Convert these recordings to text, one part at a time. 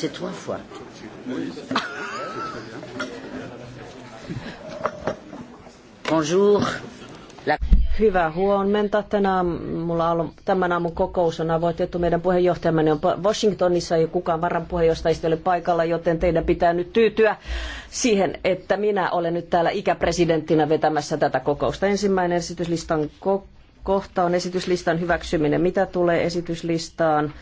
C'est trois fois. Bonjour. Hyvää huomenta. Tänään mulla on, tämän aamun kokous on avoitettu. Meidän puheenjohtajamme on Washingtonissa ja kukaan varan puheenjohtajista ei ole paikalla, joten teidän pitää nyt tyytyä siihen, että minä olen nyt täällä ikäpresidenttinä vetämässä tätä kokousta. Ensimmäinen esityslistan ko- kohta on esityslistan hyväksyminen. Mitä tulee esityslistaan?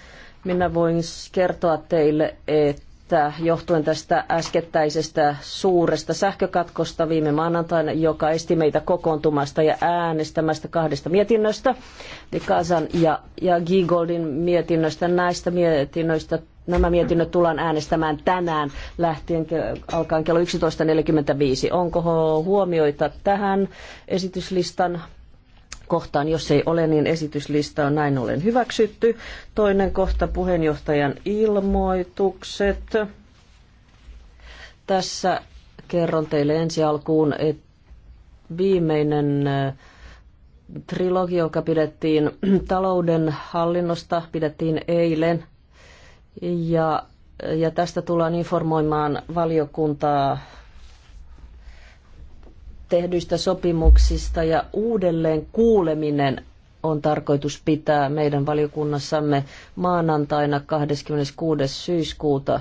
Minä voin kertoa teille, että johtuen tästä äskettäisestä suuresta sähkökatkosta viime maanantaina, joka esti meitä kokoontumasta ja äänestämästä kahdesta mietinnöstä, Dikasan ja, ja Gigoldin mietinnöstä, näistä mietinnöistä nämä mietinnöt tullaan äänestämään tänään lähtien alkaen kello 11.45. Onko huomioita tähän esityslistan kohtaan. Jos ei ole, niin esityslista on näin ollen hyväksytty. Toinen kohta puheenjohtajan ilmoitukset. Tässä kerron teille ensi alkuun, että viimeinen äh, trilogi, joka pidettiin talouden hallinnosta, pidettiin eilen. Ja, ja tästä tullaan informoimaan valiokuntaa tehdyistä sopimuksista ja uudelleen kuuleminen on tarkoitus pitää meidän valiokunnassamme maanantaina 26. syyskuuta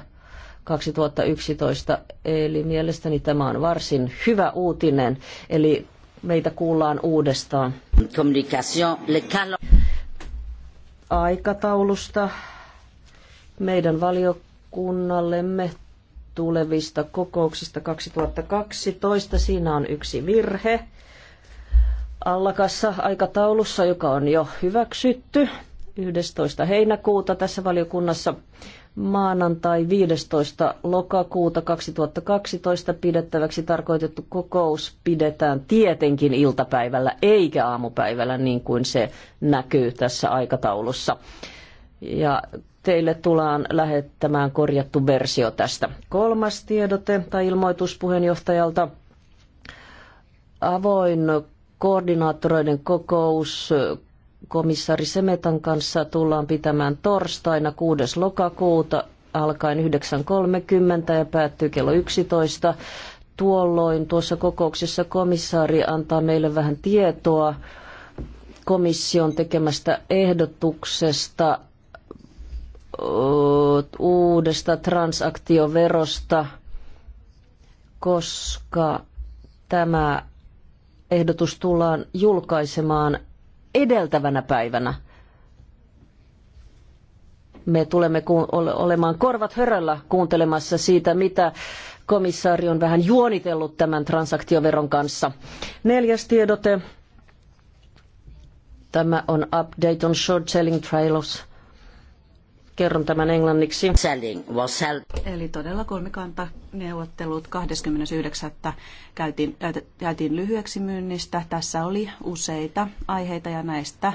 2011. Eli mielestäni tämä on varsin hyvä uutinen. Eli meitä kuullaan uudestaan. Aikataulusta meidän valiokunnallemme tulevista kokouksista 2012. Siinä on yksi virhe allakassa aikataulussa, joka on jo hyväksytty 11. heinäkuuta tässä valiokunnassa. Maanantai 15. lokakuuta 2012 pidettäväksi tarkoitettu kokous pidetään tietenkin iltapäivällä eikä aamupäivällä niin kuin se näkyy tässä aikataulussa. Ja teille tullaan lähettämään korjattu versio tästä. Kolmas tiedote tai ilmoitus puheenjohtajalta. Avoin koordinaattoreiden kokous komissaari Semetan kanssa tullaan pitämään torstaina 6. lokakuuta alkaen 9.30 ja päättyy kello 11. Tuolloin tuossa kokouksessa komissaari antaa meille vähän tietoa komission tekemästä ehdotuksesta uudesta transaktioverosta, koska tämä ehdotus tullaan julkaisemaan edeltävänä päivänä. Me tulemme olemaan korvat höröllä kuuntelemassa siitä, mitä komissaari on vähän juonitellut tämän transaktioveron kanssa. Neljäs tiedote. Tämä on Update on Short Selling Trailers – Kerron tämän englanniksi. Was held. Eli todella kolmikanta neuvottelut 29. Käytiin, käytiin lyhyeksi myynnistä. Tässä oli useita aiheita ja näistä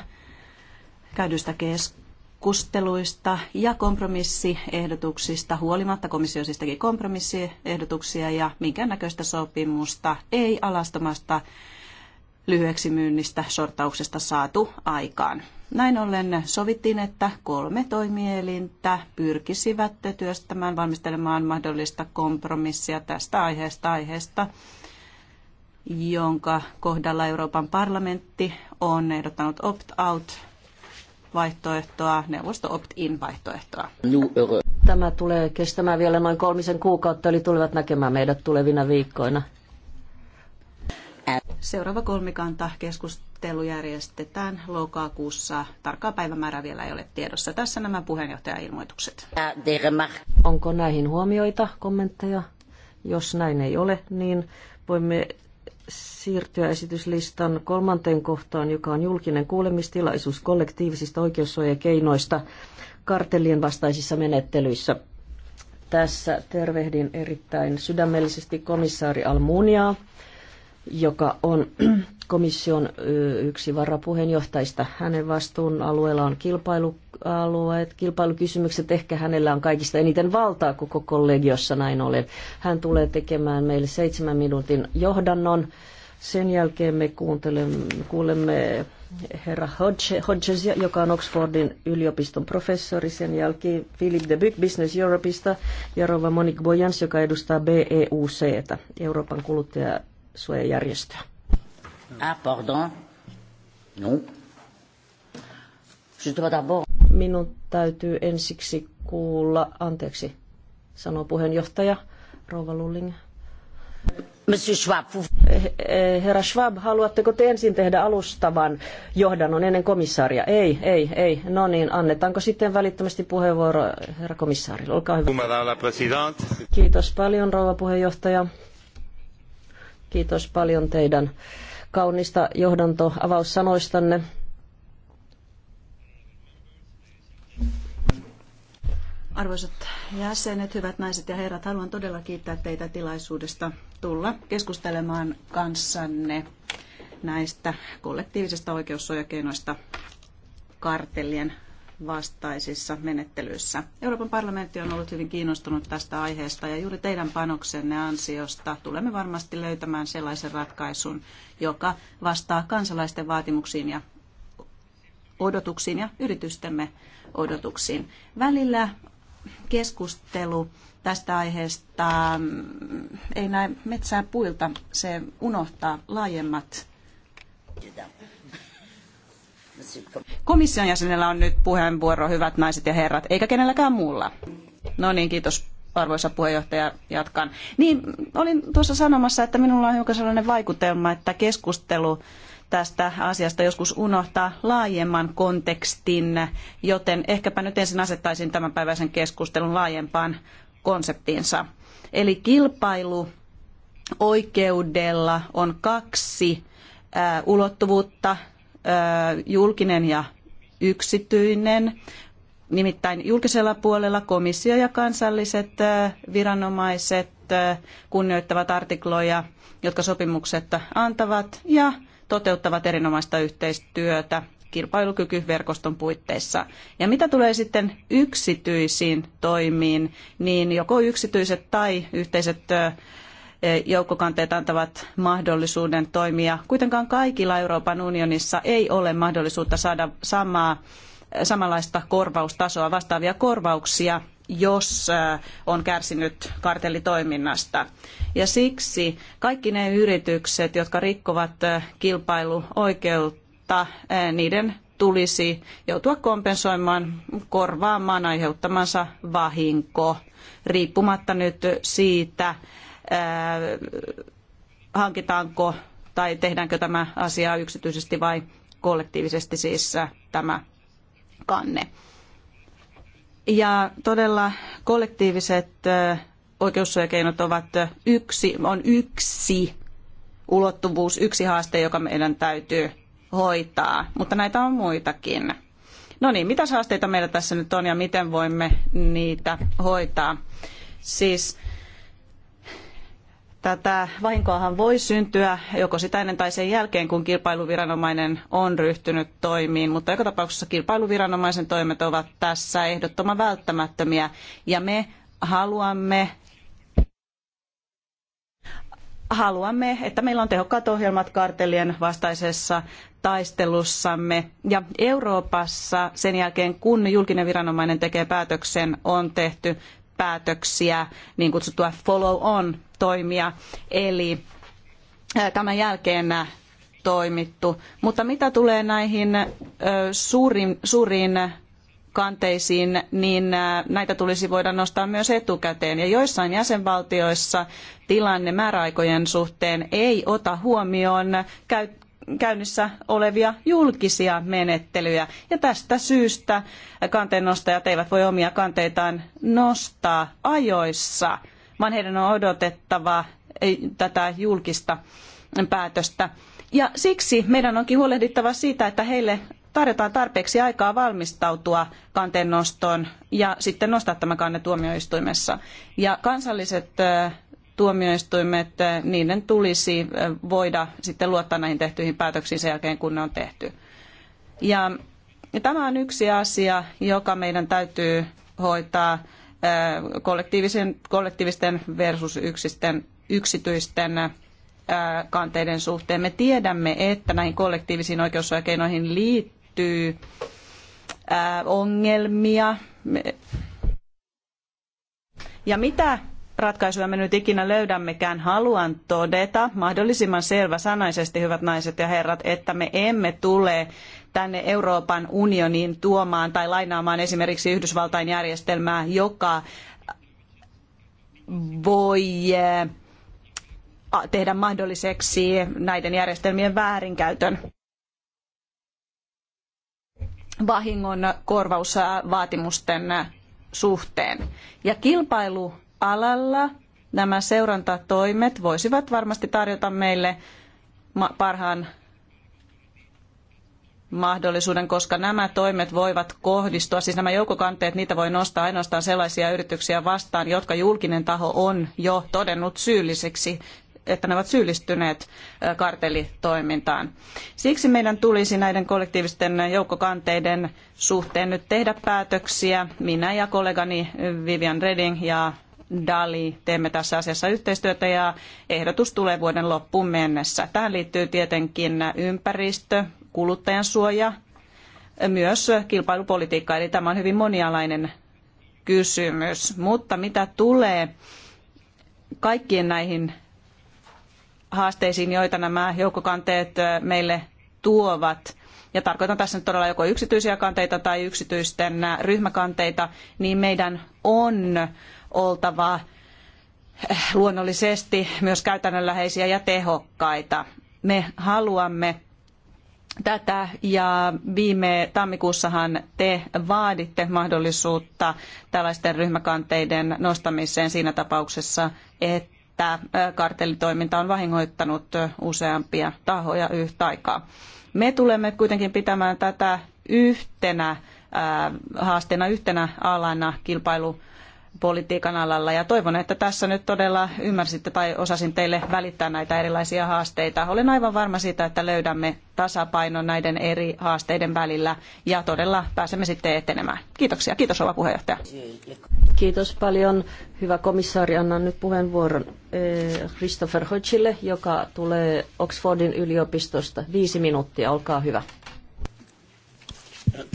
käydystä keskusteluista ja kompromissiehdotuksista huolimatta komissio siis teki kompromissiehdotuksia ja minkäännäköistä sopimusta ei alastomasta lyhyeksi myynnistä sortauksesta saatu aikaan. Näin ollen sovittiin, että kolme toimielintä pyrkisivät työstämään, valmistelemaan mahdollista kompromissia tästä aiheesta aiheesta, jonka kohdalla Euroopan parlamentti on ehdottanut opt-out vaihtoehtoa, neuvosto opt-in vaihtoehtoa. Tämä tulee kestämään vielä noin kolmisen kuukautta, eli tulevat näkemään meidät tulevina viikkoina. Seuraava kolmikanta keskustelu haastattelu järjestetään lokakuussa. Tarkkaa päivämäärää vielä ei ole tiedossa. Tässä nämä puheenjohtajan ilmoitukset. Onko näihin huomioita, kommentteja? Jos näin ei ole, niin voimme siirtyä esityslistan kolmanteen kohtaan, joka on julkinen kuulemistilaisuus kollektiivisista oikeussuojakeinoista kartellien vastaisissa menettelyissä. Tässä tervehdin erittäin sydämellisesti komissaari Almuniaa joka on komission yksi varapuheenjohtajista. Hänen vastuun alueella on kilpailualueet, kilpailukysymykset. Ehkä hänellä on kaikista eniten valtaa koko kollegiossa näin ollen. Hän tulee tekemään meille seitsemän minuutin johdannon. Sen jälkeen me kuulemme herra Hodges, joka on Oxfordin yliopiston professori. Sen jälkeen Philip de Buc, Business Europeista ja Rova Monique Boyans, joka edustaa BEUC, Euroopan kuluttaja suojajärjestöä. Ah, pardon. No. Minun täytyy ensiksi kuulla, anteeksi, sanoo puheenjohtaja Rouva Lulling. Monsieur Schwab. Eh, eh, herra Schwab, haluatteko te ensin tehdä alustavan johdannon ennen komissaaria? Ei, ei, ei. No niin, annetaanko sitten välittömästi puheenvuoro herra komissaarille? Olkaa hyvä. Kiitos paljon, rouva puheenjohtaja. Kiitos paljon teidän kaunista johdantoavaussanoistanne. Arvoisat jäsenet, hyvät naiset ja herrat, haluan todella kiittää teitä tilaisuudesta tulla keskustelemaan kanssanne näistä kollektiivisesta oikeussuojakeinoista kartellien vastaisissa menettelyissä. Euroopan parlamentti on ollut hyvin kiinnostunut tästä aiheesta ja juuri teidän panoksenne ansiosta tulemme varmasti löytämään sellaisen ratkaisun, joka vastaa kansalaisten vaatimuksiin ja odotuksiin ja yritystemme odotuksiin. Välillä keskustelu tästä aiheesta mm, ei näe metsää puilta, se unohtaa laajemmat Komission jäsenellä on nyt puheenvuoro, hyvät naiset ja herrat, eikä kenelläkään muulla. No niin, kiitos arvoisa puheenjohtaja, jatkan. Niin, olin tuossa sanomassa, että minulla on hiukan sellainen vaikutelma, että keskustelu tästä asiasta joskus unohtaa laajemman kontekstin, joten ehkäpä nyt ensin asettaisin tämänpäiväisen keskustelun laajempaan konseptiinsa. Eli kilpailu oikeudella on kaksi ulottuvuutta, julkinen ja yksityinen. Nimittäin julkisella puolella komissio ja kansalliset viranomaiset kunnioittavat artikloja, jotka sopimukset antavat ja toteuttavat erinomaista yhteistyötä kilpailukykyverkoston puitteissa. Ja mitä tulee sitten yksityisiin toimiin, niin joko yksityiset tai yhteiset joukkokanteet antavat mahdollisuuden toimia. Kuitenkaan kaikilla Euroopan unionissa ei ole mahdollisuutta saada samaa, samanlaista korvaustasoa, vastaavia korvauksia jos äh, on kärsinyt kartellitoiminnasta. Ja siksi kaikki ne yritykset, jotka rikkovat äh, kilpailuoikeutta, äh, niiden tulisi joutua kompensoimaan, korvaamaan aiheuttamansa vahinko, riippumatta nyt siitä, hankitaanko tai tehdäänkö tämä asia yksityisesti vai kollektiivisesti siis tämä kanne. Ja todella kollektiiviset oikeussuojakeinot ovat yksi, on yksi ulottuvuus, yksi haaste, joka meidän täytyy hoitaa, mutta näitä on muitakin. No niin, mitä haasteita meillä tässä nyt on ja miten voimme niitä hoitaa? Siis Tätä vahinkoahan voi syntyä joko sitä ennen tai sen jälkeen, kun kilpailuviranomainen on ryhtynyt toimiin, mutta joka tapauksessa kilpailuviranomaisen toimet ovat tässä ehdottoman välttämättömiä ja me haluamme haluamme, että meillä on tehokkaat ohjelmat kartellien vastaisessa taistelussamme. Ja Euroopassa sen jälkeen, kun julkinen viranomainen tekee päätöksen, on tehty päätöksiä, niin kutsuttua follow on toimia, eli tämän jälkeen toimittu. Mutta mitä tulee näihin suurin, suuriin kanteisiin, niin näitä tulisi voida nostaa myös etukäteen. Ja joissain jäsenvaltioissa tilanne määräaikojen suhteen ei ota huomioon käynnissä olevia julkisia menettelyjä. Ja tästä syystä kanteennostajat eivät voi omia kanteitaan nostaa ajoissa – vaan heidän on odotettava tätä julkista päätöstä. Ja siksi meidän onkin huolehdittava siitä, että heille tarjotaan tarpeeksi aikaa valmistautua kanteen nostoon ja sitten nostaa tämä kanne tuomioistuimessa. Ja kansalliset tuomioistuimet, niiden tulisi voida sitten luottaa näihin tehtyihin päätöksiin sen jälkeen, kun ne on tehty. Ja, ja tämä on yksi asia, joka meidän täytyy hoitaa kollektiivisen, kollektiivisten versus yksisten, yksityisten kanteiden suhteen. Me tiedämme, että näihin kollektiivisiin oikeussuojakeinoihin liittyy ongelmia. Ja mitä ratkaisuja me nyt ikinä löydämmekään, haluan todeta mahdollisimman selväsanaisesti, hyvät naiset ja herrat, että me emme tule tänne Euroopan unioniin tuomaan tai lainaamaan esimerkiksi Yhdysvaltain järjestelmää, joka voi eh, tehdä mahdolliseksi näiden järjestelmien väärinkäytön vahingon korvausvaatimusten suhteen. Ja kilpailualalla nämä seurantatoimet voisivat varmasti tarjota meille parhaan mahdollisuuden, koska nämä toimet voivat kohdistua, siis nämä joukkokanteet, niitä voi nostaa ainoastaan sellaisia yrityksiä vastaan, jotka julkinen taho on jo todennut syylliseksi että ne ovat syyllistyneet kartellitoimintaan. Siksi meidän tulisi näiden kollektiivisten joukkokanteiden suhteen nyt tehdä päätöksiä. Minä ja kollegani Vivian Reding ja Dali teemme tässä asiassa yhteistyötä ja ehdotus tulee vuoden loppuun mennessä. Tähän liittyy tietenkin ympäristö, kuluttajan suoja, myös kilpailupolitiikka. Eli tämä on hyvin monialainen kysymys. Mutta mitä tulee kaikkiin näihin haasteisiin, joita nämä joukkokanteet meille tuovat, ja tarkoitan tässä nyt todella joko yksityisiä kanteita tai yksityisten ryhmäkanteita, niin meidän on oltava luonnollisesti myös käytännönläheisiä ja tehokkaita. Me haluamme tätä ja viime tammikuussahan te vaaditte mahdollisuutta tällaisten ryhmäkanteiden nostamiseen siinä tapauksessa, että kartellitoiminta on vahingoittanut useampia tahoja yhtä aikaa. Me tulemme kuitenkin pitämään tätä yhtenä haasteena, yhtenä alana kilpailu politiikan alalla ja toivon, että tässä nyt todella ymmärsitte tai osasin teille välittää näitä erilaisia haasteita. Olen aivan varma siitä, että löydämme tasapainon näiden eri haasteiden välillä ja todella pääsemme sitten etenemään. Kiitoksia. Kiitos rouva puheenjohtaja. Kiitos paljon. Hyvä komissaari, annan nyt puheenvuoron eh, Christopher Hodgille, joka tulee Oxfordin yliopistosta. Viisi minuuttia, olkaa hyvä.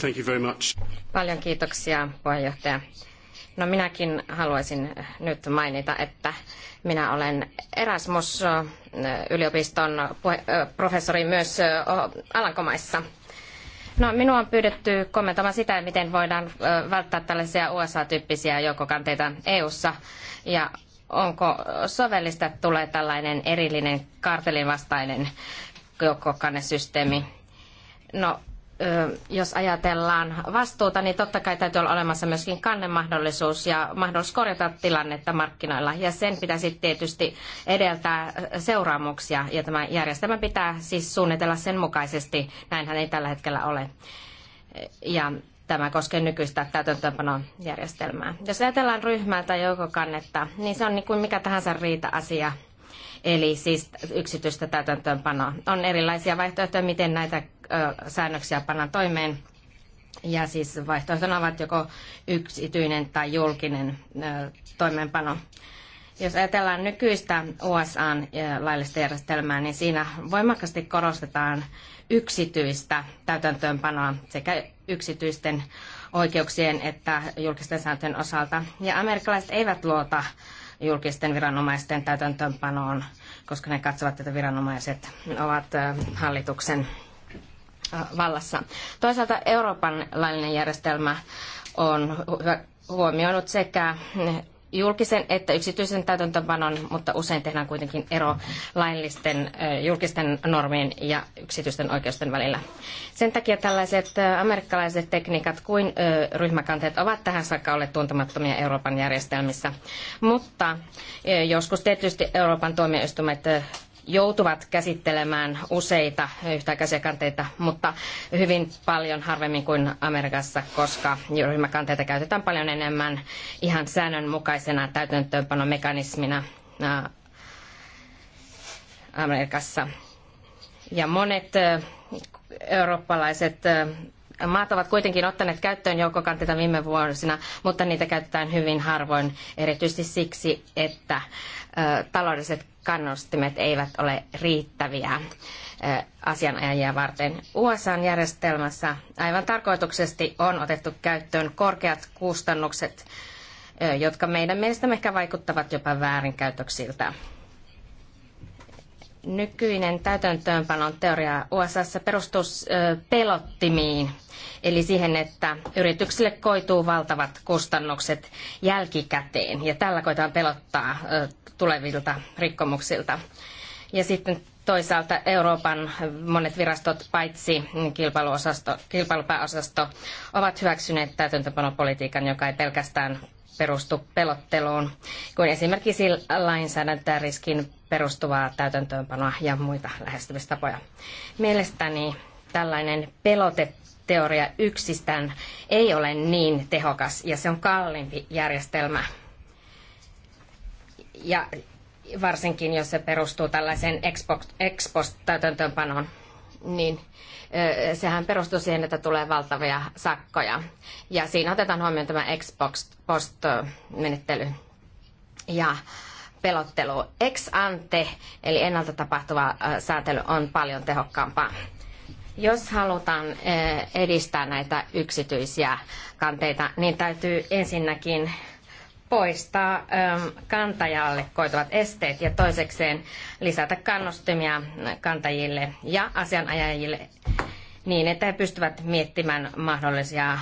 Thank you very much. Paljon kiitoksia puheenjohtaja. No minäkin haluaisin nyt mainita, että minä olen Erasmus-yliopiston professori myös Alankomaissa. No, minua on pyydetty kommentoimaan sitä, miten voidaan välttää tällaisia USA-tyyppisiä joukkokanteita EU-ssa ja onko sovellista tulee tällainen erillinen kartelin vastainen joukkokannesysteemi. No, jos ajatellaan vastuuta, niin totta kai täytyy olla olemassa myöskin kannemahdollisuus ja mahdollisuus korjata tilannetta markkinoilla. Ja sen pitäisi tietysti edeltää seuraamuksia ja tämä järjestelmä pitää siis suunnitella sen mukaisesti. Näinhän ei tällä hetkellä ole. Ja tämä koskee nykyistä täytäntöönpanojärjestelmää. Jos ajatellaan ryhmää tai joukokannetta, niin se on niin kuin mikä tahansa riita-asia eli siis yksityistä täytäntöönpanoa. On erilaisia vaihtoehtoja, miten näitä säännöksiä pannaan toimeen. Ja siis vaihtoehtona ovat joko yksityinen tai julkinen toimeenpano. Jos ajatellaan nykyistä USAn laillista järjestelmää, niin siinä voimakkaasti korostetaan yksityistä täytäntöönpanoa sekä yksityisten oikeuksien että julkisten sääntöjen osalta. Ja amerikkalaiset eivät luota julkisten viranomaisten täytäntöönpanoon, koska ne katsovat, että viranomaiset ovat hallituksen Äh, vallassa. Toisaalta Euroopan laillinen järjestelmä on huomioinut sekä julkisen että yksityisen täytäntöpanon, mutta usein tehdään kuitenkin ero laillisten äh, julkisten normien ja yksityisten oikeusten välillä. Sen takia tällaiset äh, amerikkalaiset tekniikat kuin ryhmäkanteet ovat tähän saakka olleet tuntemattomia Euroopan järjestelmissä. Mutta joskus tietysti Euroopan tuomioistuimet joutuvat käsittelemään useita yhtäaikaisia kanteita, mutta hyvin paljon harvemmin kuin Amerikassa, koska ryhmäkanteita käytetään paljon enemmän ihan säännönmukaisena täytäntöönpanomekanismina Amerikassa. Ja monet eurooppalaiset maat ovat kuitenkin ottaneet käyttöön joukkokanteita viime vuosina, mutta niitä käytetään hyvin harvoin, erityisesti siksi, että taloudelliset kannustimet eivät ole riittäviä asianajajia varten. USAn järjestelmässä aivan tarkoituksesti on otettu käyttöön korkeat kustannukset, jotka meidän mielestämme ehkä vaikuttavat jopa väärinkäytöksiltä. Nykyinen täytäntöönpanon teoria USAssa perustuu pelottimiin, eli siihen, että yrityksille koituu valtavat kustannukset jälkikäteen, ja tällä koitetaan pelottaa tulevilta rikkomuksilta. Ja sitten toisaalta Euroopan monet virastot, paitsi kilpailuosasto, kilpailupääosasto, ovat hyväksyneet täytäntöpanopolitiikan, joka ei pelkästään perustu pelotteluun, kuin esimerkiksi lainsäädäntöä riskin perustuvaa täytäntöönpanoa ja muita lähestymistapoja. Mielestäni tällainen peloteteoria yksistään ei ole niin tehokas ja se on kalliimpi järjestelmä ja varsinkin jos se perustuu tällaiseen xbox täytäntöönpanoon niin sehän perustuu siihen, että tulee valtavia sakkoja. Ja siinä otetaan huomioon tämä post menettely ja pelottelu. Ex ante, eli ennalta tapahtuva säätely, on paljon tehokkaampaa. Jos halutaan edistää näitä yksityisiä kanteita, niin täytyy ensinnäkin poistaa ähm, kantajalle koituvat esteet ja toisekseen lisätä kannustimia kantajille ja asianajajille niin, että he pystyvät miettimään mahdollisia äh,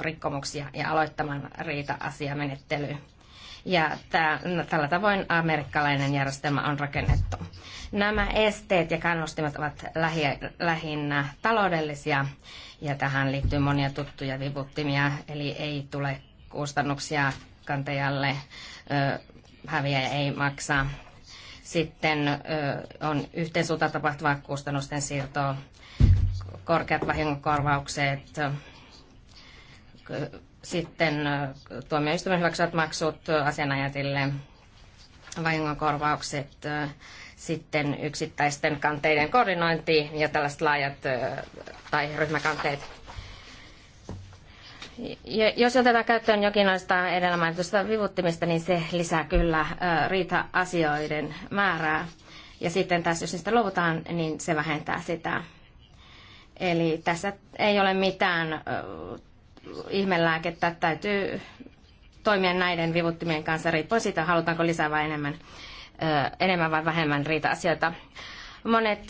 rikkomuksia ja aloittamaan riita-asiamenettelyä. Ja tää, no, tällä tavoin amerikkalainen järjestelmä on rakennettu. Nämä esteet ja kannustimet ovat lähi, lähinnä taloudellisia ja tähän liittyy monia tuttuja vivuttimia, eli ei tule kustannuksia veronkantajalle häviäjä ei maksa. Sitten on yhteensuuntaan tapahtuvaa kustannusten siirtoa, korkeat vahingonkorvaukset, sitten tuomioistuimen hyväksyvät maksut asianajatille, vahingonkorvaukset, sitten yksittäisten kanteiden koordinointi ja tällaiset laajat tai ryhmäkanteet jos otetaan käyttöön jokinlaista edellä mainitusta vivuttimista, niin se lisää kyllä riita-asioiden määrää. Ja sitten taas, jos niistä luovutaan, niin se vähentää sitä. Eli tässä ei ole mitään ihmelääkettä. Täytyy toimia näiden vivuttimien kanssa riippuen siitä, halutaanko lisää vai enemmän, enemmän vai vähemmän riita-asioita. Monet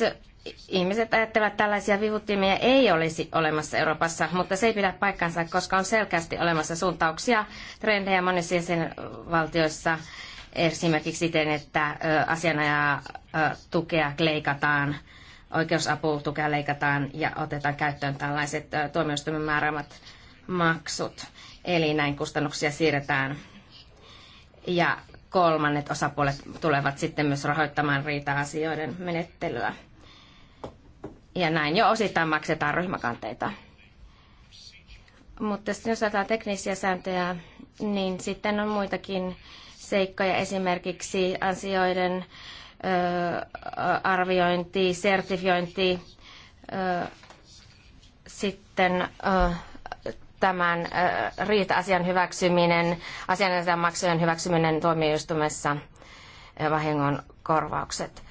ihmiset ajattelevat, että tällaisia vivuttimia ei olisi olemassa Euroopassa, mutta se ei pidä paikkansa, koska on selkeästi olemassa suuntauksia, trendejä monissa jäsenvaltioissa, esimerkiksi siten, että asianajaa tukea leikataan, oikeusaputukea leikataan ja otetaan käyttöön tällaiset tuomioistuimen määräämät maksut. Eli näin kustannuksia siirretään. Ja kolmannet osapuolet tulevat sitten myös rahoittamaan riita-asioiden menettelyä. Ja näin jo osittain maksetaan ryhmäkanteita. Mutta sitten jos otetaan teknisiä sääntöjä, niin sitten on muitakin seikkoja, esimerkiksi ansioiden ö, arviointi, sertifiointi, ö, sitten ö, tämän ö, riita-asian hyväksyminen, asianajan maksujen hyväksyminen tuomioistuimessa, vahingon korvaukset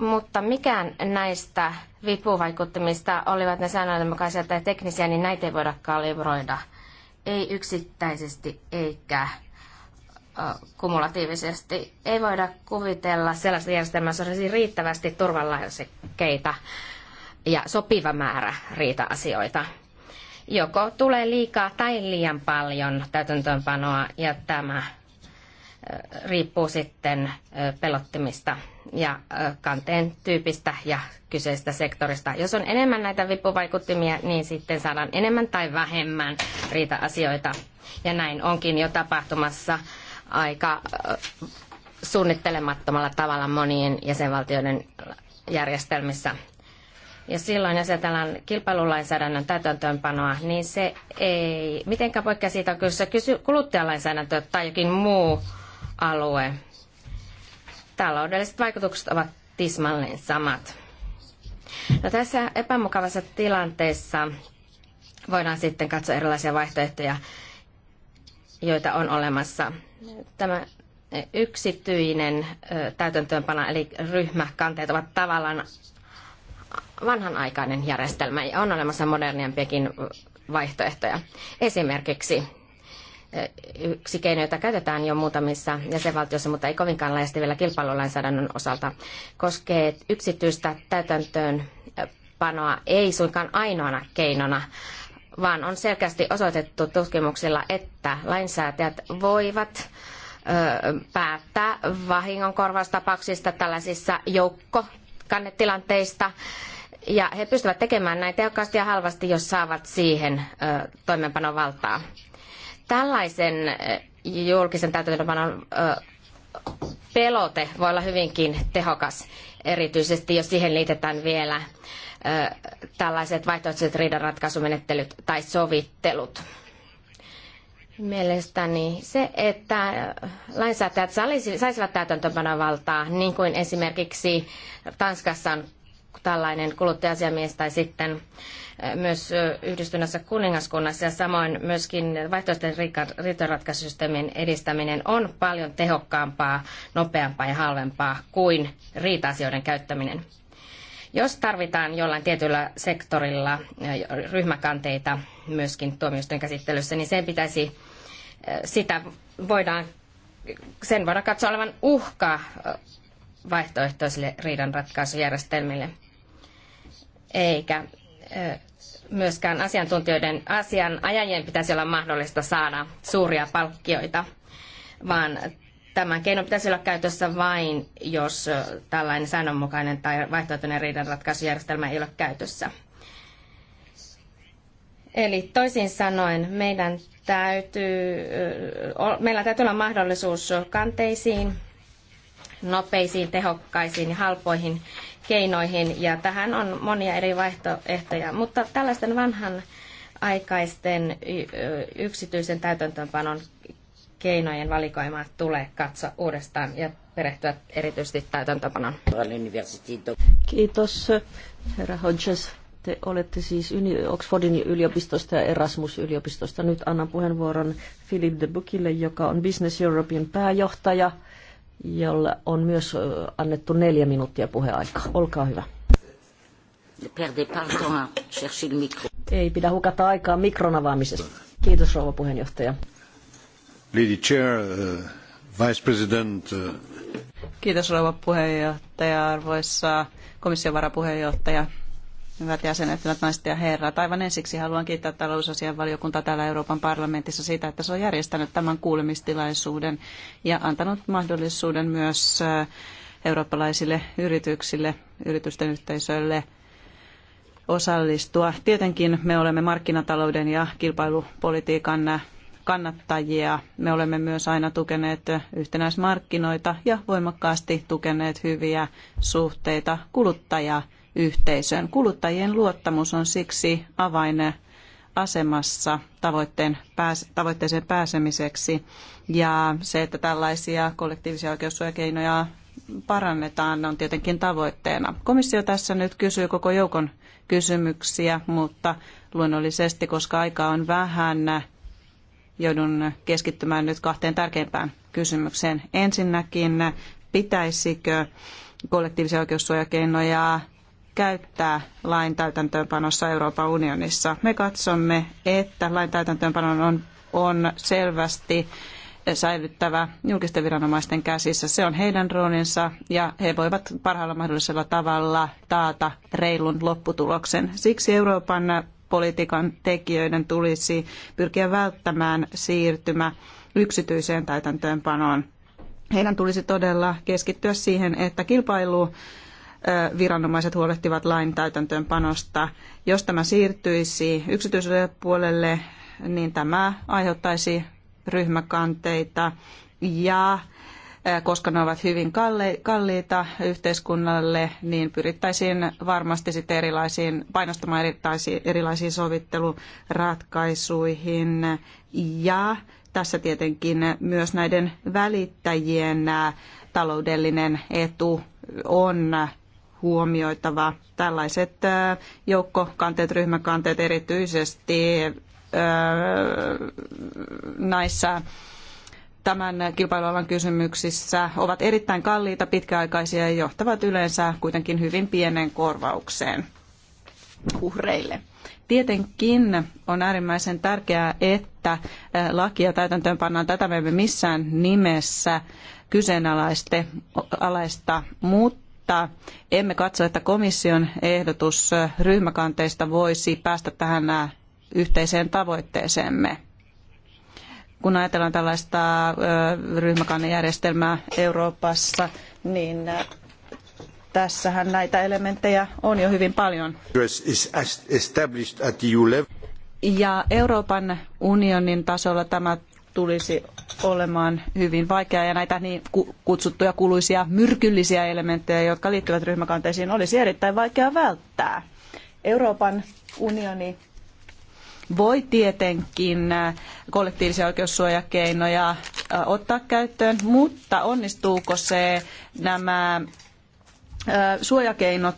mutta mikään näistä vipuvaikuttimista olivat ne säännönmukaisia tai teknisiä, niin näitä ei voida kalibroida. Ei yksittäisesti eikä kumulatiivisesti. Ei voida kuvitella sellaista järjestelmää, jossa olisi riittävästi turvallisuuskeita ja sopiva määrä riita-asioita. Joko tulee liikaa tai liian paljon täytäntöönpanoa ja tämä riippuu sitten pelottimista ja kanteen tyypistä ja kyseistä sektorista. Jos on enemmän näitä vipuvaikuttimia, niin sitten saadaan enemmän tai vähemmän riita-asioita. Ja näin onkin jo tapahtumassa aika suunnittelemattomalla tavalla monien jäsenvaltioiden järjestelmissä. Ja silloin, jos ajatellaan kilpailulainsäädännön täytäntöönpanoa, niin se ei mitenkään poikkea siitä, on kyllä se kuluttajalainsäädäntö tai jokin muu alue. Taloudelliset vaikutukset ovat tismalleen samat. No, tässä epämukavassa tilanteessa voidaan sitten katsoa erilaisia vaihtoehtoja, joita on olemassa. Tämä yksityinen täytäntöönpana eli ryhmäkanteet ovat tavallaan vanhanaikainen järjestelmä ja on olemassa moderniampiakin vaihtoehtoja. Esimerkiksi yksi keino, jota käytetään jo muutamissa jäsenvaltioissa, mutta ei kovinkaan laajasti vielä kilpailulainsäädännön osalta, koskee yksityistä täytäntöönpanoa ei suinkaan ainoana keinona, vaan on selkeästi osoitettu tutkimuksilla, että lainsäätäjät voivat päättää vahingonkorvaustapauksista tällaisissa joukkokannetilanteista. Ja he pystyvät tekemään näin tehokkaasti ja halvasti, jos saavat siihen ö, toimenpanovaltaa. Tällaisen julkisen täytäntöönpanon pelote voi olla hyvinkin tehokas, erityisesti jos siihen liitetään vielä tällaiset vaihtoehtoiset riidanratkaisumenettelyt tai sovittelut. Mielestäni se, että lainsäätäjät saisivat täytäntöönpanovaltaa, niin kuin esimerkiksi Tanskassa on tällainen kuluttajasiamies tai sitten myös yhdistyneessä kuningaskunnassa ja samoin myöskin vaihtoehtoisten riitojenratkaisusysteemien edistäminen on paljon tehokkaampaa, nopeampaa ja halvempaa kuin riita-asioiden käyttäminen. Jos tarvitaan jollain tietyllä sektorilla ryhmäkanteita myöskin tuomioistuin käsittelyssä, niin sen pitäisi, sitä voidaan, sen voidaan katsoa olevan uhka vaihtoehtoisille riidanratkaisujärjestelmille, eikä myöskään asiantuntijoiden asianajajien pitäisi olla mahdollista saada suuria palkkioita, vaan tämä keino pitäisi olla käytössä vain, jos tällainen säännönmukainen tai vaihtoehtoinen riidanratkaisujärjestelmä ei ole käytössä. Eli toisin sanoen meidän täytyy, meillä täytyy olla mahdollisuus kanteisiin nopeisiin, tehokkaisiin ja halpoihin keinoihin. Ja tähän on monia eri vaihtoehtoja, mutta tällaisten vanhan aikaisten yksityisen täytäntöönpanon keinojen valikoimaa tulee katsoa uudestaan ja perehtyä erityisesti täytäntöönpanon. Kiitos, herra Hodges. Te olette siis Oxfordin yliopistosta ja Erasmus-yliopistosta. Nyt annan puheenvuoron Philip de Bukille, joka on Business Europein pääjohtaja jolle on myös annettu neljä minuuttia puheaikaa. Olkaa hyvä. Ei pidä hukata aikaa mikron avaamisessa. Kiitos rouva puheenjohtaja. Lady Chair, uh, Vice President. Uh, Kiitos rouva puheenjohtaja, arvoisa komission varapuheenjohtaja, Hyvät jäsenet, hyvät naiset ja herrat, aivan ensiksi haluan kiittää talousasianvaliokuntaa täällä Euroopan parlamentissa siitä, että se on järjestänyt tämän kuulemistilaisuuden ja antanut mahdollisuuden myös eurooppalaisille yrityksille, yritysten yhteisöille osallistua. Tietenkin me olemme markkinatalouden ja kilpailupolitiikan kannattajia. Me olemme myös aina tukeneet yhtenäismarkkinoita ja voimakkaasti tukeneet hyviä suhteita kuluttajaa yhteisöön. Kuluttajien luottamus on siksi avain asemassa tavoitteen pääs, tavoitteeseen pääsemiseksi ja se, että tällaisia kollektiivisia oikeussuojakeinoja parannetaan, on tietenkin tavoitteena. Komissio tässä nyt kysyy koko joukon kysymyksiä, mutta luonnollisesti, koska aikaa on vähän, joudun keskittymään nyt kahteen tärkeimpään kysymykseen. Ensinnäkin, pitäisikö kollektiivisia oikeussuojakeinoja käyttää lain täytäntöönpanossa Euroopan unionissa. Me katsomme, että lain täytäntöönpanon on, on selvästi säilyttävä julkisten viranomaisten käsissä. Se on heidän roolinsa ja he voivat parhaalla mahdollisella tavalla taata reilun lopputuloksen. Siksi Euroopan politiikan tekijöiden tulisi pyrkiä välttämään siirtymä yksityiseen täytäntöönpanoon. Heidän tulisi todella keskittyä siihen, että kilpailu viranomaiset huolehtivat lain täytäntöönpanosta. Jos tämä siirtyisi yksityiselle puolelle, niin tämä aiheuttaisi ryhmäkanteita ja koska ne ovat hyvin kalliita yhteiskunnalle, niin pyrittäisiin varmasti sitten erilaisiin, painostamaan erilaisiin sovitteluratkaisuihin. Ja tässä tietenkin myös näiden välittäjien taloudellinen etu on huomioitava. Tällaiset joukkokanteet, ryhmäkanteet erityisesti näissä tämän kilpailualan kysymyksissä ovat erittäin kalliita, pitkäaikaisia ja johtavat yleensä kuitenkin hyvin pienen korvaukseen uhreille. Tietenkin on äärimmäisen tärkeää, että lakia täytäntöön pannaan. Tätä me emme missään nimessä kyseenalaista, mutta mutta emme katso, että komission ehdotus ryhmäkanteista voisi päästä tähän äh, yhteiseen tavoitteeseemme. Kun ajatellaan tällaista äh, ryhmäkannejärjestelmää Euroopassa, niin äh, tässähän näitä elementtejä on jo hyvin paljon. E ja Euroopan unionin tasolla tämä tulisi olemaan hyvin vaikeaa ja näitä niin kutsuttuja kuluisia myrkyllisiä elementtejä, jotka liittyvät ryhmäkanteisiin, olisi erittäin vaikea välttää. Euroopan unioni voi tietenkin äh, kollektiivisia oikeussuojakeinoja äh, ottaa käyttöön, mutta onnistuuko se nämä äh, suojakeinot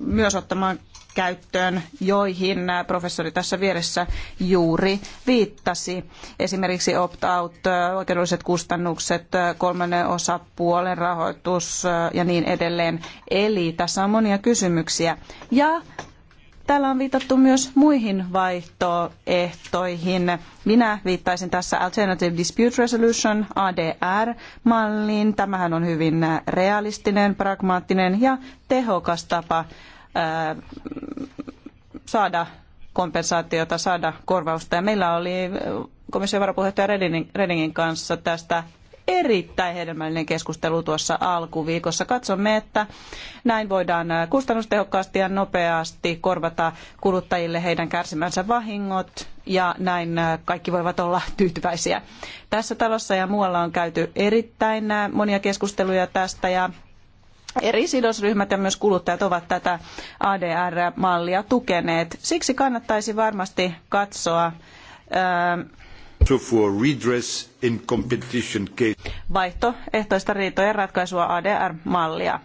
myös ottamaan käyttöön, joihin professori tässä vieressä juuri viittasi. Esimerkiksi opt-out, oikeudelliset kustannukset, kolmannen osapuolen rahoitus ja niin edelleen. Eli tässä on monia kysymyksiä. Ja täällä on viitattu myös muihin vaihtoehtoihin. Minä viittaisin tässä Alternative Dispute Resolution, ADR-malliin. Tämähän on hyvin realistinen, pragmaattinen ja tehokas tapa saada kompensaatiota, saada korvausta. Ja meillä oli komission varapuheenjohtaja Redingin kanssa tästä erittäin hedelmällinen keskustelu tuossa alkuviikossa. Katsomme, että näin voidaan kustannustehokkaasti ja nopeasti korvata kuluttajille heidän kärsimänsä vahingot ja näin kaikki voivat olla tyytyväisiä. Tässä talossa ja muualla on käyty erittäin monia keskusteluja tästä ja Eri sidosryhmät ja myös kuluttajat ovat tätä ADR-mallia tukeneet. Siksi kannattaisi varmasti katsoa vaihtoehtoista riitojen ratkaisua ADR-mallia.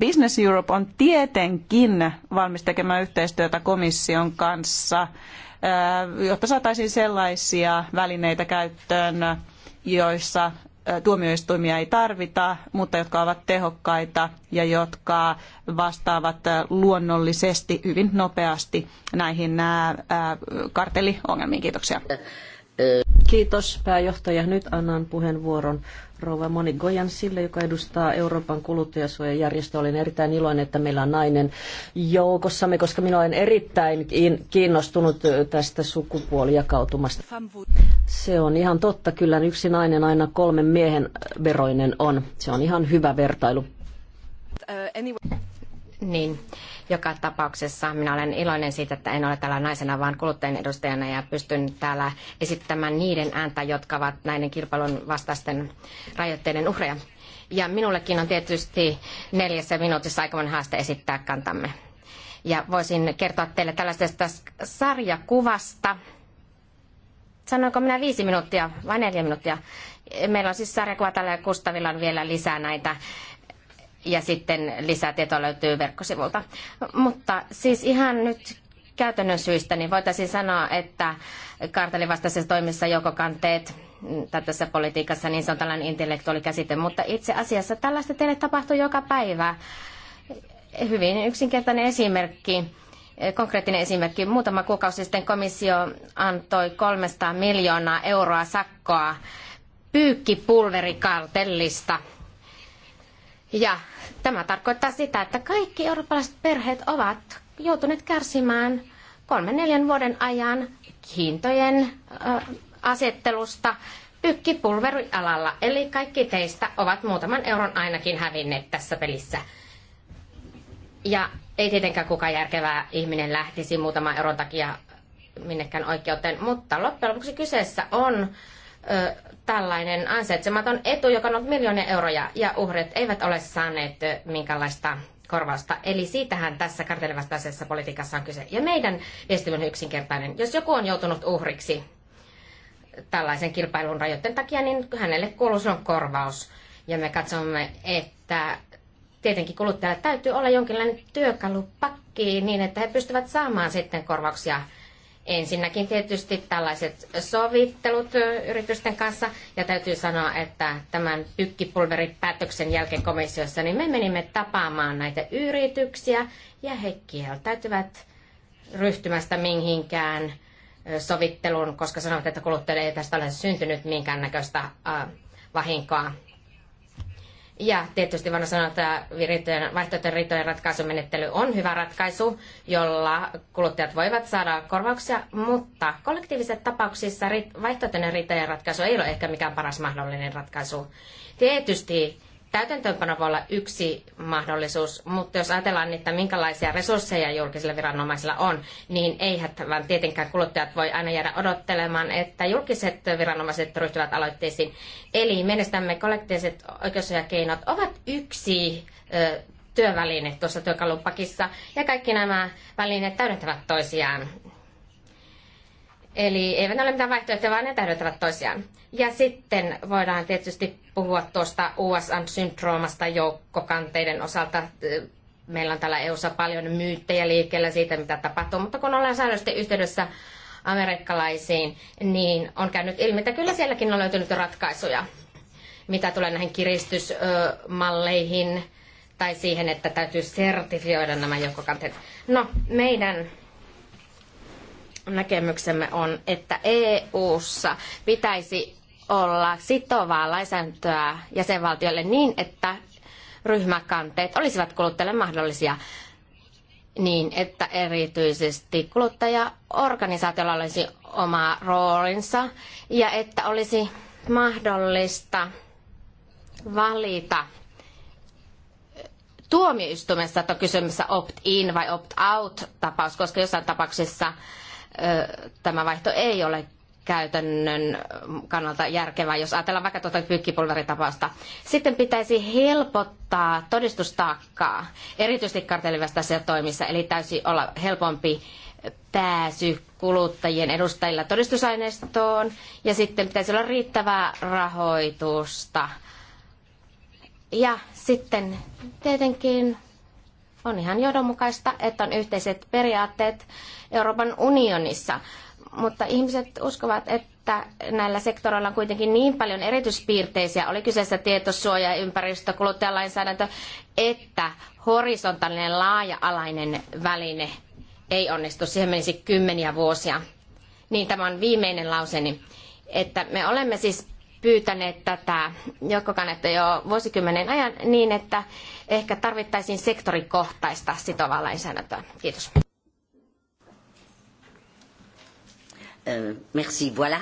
Business Europe on tietenkin valmis tekemään yhteistyötä komission kanssa, jotta saataisiin sellaisia välineitä käyttöön, joissa tuomioistuimia ei tarvita, mutta jotka ovat tehokkaita ja jotka vastaavat äh, luonnollisesti hyvin nopeasti näihin äh, äh, kartelliongelmiin. Kiitoksia. Kiitos pääjohtaja. Nyt annan puheenvuoron rouva Moni sille, joka edustaa Euroopan kuluttajasuojajärjestö. Olen erittäin iloinen, että meillä on nainen joukossamme, koska minä olen erittäin kiinnostunut tästä sukupuolijakautumasta. Se on ihan totta, kyllä yksi nainen aina kolmen miehen veroinen on. Se on ihan hyvä vertailu. Uh, niin joka tapauksessa minä olen iloinen siitä, että en ole täällä naisena, vaan kuluttajien edustajana ja pystyn täällä esittämään niiden ääntä, jotka ovat näiden kilpailun vastaisten rajoitteiden uhreja. Ja minullekin on tietysti neljässä minuutissa aikamoinen haaste esittää kantamme. Ja voisin kertoa teille tällaisesta sarjakuvasta. Sanoinko minä viisi minuuttia vai neljä minuuttia? Meillä on siis sarjakuva tällä Kustavilla on vielä lisää näitä ja sitten lisätietoa löytyy verkkosivulta. Mutta siis ihan nyt käytännön syistä, niin voitaisiin sanoa, että kartelivastaisessa toimissa joukokanteet tai mm, tässä politiikassa, niin se on tällainen intellektuaalikäsite, mutta itse asiassa tällaista teille tapahtuu joka päivä. Hyvin yksinkertainen esimerkki, konkreettinen esimerkki. Muutama kuukausi sitten komissio antoi 300 miljoonaa euroa sakkoa pyykkipulverikartellista – ja tämä tarkoittaa sitä, että kaikki eurooppalaiset perheet ovat joutuneet kärsimään kolmen neljän vuoden ajan hintojen asettelusta pykkipulverialalla. Eli kaikki teistä ovat muutaman euron ainakin hävinneet tässä pelissä. Ja ei tietenkään kukaan järkevää ihminen lähtisi muutaman euron takia minnekään oikeuteen, mutta loppujen lopuksi kyseessä on tällainen ansaitsematon etu, joka on ollut miljoonia euroja, ja uhrit eivät ole saaneet minkäänlaista korvausta. Eli siitähän tässä kartelivastaisessa politiikassa on kyse. Ja meidän viestimme on yksinkertainen. Jos joku on joutunut uhriksi tällaisen kilpailun rajoitteen takia, niin hänelle kuuluu on korvaus. Ja me katsomme, että tietenkin kuluttajalle täytyy olla jonkinlainen työkalupakki niin, että he pystyvät saamaan sitten korvauksia Ensinnäkin tietysti tällaiset sovittelut yritysten kanssa, ja täytyy sanoa, että tämän päätöksen jälkeen komissiossa, niin me menimme tapaamaan näitä yrityksiä, ja he kieltäytyvät ryhtymästä mihinkään sovitteluun, koska sanovat, että kuluttajille ei tästä ole syntynyt minkäännäköistä vahinkoa. Ja tietysti voidaan sanoa, että vaihtoehtojen riitojen ratkaisumenettely on hyvä ratkaisu, jolla kuluttajat voivat saada korvauksia, mutta kollektiivisissa tapauksissa vaihtoehtoinen riitojen ratkaisu ei ole ehkä mikään paras mahdollinen ratkaisu. Tietysti Täytäntöönpano voi olla yksi mahdollisuus, mutta jos ajatellaan, että minkälaisia resursseja julkisilla viranomaisilla on, niin eihän tietenkään kuluttajat voi aina jäädä odottelemaan, että julkiset viranomaiset ryhtyvät aloitteisiin. Eli mielestämme kollektiiviset oikeussuojakeinot ovat yksi työväline tuossa työkalupakissa ja kaikki nämä välineet täydentävät toisiaan. Eli eivät ole mitään vaihtoehtoja, vaan ne täydentävät toisiaan. Ja sitten voidaan tietysti puhua tuosta USA-syndroomasta joukkokanteiden osalta. Meillä on täällä EUssa paljon myyttejä liikkeellä siitä, mitä tapahtuu, mutta kun ollaan säännöllisesti yhteydessä amerikkalaisiin, niin on käynyt ilmi, että kyllä sielläkin on löytynyt ratkaisuja, mitä tulee näihin kiristysmalleihin tai siihen, että täytyy sertifioida nämä joukkokanteet. No, meidän näkemyksemme on, että EU:ssa pitäisi olla sitovaa lainsäädäntöä jäsenvaltioille niin, että ryhmäkanteet olisivat kuluttajille mahdollisia niin, että erityisesti kuluttajaorganisaatiolla olisi oma roolinsa ja että olisi mahdollista valita tuomioistuimessa, että on kysymys opt-in vai opt-out tapaus, koska jossain tapauksessa tämä vaihto ei ole käytännön kannalta järkevää, jos ajatellaan vaikka tuota pyykkipulveritapausta. Sitten pitäisi helpottaa todistustaakkaa, erityisesti kartellivastaisissa toimissa, eli täysi olla helpompi pääsy kuluttajien edustajilla todistusaineistoon, ja sitten pitäisi olla riittävää rahoitusta. Ja sitten tietenkin on ihan johdonmukaista, että on yhteiset periaatteet Euroopan unionissa, mutta ihmiset uskovat, että näillä sektoreilla on kuitenkin niin paljon erityispiirteisiä, oli kyseessä tietosuoja, ympäristö, kuluttajalainsäädäntö, että horisontaalinen laaja-alainen väline ei onnistu. Siihen menisi kymmeniä vuosia. Niin tämä on viimeinen lauseni, että me olemme siis pyytäneet tätä joukkokannetta jo vuosikymmenen ajan niin, että ehkä tarvittaisiin sektorikohtaista sitovaa lainsäädäntöä. Kiitos. Merci, voilà.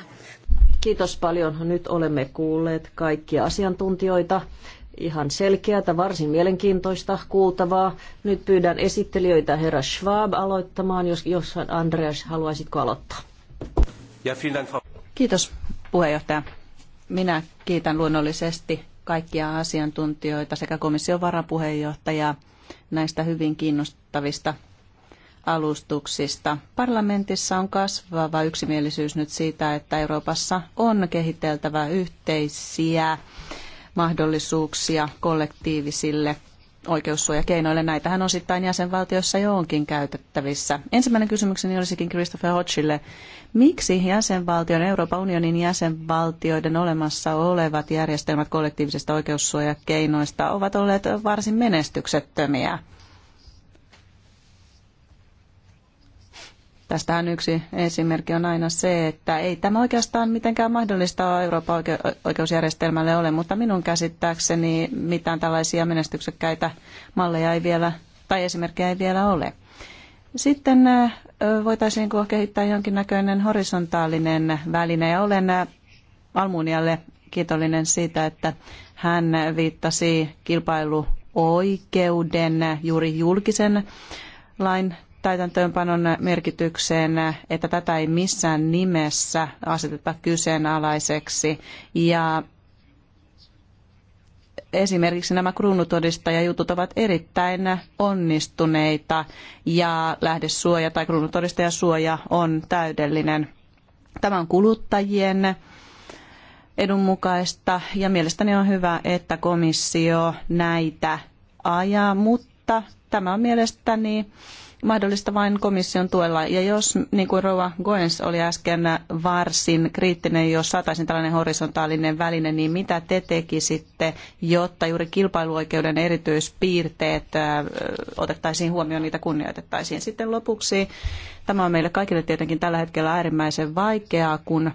Kiitos paljon. Nyt olemme kuulleet kaikkia asiantuntijoita. Ihan selkeätä, varsin mielenkiintoista kuultavaa. Nyt pyydän esittelijöitä herra Schwab aloittamaan, jos, jos Andreas haluaisitko aloittaa. Kiitos puheenjohtaja. Minä kiitän luonnollisesti kaikkia asiantuntijoita sekä komission varapuheenjohtajaa näistä hyvin kiinnostavista alustuksista. Parlamentissa on kasvava yksimielisyys nyt siitä, että Euroopassa on kehiteltävä yhteisiä mahdollisuuksia kollektiivisille oikeussuojakeinoille. Näitähän osittain jäsenvaltioissa jo onkin käytettävissä. Ensimmäinen kysymykseni olisikin Christopher Hodgille. Miksi jäsenvaltion, Euroopan unionin jäsenvaltioiden olemassa olevat järjestelmät kollektiivisista oikeussuojakeinoista ovat olleet varsin menestyksettömiä? Tästähän yksi esimerkki on aina se, että ei tämä oikeastaan mitenkään mahdollista Euroopan oikeusjärjestelmälle ole, mutta minun käsittääkseni mitään tällaisia menestyksekkäitä malleja ei vielä, tai esimerkkejä ei vielä ole. Sitten äh, voitaisiin kehittää jonkinnäköinen horisontaalinen väline, ja olen äh, Almunialle kiitollinen siitä, että hän viittasi kilpailuoikeuden juuri julkisen lain täytäntöönpanon merkitykseen, että tätä ei missään nimessä aseteta kyseenalaiseksi. Ja esimerkiksi nämä kruunutodistajajutut ovat erittäin onnistuneita ja lähdesuoja tai kruunutodistajasuoja on täydellinen. Tämä on kuluttajien edun mukaista ja mielestäni on hyvä, että komissio näitä ajaa, mutta tämä on mielestäni mahdollista vain komission tuella. Ja jos, niin kuin Rova Goens oli äsken varsin kriittinen, jos saataisiin tällainen horisontaalinen väline, niin mitä te tekisitte, jotta juuri kilpailuoikeuden erityispiirteet otettaisiin huomioon, niitä kunnioitettaisiin? Sitten lopuksi, tämä on meille kaikille tietenkin tällä hetkellä äärimmäisen vaikeaa, kun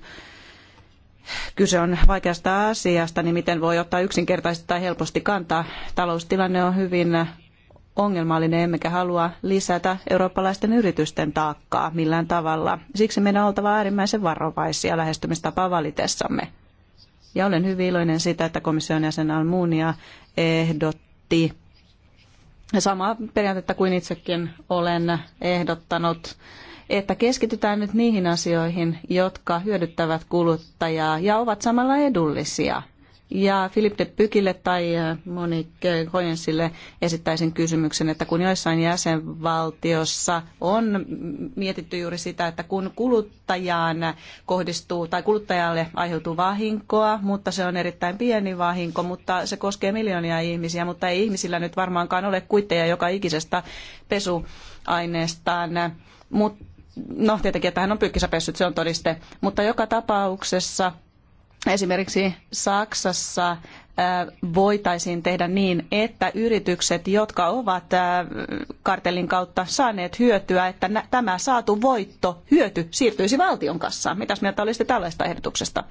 kyse on vaikeasta asiasta, niin miten voi ottaa yksinkertaisesti tai helposti kantaa. Taloustilanne on hyvin ongelmallinen, emmekä halua lisätä eurooppalaisten yritysten taakkaa millään tavalla. Siksi meidän on oltava äärimmäisen varovaisia lähestymistapaa valitessamme. Ja olen hyvin iloinen siitä, että komission jäsen Almunia ehdotti samaa periaatetta kuin itsekin olen ehdottanut, että keskitytään nyt niihin asioihin, jotka hyödyttävät kuluttajaa ja ovat samalla edullisia – ja Philip de Pykille tai äh, Monique Hoyensille esittäisin kysymyksen, että kun joissain jäsenvaltiossa on mietitty juuri sitä, että kun kuluttajaan kohdistuu tai kuluttajalle aiheutuu vahinkoa, mutta se on erittäin pieni vahinko, mutta se koskee miljoonia ihmisiä, mutta ei ihmisillä nyt varmaankaan ole kuitteja joka ikisestä pesuaineestaan. Mutta no tietenkin, että hän on pyykkinsä pessyt, se on todiste. Mutta joka tapauksessa esimerkiksi Saksassa äh, voitaisiin tehdä niin, että yritykset, jotka ovat äh, kartellin kautta saaneet hyötyä, että tämä saatu voitto, hyöty siirtyisi valtion kassaan. Mitäs mieltä olisitte tällaista ehdotuksesta?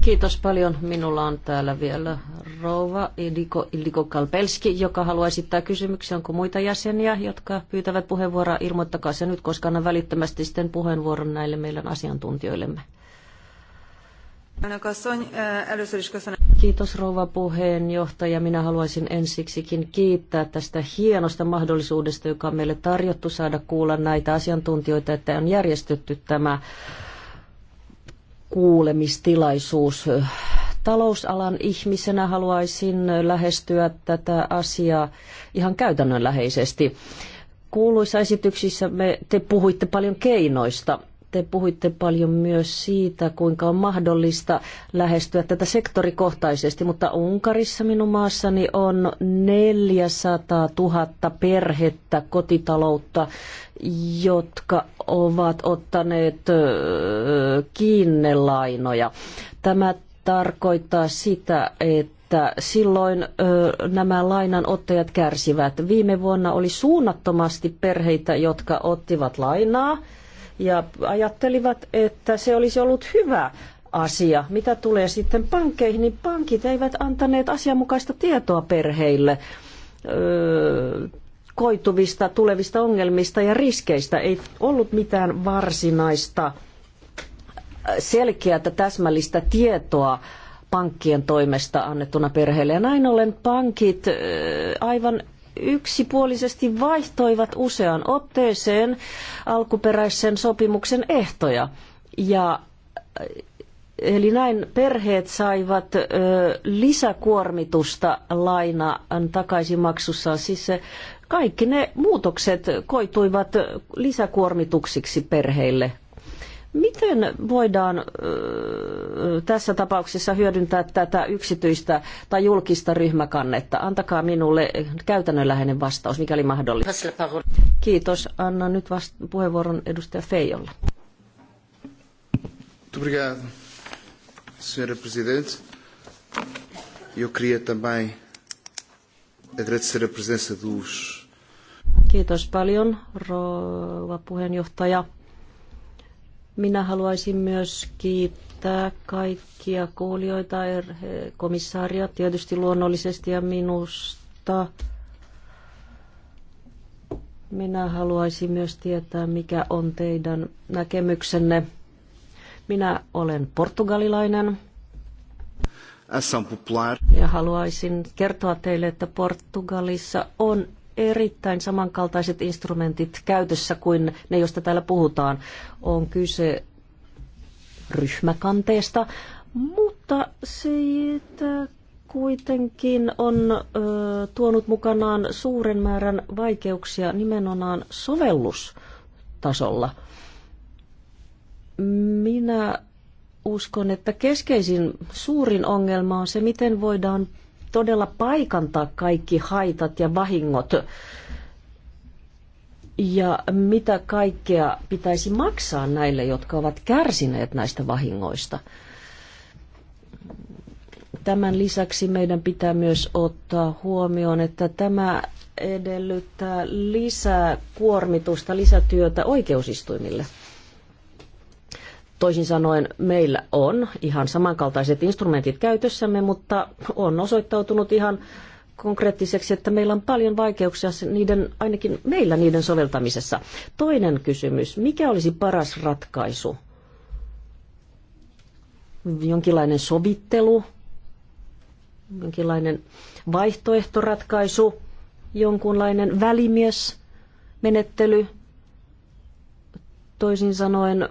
Kiitos paljon. Minulla on täällä vielä rouva Iliko, Iliko Kalpelski, joka haluaa esittää kysymyksiä. Onko muita jäseniä, jotka pyytävät puheenvuoroa? Ilmoittakaa se nyt, koska annan välittömästi sitten puheenvuoron näille meidän asiantuntijoillemme. Kiitos rouva puheenjohtaja. Minä haluaisin ensiksikin kiittää tästä hienosta mahdollisuudesta, joka on meille tarjottu saada kuulla näitä asiantuntijoita, että on järjestetty tämä kuulemistilaisuus. Talousalan ihmisenä haluaisin lähestyä tätä asiaa ihan käytännönläheisesti. Kuuluissa esityksissä me, te puhuitte paljon keinoista, te puhuitte paljon myös siitä, kuinka on mahdollista lähestyä tätä sektorikohtaisesti, mutta Unkarissa minun maassani on 400 000 perhettä, kotitaloutta, jotka ovat ottaneet kiinnelainoja. Tämä tarkoittaa sitä, että että silloin ö, nämä lainanottajat kärsivät. Viime vuonna oli suunnattomasti perheitä, jotka ottivat lainaa ja ajattelivat, että se olisi ollut hyvä asia. Mitä tulee sitten pankkeihin, niin pankit eivät antaneet asianmukaista tietoa perheille öö, koituvista tulevista ongelmista ja riskeistä. Ei ollut mitään varsinaista selkeää täsmällistä tietoa pankkien toimesta annettuna perheelle. Ja näin ollen pankit aivan yksipuolisesti vaihtoivat useaan otteeseen alkuperäisen sopimuksen ehtoja. Ja eh, Eli näin perheet saivat ö, eh, lisäkuormitusta laina takaisinmaksussa. Siis kaikki ne muutokset koituivat eh, lisäkuormituksiksi perheille Miten voidaan tässä tapauksessa hyödyntää tätä yksityistä tai julkista ryhmäkannetta? Antakaa minulle käytännönläheinen vastaus, mikäli mahdollista. Kiitos. Anna nyt vast- puheenvuoron edustaja Feijolle. Obrigado, Sra. Presidente. Eu queria também agradecer a presença dos... Kiitos paljon, rouva puheenjohtaja. Minä haluaisin myös kiittää kaikkia kuulijoita, er- komissaaria tietysti luonnollisesti ja minusta. Minä haluaisin myös tietää, mikä on teidän näkemyksenne. Minä olen portugalilainen. Ja haluaisin kertoa teille, että Portugalissa on erittäin samankaltaiset instrumentit käytössä kuin ne, joista täällä puhutaan. On kyse ryhmäkanteesta, mutta siitä kuitenkin on ö, tuonut mukanaan suuren määrän vaikeuksia nimenomaan sovellustasolla. Minä uskon, että keskeisin suurin ongelma on se, miten voidaan todella paikantaa kaikki haitat ja vahingot ja mitä kaikkea pitäisi maksaa näille, jotka ovat kärsineet näistä vahingoista. Tämän lisäksi meidän pitää myös ottaa huomioon, että tämä edellyttää lisää kuormitusta, lisätyötä oikeusistuimille. Toisin sanoen meillä on ihan samankaltaiset instrumentit käytössämme, mutta on osoittautunut ihan konkreettiseksi, että meillä on paljon vaikeuksia niiden, ainakin meillä niiden soveltamisessa. Toinen kysymys, mikä olisi paras ratkaisu? Jonkinlainen sovittelu, jonkinlainen vaihtoehtoratkaisu, jonkunlainen välimiesmenettely, toisin sanoen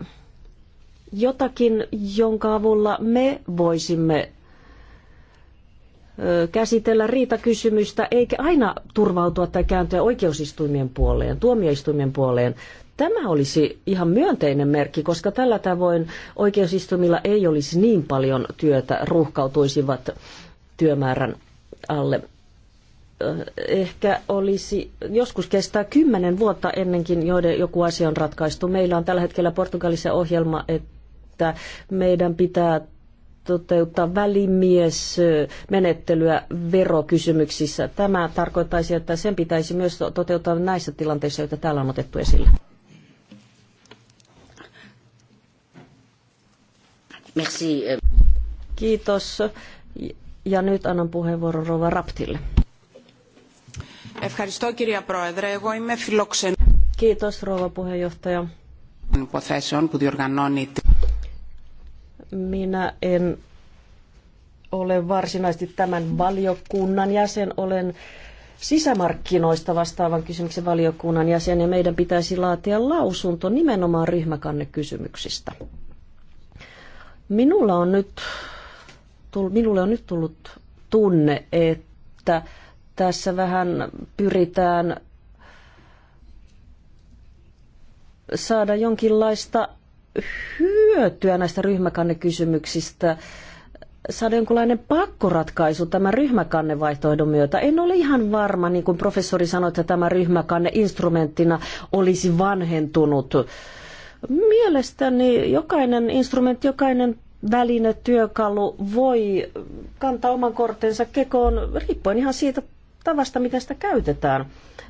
jotakin, jonka avulla me voisimme käsitellä riitakysymystä, eikä aina turvautua tai kääntyä oikeusistuimien puoleen, tuomioistuimien puoleen. Tämä olisi ihan myönteinen merkki, koska tällä tavoin oikeusistuimilla ei olisi niin paljon työtä, ruuhkautuisivat työmäärän alle. Ehkä olisi, joskus kestää kymmenen vuotta ennenkin, joiden joku asia on ratkaistu. Meillä on tällä hetkellä Portugalissa ohjelma, että että meidän pitää toteuttaa välimiesmenettelyä verokysymyksissä. Tämä tarkoittaisi, että sen pitäisi myös toteuttaa näissä tilanteissa, joita täällä on otettu esille. Merci. Kiitos. Ja nyt annan puheenvuoron Rova Raptille. Kiitos Rova puheenjohtaja. Υποθέσεων minä en ole varsinaisesti tämän valiokunnan jäsen, olen sisämarkkinoista vastaavan kysymyksen valiokunnan jäsen ja meidän pitäisi laatia lausunto nimenomaan ryhmäkannekysymyksistä. Minulla on nyt, minulle on nyt tullut tunne, että tässä vähän pyritään saada jonkinlaista hyötyä näistä ryhmäkannekysymyksistä saada jonkinlainen pakkoratkaisu tämän ryhmäkannevaihtoehdon myötä. En ole ihan varma, niin kuin professori sanoi, että tämä ryhmäkanne instrumenttina olisi vanhentunut. Mielestäni jokainen instrumentti, jokainen väline, työkalu voi kantaa oman kortensa kekoon riippuen ihan siitä tavasta, miten sitä käytetään.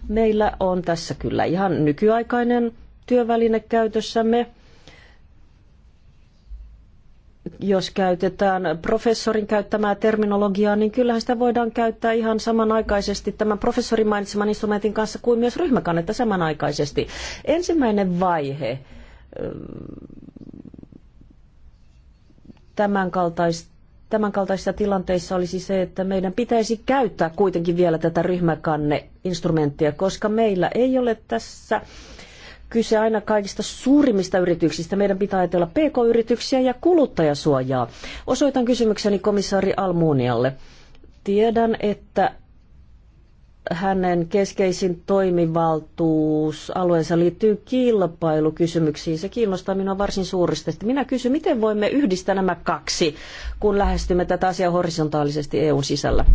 Meillä on tässä kyllä ihan nykyaikainen työväline käytössämme jos käytetään professorin käyttämää terminologiaa, niin kyllähän sitä voidaan käyttää ihan samanaikaisesti tämän professorin mainitseman instrumentin kanssa kuin myös ryhmäkannetta samanaikaisesti. Ensimmäinen vaihe öö, tämän kaltaisissa tilanteissa olisi se, että meidän pitäisi käyttää kuitenkin vielä tätä ryhmäkanne-instrumenttia, koska meillä ei ole tässä kyse aina kaikista suurimmista yrityksistä. Meidän pitää ajatella pk-yrityksiä ja kuluttajasuojaa. Osoitan kysymykseni komissaari Almunialle. Tiedän, että hänen keskeisin toimivaltuus alueensa liittyy kilpailukysymyksiin. Se kiinnostaa minua varsin suuresti. Minä kysyn, miten voimme yhdistää nämä kaksi, kun lähestymme tätä asiaa horisontaalisesti EUn sisällä.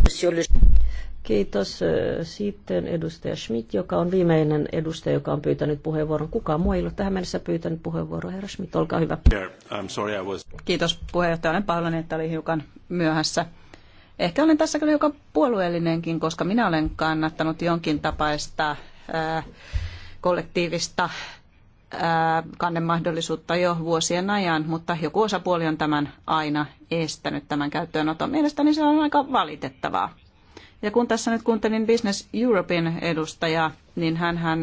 Kiitos. Sitten edustaja Schmidt, joka on viimeinen edustaja, joka on pyytänyt puheenvuoron. Kukaan muu ei ole tähän mennessä pyytänyt puheenvuoroa. Herra Schmidt, olkaa hyvä. Kiitos puheenjohtaja. Olen pahoillani, että olin hiukan myöhässä. Ehkä olen tässä kyllä hiukan puolueellinenkin, koska minä olen kannattanut jonkin tapaista äh, kollektiivista äh, kannemahdollisuutta jo vuosien ajan, mutta joku osapuoli on tämän aina estänyt tämän käyttöönoton. Mielestäni se on aika valitettavaa. Ja kun tässä nyt kuuntelin Business Europein edustajaa, niin hän, hän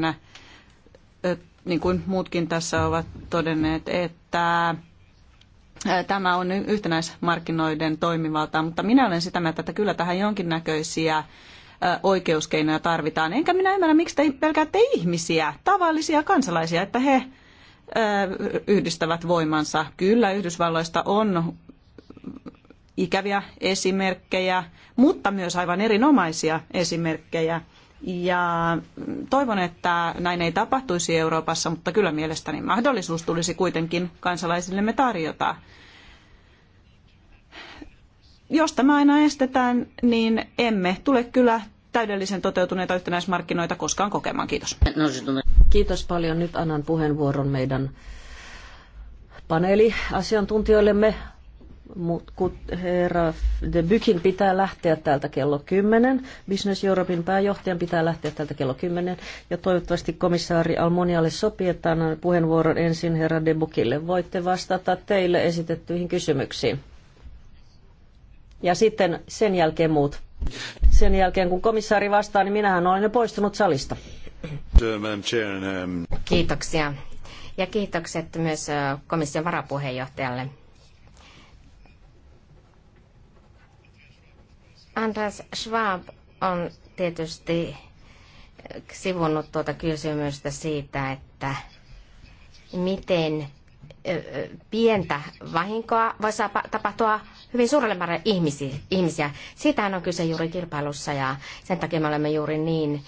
niin kuin muutkin tässä ovat todenneet, että tämä on yhtenäismarkkinoiden toimivaltaa, mutta minä olen sitä mieltä, että kyllä tähän jonkinnäköisiä oikeuskeinoja tarvitaan. Enkä minä ymmärrä, miksi te pelkäätte ihmisiä, tavallisia kansalaisia, että he yhdistävät voimansa. Kyllä Yhdysvalloista on ikäviä esimerkkejä mutta myös aivan erinomaisia esimerkkejä. Ja toivon, että näin ei tapahtuisi Euroopassa, mutta kyllä mielestäni mahdollisuus tulisi kuitenkin kansalaisillemme tarjota. Jos tämä aina estetään, niin emme tule kyllä täydellisen toteutuneita yhtenäismarkkinoita koskaan kokemaan. Kiitos. Kiitos paljon. Nyt annan puheenvuoron meidän paneeliasiantuntijoillemme herra De Bykin pitää lähteä täältä kello 10. Business Europein pääjohtajan pitää lähteä täältä kello 10. Ja toivottavasti komissaari Almonialle sopii, että annan puheenvuoron ensin herra De Bukille. Voitte vastata teille esitettyihin kysymyksiin. Ja sitten sen jälkeen muut. Sen jälkeen kun komissaari vastaa, niin minähän olen jo poistunut salista. Um, Kiitoksia. Ja kiitokset myös komission varapuheenjohtajalle Andreas Schwab on tietysti eh, sivunnut tuota kysymystä siitä, että miten eh, eh, pientä vahinkoa voi tapahtua hyvin suurelle määrälle ihmisiä. Siitähän on kyse juuri kilpailussa ja sen takia me olemme juuri niin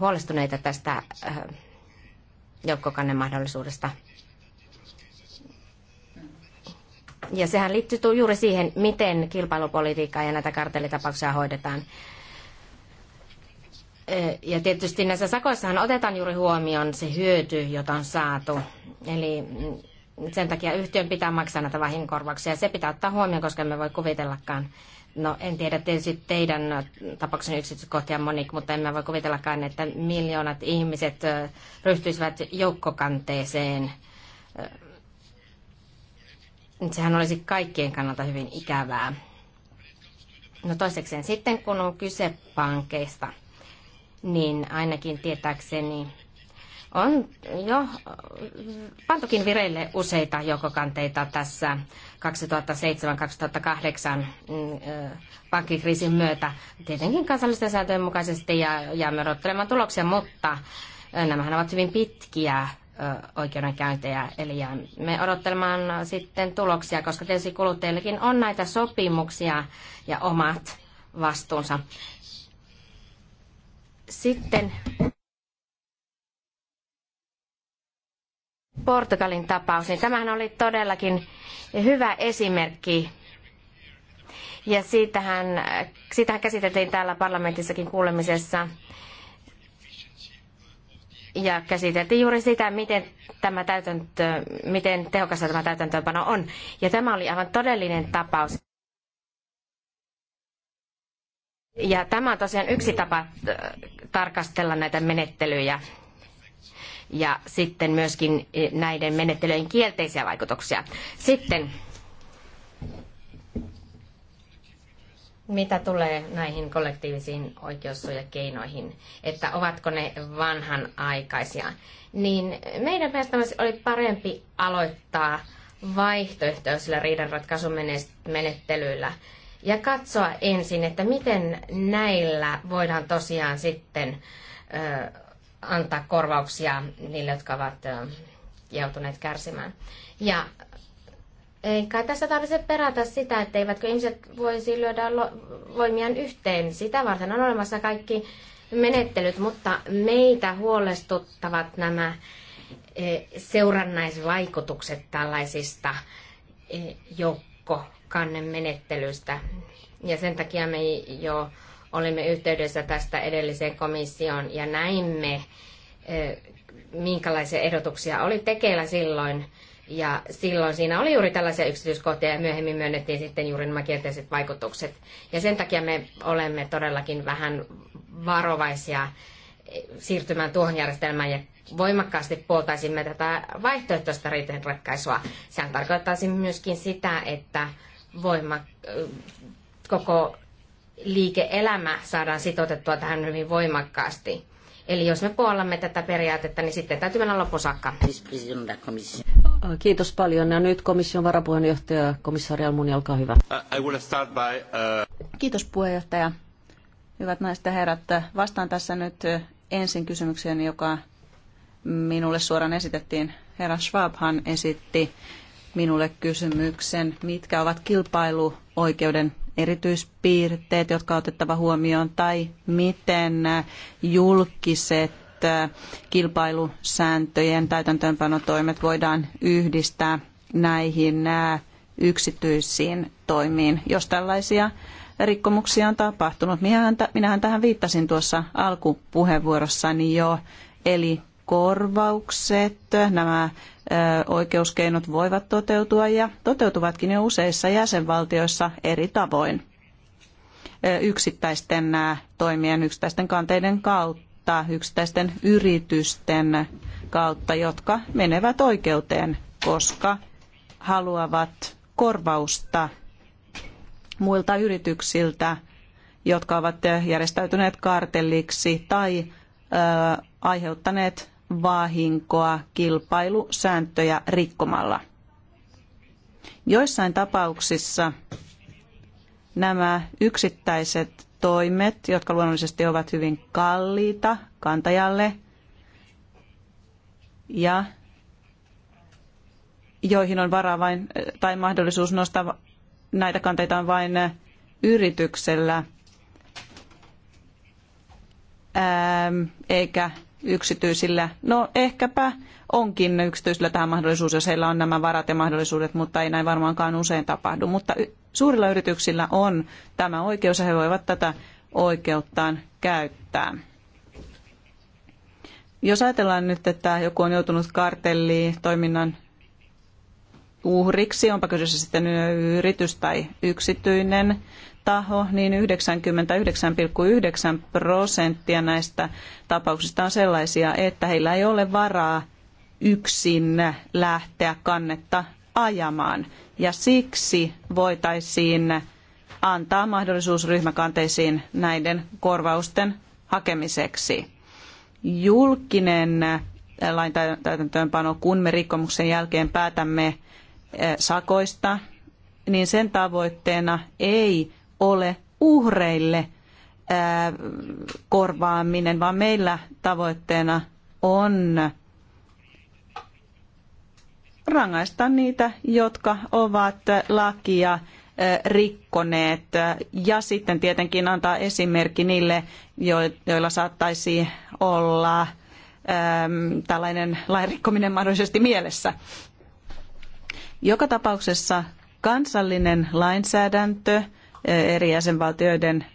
huolestuneita tästä joukkokannen mahdollisuudesta. Ja sehän liittyy juuri siihen, miten kilpailupolitiikkaa ja näitä kartellitapauksia hoidetaan. Ja tietysti näissä sakoissahan otetaan juuri huomioon se hyöty, jota on saatu. Eli mm, sen takia yhtiön pitää maksaa näitä vahinkorvauksia. Se pitää ottaa huomioon, koska me voi kuvitellakaan. No en tiedä tietysti teidän tapauksen yksityiskohtia monik, mutta en mä voi kuvitellakaan, että miljoonat ihmiset ryhtyisivät joukkokanteeseen Sehän olisi kaikkien kannalta hyvin ikävää. No toisekseen sitten, kun on kyse pankeista, niin ainakin tietääkseni on jo pantukin vireille useita joukokanteita tässä 2007-2008 mm, pankkikriisin myötä. Tietenkin kansallisten sääntöjen mukaisesti ja jäämme odottelemaan tuloksia, mutta nämähän ovat hyvin pitkiä oikeudenkäyntejä. Eli me odottelemaan sitten tuloksia, koska tietysti kuluttajillekin on näitä sopimuksia ja omat vastuunsa. Sitten Portugalin tapaus, niin tämähän oli todellakin hyvä esimerkki. Ja siitähän, siitähän käsiteltiin täällä parlamentissakin kuulemisessa ja käsiteltiin juuri sitä, miten, tämä täytäntö, miten tehokasta tämä täytäntöönpano on. Ja tämä oli aivan todellinen tapaus. Ja tämä on tosiaan yksi tapa tarkastella näitä menettelyjä ja sitten myöskin e, näiden menettelyjen kielteisiä vaikutuksia. Sitten mitä tulee näihin kollektiivisiin oikeussuojakeinoihin, että ovatko ne vanhanaikaisia, niin meidän mielestämme oli parempi aloittaa vaihtoehtoisilla riidanratkaisumenettelyillä ja katsoa ensin, että miten näillä voidaan tosiaan sitten ö, antaa korvauksia niille, jotka ovat ö, joutuneet kärsimään. Ja Kai tässä tarvitse perätä sitä, että eivätkö ihmiset voisi lyödä lo- voimiaan yhteen. Sitä varten on olemassa kaikki menettelyt, mutta meitä huolestuttavat nämä e, seurannaisvaikutukset tällaisista e, joukkokannemenettelyistä. Ja sen takia me jo olimme yhteydessä tästä edelliseen komissioon ja näimme, e, minkälaisia ehdotuksia oli tekeillä silloin ja silloin siinä oli juuri tällaisia yksityiskohtia ja myöhemmin myönnettiin sitten juuri nämä kielteiset vaikutukset. Ja sen takia me olemme todellakin vähän varovaisia eh, siirtymään tuohon järjestelmään ja voimakkaasti puoltaisimme tätä vaihtoehtoista riiteen ratkaisua. Sehän tarkoittaisi myöskin sitä, että voima, eh, koko liike-elämä saadaan sitoutettua tähän hyvin voimakkaasti. Eli jos me puollamme tätä periaatetta, niin sitten täytyy mennä loppusakka. Kiitos paljon. Ja nyt komission varapuheenjohtaja, komissaari Almuni, olkaa hyvä. Uh, Kiitos puheenjohtaja. Hyvät naiset ja herrat, vastaan tässä nyt ensin kysymykseen, joka minulle suoraan esitettiin. Herra Schwabhan esitti minulle kysymyksen, mitkä ovat kilpailuoikeuden erityispiirteet, jotka on otettava huomioon, tai miten julkiset kilpailusääntöjen täytäntöönpanotoimet voidaan yhdistää näihin yksityisiin toimiin, jos tällaisia rikkomuksia on tapahtunut. Minähän, minähän tähän viittasin tuossa alkupuheenvuorossani jo, eli korvaukset, nämä oikeuskeinot voivat toteutua ja toteutuvatkin jo useissa jäsenvaltioissa eri tavoin yksittäisten toimien, yksittäisten kanteiden kautta, yksittäisten yritysten kautta, jotka menevät oikeuteen, koska haluavat korvausta muilta yrityksiltä, jotka ovat järjestäytyneet kartelliksi tai aiheuttaneet vahinkoa kilpailusääntöjä rikkomalla. Joissain tapauksissa nämä yksittäiset toimet, jotka luonnollisesti ovat hyvin kalliita kantajalle ja joihin on varaa vain, tai mahdollisuus nostaa näitä kanteita on vain äh, yrityksellä, ähm, eikä yksityisillä. No ehkäpä onkin yksityisillä tämä mahdollisuus, jos heillä on nämä varat ja mahdollisuudet, mutta ei näin varmaankaan usein tapahdu. Mutta suurilla yrityksillä on tämä oikeus ja he voivat tätä oikeuttaan käyttää. Jos ajatellaan nyt, että joku on joutunut kartelliin toiminnan uhriksi, onpa kyseessä sitten yritys tai yksityinen, taho, niin 99,9 prosenttia näistä tapauksista on sellaisia, että heillä ei ole varaa yksin lähteä kannetta ajamaan. Ja siksi voitaisiin antaa mahdollisuus ryhmäkanteisiin näiden korvausten hakemiseksi. Julkinen äh, lain täytäntöönpano, kun me rikkomuksen jälkeen päätämme äh, sakoista, niin sen tavoitteena ei ole uhreille korvaaminen, vaan meillä tavoitteena on rangaista niitä, jotka ovat lakia rikkoneet ja sitten tietenkin antaa esimerkki niille, joilla saattaisi olla tällainen lain rikkominen mahdollisesti mielessä. Joka tapauksessa kansallinen lainsäädäntö eri jäsenvaltioiden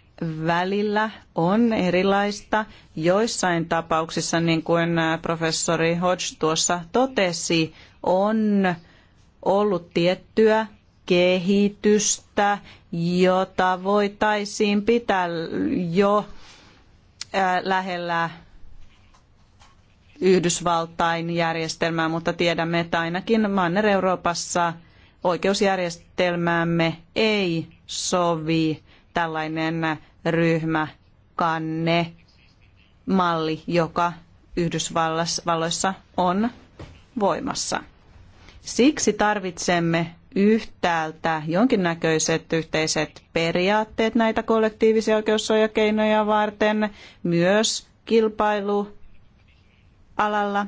välillä on erilaista. Joissain tapauksissa, niin kuin professori Hodge tuossa totesi, on ollut tiettyä kehitystä, jota voitaisiin pitää jo lähellä Yhdysvaltain järjestelmää, mutta tiedämme, että ainakin Manner-Euroopassa oikeusjärjestelmäämme ei sovi tällainen ryhmäkanne malli, joka Yhdysvalloissa on voimassa. Siksi tarvitsemme yhtäältä jonkinnäköiset yhteiset periaatteet näitä kollektiivisia oikeussuojakeinoja varten, myös kilpailualalla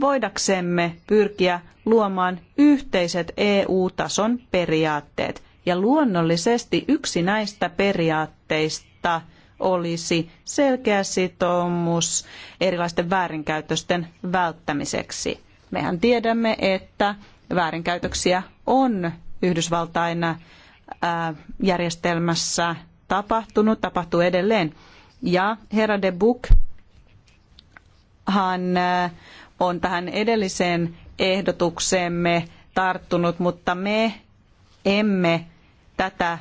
voidaksemme pyrkiä luomaan yhteiset EU-tason periaatteet. Ja luonnollisesti yksi näistä periaatteista olisi selkeä sitoumus erilaisten väärinkäytösten välttämiseksi. Mehän tiedämme, että väärinkäytöksiä on Yhdysvaltain järjestelmässä tapahtunut, tapahtuu edelleen. Ja herra de Buch hän on tähän edelliseen ehdotukseemme tarttunut, mutta me emme tätä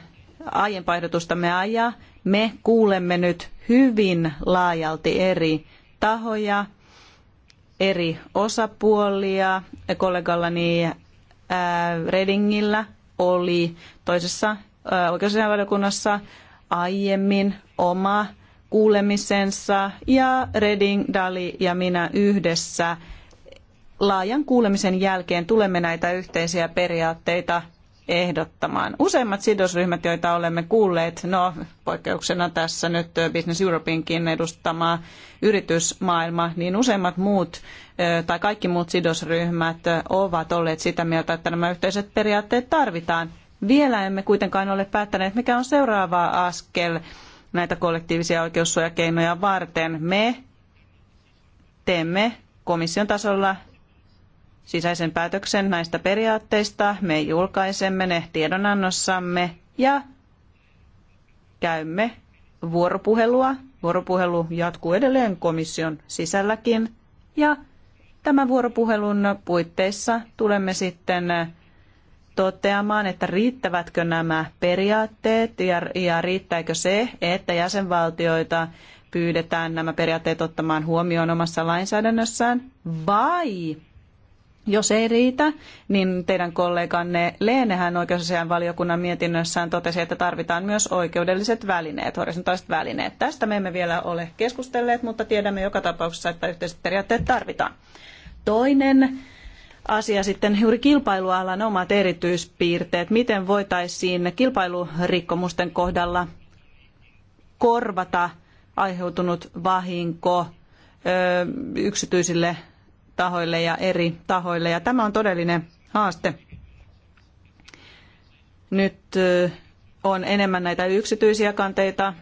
aiempaa ehdotustamme aja. Me kuulemme nyt hyvin laajalti eri tahoja, eri osapuolia. Kollegallani äh, Redingillä oli toisessa äh, oikeusasiainvaliokunnassa aiemmin oma kuulemisensa ja Reding, Dali ja minä yhdessä laajan kuulemisen jälkeen tulemme näitä yhteisiä periaatteita ehdottamaan. Useimmat sidosryhmät, joita olemme kuulleet, no poikkeuksena tässä nyt Business Europeinkin edustama yritysmaailma, niin useimmat muut tai kaikki muut sidosryhmät ovat olleet sitä mieltä, että nämä yhteiset periaatteet tarvitaan. Vielä emme kuitenkaan ole päättäneet, mikä on seuraava askel näitä kollektiivisia oikeussuojakeinoja varten. Me teemme komission tasolla sisäisen päätöksen näistä periaatteista. Me julkaisemme ne tiedonannossamme ja käymme vuoropuhelua. Vuoropuhelu jatkuu edelleen komission sisälläkin ja tämän vuoropuhelun puitteissa tulemme sitten toteamaan, että riittävätkö nämä periaatteet ja, ja riittääkö se, että jäsenvaltioita pyydetään nämä periaatteet ottamaan huomioon omassa lainsäädännössään, vai jos ei riitä, niin teidän kolleganne Leenehän oikeusasian valiokunnan mietinnössään totesi, että tarvitaan myös oikeudelliset välineet, horisontaaliset välineet. Tästä me emme vielä ole keskustelleet, mutta tiedämme joka tapauksessa, että yhteiset periaatteet tarvitaan. Toinen asia sitten juuri kilpailualan omat erityispiirteet. Miten voitaisiin kilpailurikkomusten kohdalla korvata aiheutunut vahinko yksityisille tahoille ja eri tahoille. Ja tämä on todellinen haaste. Nyt on enemmän näitä yksityisiä kanteita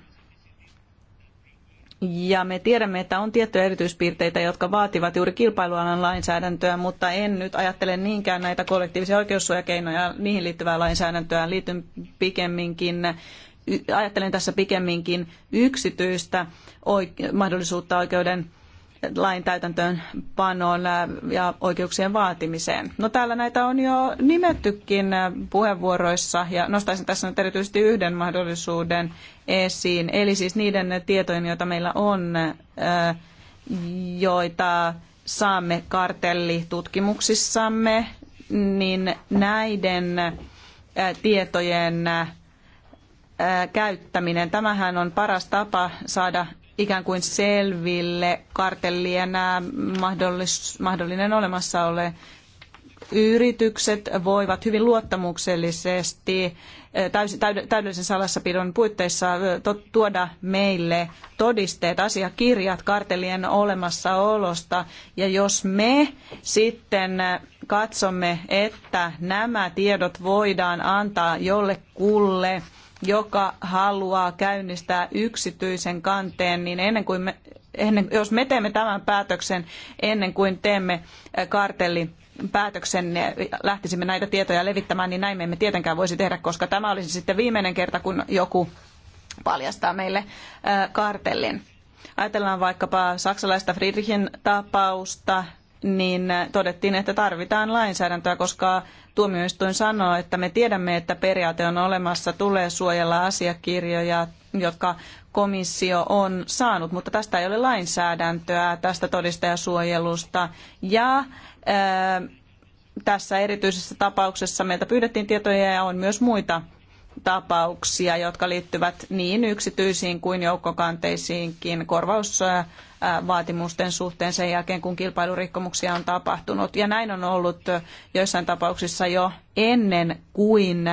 ja me tiedämme, että on tiettyjä erityispiirteitä, jotka vaativat juuri kilpailualan lainsäädäntöä, mutta en nyt ajattele niinkään näitä kollektiivisia oikeussuojakeinoja, niihin liittyvää lainsäädäntöä. Liityn pikemminkin, ajattelen tässä pikemminkin yksityistä mahdollisuutta oikeuden lain täytäntöönpanoon äh, ja oikeuksien vaatimiseen. No täällä näitä on jo nimettykin äh, puheenvuoroissa ja nostaisin tässä nyt erityisesti yhden mahdollisuuden esiin, eli siis niiden tietojen, joita meillä on, äh, joita saamme kartellitutkimuksissamme, niin näiden tietojen käyttäminen. Tämähän on paras tapa saada ikään kuin selville kartellien mahdollis, mahdollinen olemassaolo. Yritykset voivat hyvin luottamuksellisesti täydellisen salassapidon puitteissa tuoda meille todisteet, asiakirjat kartellien olemassaolosta. Ja jos me sitten katsomme, että nämä tiedot voidaan antaa jollekulle joka haluaa käynnistää yksityisen kanteen, niin ennen kuin me, ennen, jos me teemme tämän päätöksen ennen kuin teemme kartelli päätöksen lähtisimme näitä tietoja levittämään, niin näin me emme tietenkään voisi tehdä, koska tämä olisi sitten viimeinen kerta, kun joku paljastaa meille kartellin. Ajatellaan vaikkapa saksalaista Friedrichin tapausta, niin todettiin, että tarvitaan lainsäädäntöä, koska tuomioistuin sanoo, että me tiedämme, että periaate on olemassa, tulee suojella asiakirjoja, jotka komissio on saanut, mutta tästä ei ole lainsäädäntöä, tästä todistajasuojelusta. Ja ää, tässä erityisessä tapauksessa meiltä pyydettiin tietoja ja on myös muita tapauksia, jotka liittyvät niin yksityisiin kuin joukkokanteisiinkin korvausvaatimusten suhteen sen jälkeen, kun kilpailurikkomuksia on tapahtunut. Ja näin on ollut joissain tapauksissa jo ennen kuin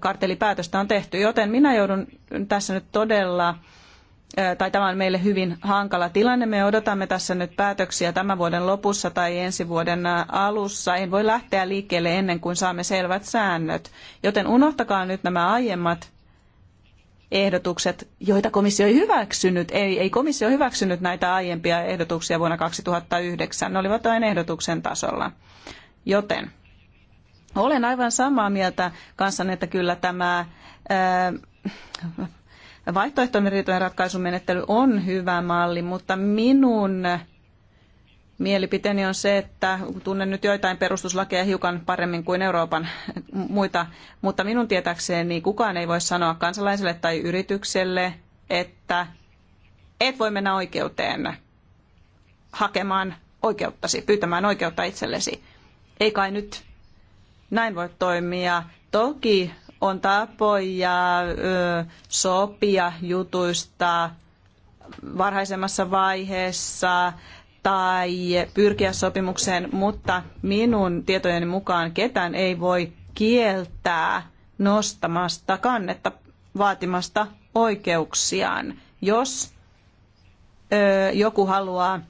kartelipäätöstä on tehty, joten minä joudun tässä nyt todella tai tämä on meille hyvin hankala tilanne. Me odotamme tässä nyt päätöksiä tämän vuoden lopussa tai ensi vuoden alussa. En voi lähteä liikkeelle ennen kuin saamme selvät säännöt. Joten unohtakaa nyt nämä aiemmat ehdotukset, joita komissio ei hyväksynyt. Ei, ei komissio hyväksynyt näitä aiempia ehdotuksia vuonna 2009. Ne olivat vain ehdotuksen tasolla. Joten olen aivan samaa mieltä kanssanne, että kyllä tämä... Ää, vaihtoehtoinen riitojen ratkaisumenettely on hyvä malli, mutta minun mielipiteeni on se, että tunnen nyt joitain perustuslakeja hiukan paremmin kuin Euroopan muita, mutta minun tietääkseni kukaan ei voi sanoa kansalaiselle tai yritykselle, että et voi mennä oikeuteen hakemaan oikeuttasi, pyytämään oikeutta itsellesi. Ei kai nyt näin voi toimia. Toki on tapoja sopia jutuista varhaisemmassa vaiheessa tai pyrkiä sopimukseen, mutta minun tietojeni mukaan ketään ei voi kieltää nostamasta kannetta vaatimasta oikeuksiaan. Jos joku haluaa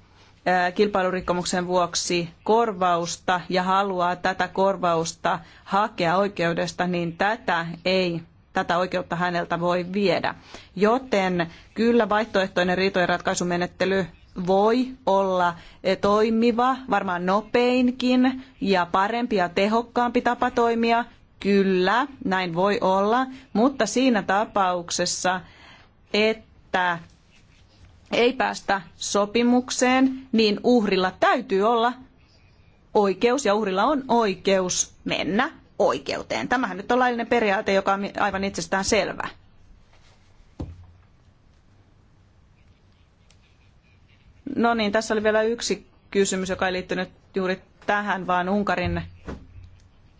Äh, kilpailurikkomuksen vuoksi korvausta ja haluaa tätä korvausta hakea oikeudesta, niin tätä ei tätä oikeutta häneltä voi viedä. Joten kyllä vaihtoehtoinen riitojen ratkaisumenettely voi olla e, toimiva, varmaan nopeinkin ja parempi ja tehokkaampi tapa toimia. Kyllä, näin voi olla, mutta siinä tapauksessa, että ei päästä sopimukseen, niin uhrilla täytyy olla oikeus ja uhrilla on oikeus mennä oikeuteen. Tämähän nyt on laillinen periaate, joka on aivan itsestään selvä. No niin, tässä oli vielä yksi kysymys, joka ei liittynyt juuri tähän, vaan Unkarin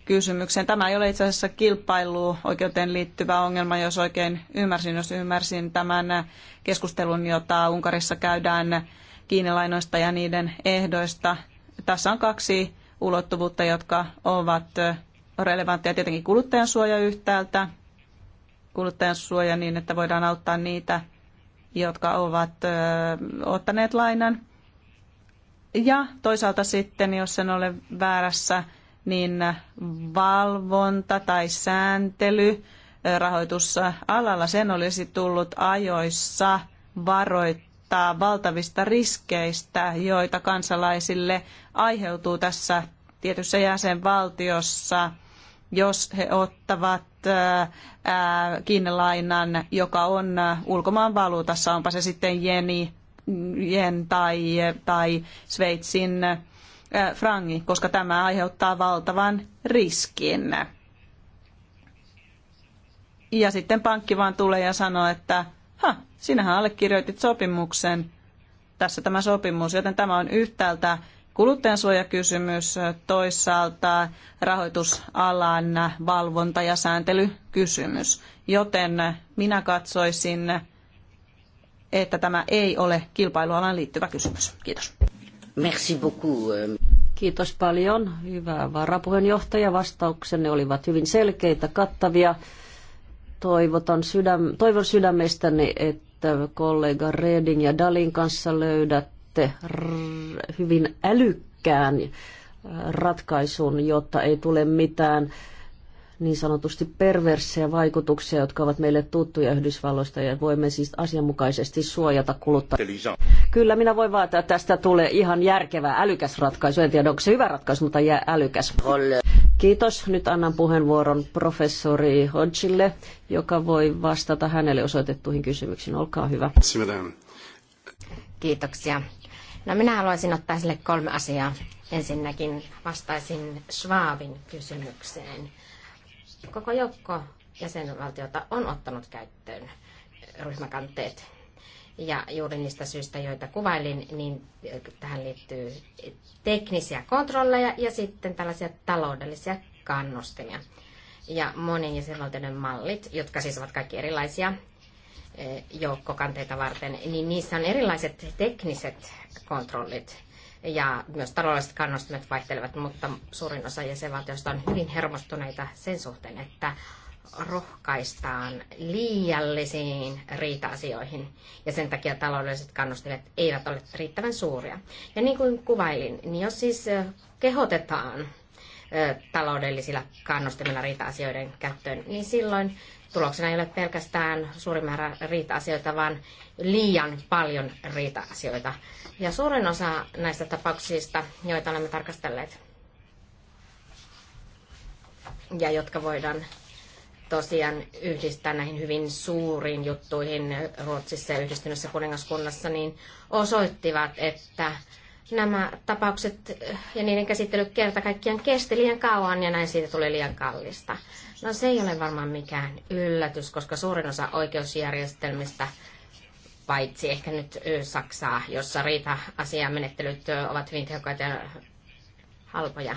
kysymykseen. Tämä ei ole itse asiassa oikeuteen liittyvä ongelma, jos oikein ymmärsin, jos ymmärsin tämän keskustelun, jota Unkarissa käydään kiinalainoista ja niiden ehdoista. Tässä on kaksi ulottuvuutta, jotka ovat relevantteja tietenkin kuluttajansuoja yhtäältä, kuluttajansuoja niin, että voidaan auttaa niitä, jotka ovat ottaneet lainan. Ja toisaalta sitten, jos en ole väärässä, niin valvonta tai sääntely rahoitusalalla sen olisi tullut ajoissa varoittaa valtavista riskeistä, joita kansalaisille aiheutuu tässä tietyssä jäsenvaltiossa, jos he ottavat kiinnelainan, joka on ulkomaan valuutassa, onpa se sitten jeni, jen tai, tai Sveitsin Äh, frangi, koska tämä aiheuttaa valtavan riskin. Ja sitten pankki vaan tulee ja sanoo, että ha, sinähän allekirjoitit sopimuksen, tässä tämä sopimus, joten tämä on yhtäältä kuluttajansuojakysymys, toisaalta rahoitusalan valvonta- ja sääntelykysymys. Joten minä katsoisin, että tämä ei ole kilpailualan liittyvä kysymys. Kiitos. Merci beaucoup. Euh, Kiitos paljon, hyvä varapuheenjohtaja. Vastauksenne olivat hyvin selkeitä, kattavia. Toivotan sydäm, toivon sydämestäni, että kollega Reding ja Dalin kanssa löydätte hyvin älykkään ratkaisun, jotta ei tule mitään niin sanotusti perversseja vaikutuksia, jotka ovat meille tuttuja Yhdysvalloista ja voimme siis asianmukaisesti suojata kuluttajia. Kyllä, minä voin vaatia, että tästä tulee ihan järkevä, älykäs ratkaisu. En tiedä, onko se hyvä ratkaisu, mutta jää älykäs. Kiitos. Nyt annan puheenvuoron professori Hodgille, joka voi vastata hänelle osoitettuihin kysymyksiin. Olkaa hyvä. Kiitoksia. No minä haluaisin ottaa sille kolme asiaa. Ensinnäkin vastaisin Schwabin kysymykseen Koko joukko jäsenvaltiota on ottanut käyttöön ryhmäkanteet. Ja juuri niistä syistä, joita kuvailin, niin tähän liittyy teknisiä kontrolleja ja sitten tällaisia taloudellisia kannustimia. Ja monien jäsenvaltioiden mallit, jotka siis ovat kaikki erilaisia eh, joukkokanteita varten, niin niissä on erilaiset tekniset kontrollit ja myös taloudelliset kannustimet vaihtelevat, mutta suurin osa jäsenvaltioista on hyvin hermostuneita sen suhteen, että rohkaistaan liiallisiin riita-asioihin ja sen takia taloudelliset kannustimet eivät ole riittävän suuria. Ja niin kuin kuvailin, niin jos siis kehotetaan taloudellisilla kannustimilla riita-asioiden käyttöön, niin silloin tuloksena ei ole pelkästään suuri määrä riita-asioita, vaan liian paljon riita-asioita ja suurin osa näistä tapauksista, joita olemme tarkastelleet ja jotka voidaan tosiaan yhdistää näihin hyvin suuriin juttuihin Ruotsissa ja yhdistyneessä kuningaskunnassa, niin osoittivat, että nämä tapaukset ja niiden käsittely kerta kaikkiaan kesti liian kauan ja näin siitä tuli liian kallista. No se ei ole varmaan mikään yllätys, koska suurin osa oikeusjärjestelmistä paitsi ehkä nyt Saksaa, jossa riita-asiamenettelyt ovat hyvin tehokkaita ja halpoja.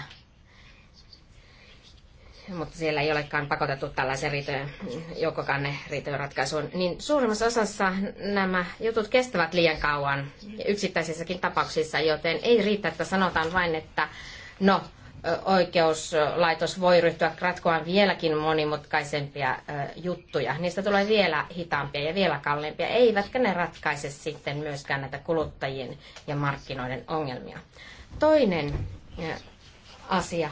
Mutta siellä ei olekaan pakotettu tällaisen riitojen, joukkokanne riitojen ratkaisuun. Niin suurimmassa osassa nämä jutut kestävät liian kauan yksittäisissäkin tapauksissa, joten ei riitä, että sanotaan vain, että no, oikeuslaitos voi ryhtyä ratkomaan vieläkin monimutkaisempia juttuja. Niistä tulee vielä hitaampia ja vielä kalliimpia, eivätkä ne ratkaise sitten myöskään näitä kuluttajien ja markkinoiden ongelmia. Toinen asia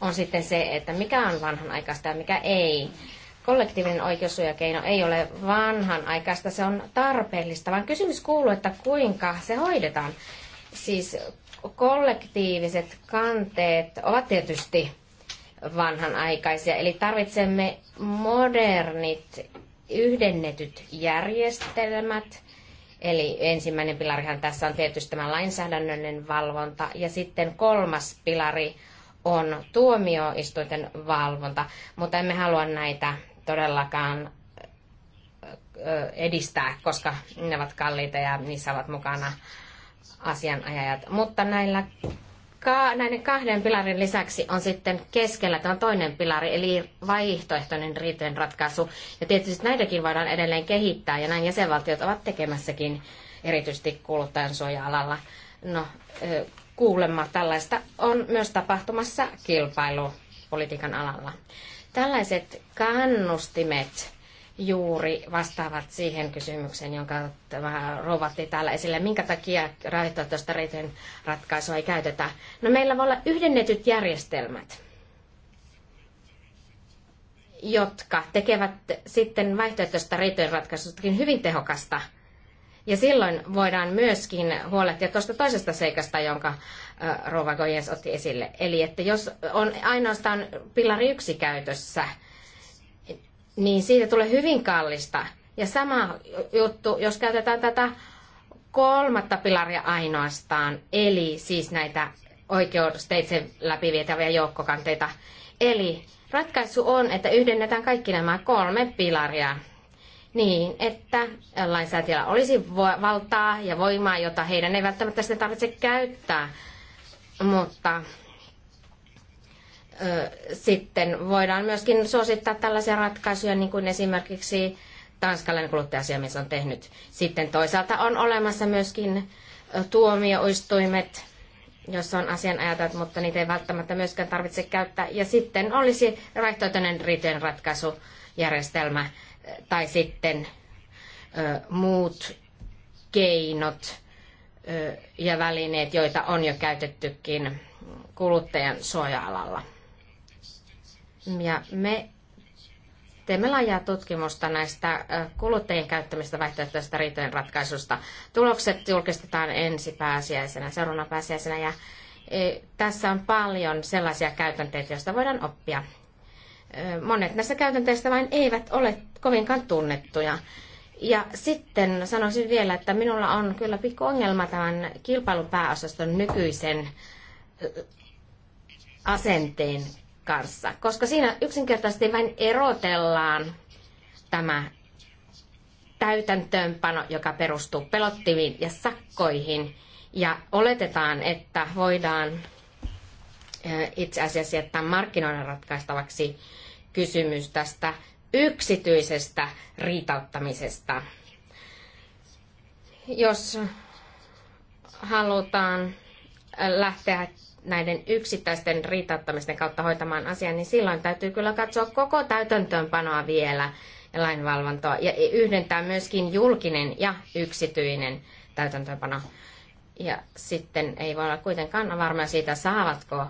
on sitten se, että mikä on vanhanaikaista ja mikä ei. Kollektiivinen oikeussuojakeino ei ole vanhanaikaista, se on tarpeellista, vaan kysymys kuuluu, että kuinka se hoidetaan. Siis kollektiiviset kanteet ovat tietysti vanhanaikaisia, eli tarvitsemme modernit yhdennetyt järjestelmät. Eli ensimmäinen pilarihan tässä on tietysti tämä lainsäädännöllinen valvonta ja sitten kolmas pilari on tuomioistuinten valvonta, mutta emme halua näitä todellakaan edistää, koska ne ovat kalliita ja niissä ovat mukana asianajajat. Mutta näillä ka- näiden kahden pilarin lisäksi on sitten keskellä tämä toinen pilari, eli vaihtoehtoinen riitojen ratkaisu. Ja tietysti näitäkin voidaan edelleen kehittää, ja näin jäsenvaltiot ovat tekemässäkin erityisesti kuluttajansuoja-alalla. No, kuulemma tällaista on myös tapahtumassa kilpailupolitiikan alalla. Tällaiset kannustimet juuri vastaavat siihen kysymykseen, jonka tämä rovatti täällä esille. Minkä takia rajoittavasta reitin ratkaisua ei käytetä? No meillä voi olla yhdennetyt järjestelmät, jotka tekevät sitten vaihtoehtoista reitojen ratkaisustakin hyvin tehokasta. Ja silloin voidaan myöskin huolehtia tuosta toisesta seikasta, jonka Rova Goyens otti esille. Eli että jos on ainoastaan pilari yksi käytössä, niin siitä tulee hyvin kallista. Ja sama juttu, jos käytetään tätä kolmatta pilaria ainoastaan, eli siis näitä oikeusteitse läpivietäviä joukkokanteita. Eli ratkaisu on, että yhdennetään kaikki nämä kolme pilaria niin, että lainsäätiöllä olisi valtaa ja voimaa, jota heidän ei välttämättä sitten tarvitse käyttää, mutta sitten voidaan myöskin suosittaa tällaisia ratkaisuja, niin kuin esimerkiksi tanskalainen kuluttaja on tehnyt. Sitten toisaalta on olemassa myöskin tuomioistuimet, jossa on asianajajat, mutta niitä ei välttämättä myöskään tarvitse käyttää. Ja sitten olisi vaihtoehtoinen riitojen ratkaisujärjestelmä tai sitten ö, muut keinot ö, ja välineet, joita on jo käytettykin kuluttajan suoja-alalla. Ja me teemme laajaa tutkimusta näistä kuluttajien käyttämistä vaihtoehtoisista riitojen ratkaisusta. Tulokset julkistetaan ensi pääsiäisenä, seuraavana pääsiäisenä ja e, tässä on paljon sellaisia käytänteitä, joista voidaan oppia. Monet näistä käytänteistä vain eivät ole kovinkaan tunnettuja. Ja sitten sanoisin vielä, että minulla on kyllä pikku ongelma tämän kilpailun pääosaston nykyisen asenteen kanssa, koska siinä yksinkertaisesti vain erotellaan tämä täytäntöönpano, joka perustuu pelottimiin ja sakkoihin. Ja oletetaan, että voidaan itse asiassa jättää markkinoiden ratkaistavaksi kysymys tästä yksityisestä riitauttamisesta. Jos halutaan lähteä näiden yksittäisten riitauttamisten kautta hoitamaan asian, niin silloin täytyy kyllä katsoa koko täytäntöönpanoa vielä ja lainvalvontoa ja yhdentää myöskin julkinen ja yksityinen täytäntöönpano. Ja sitten ei voi olla kuitenkaan varmaa siitä, saavatko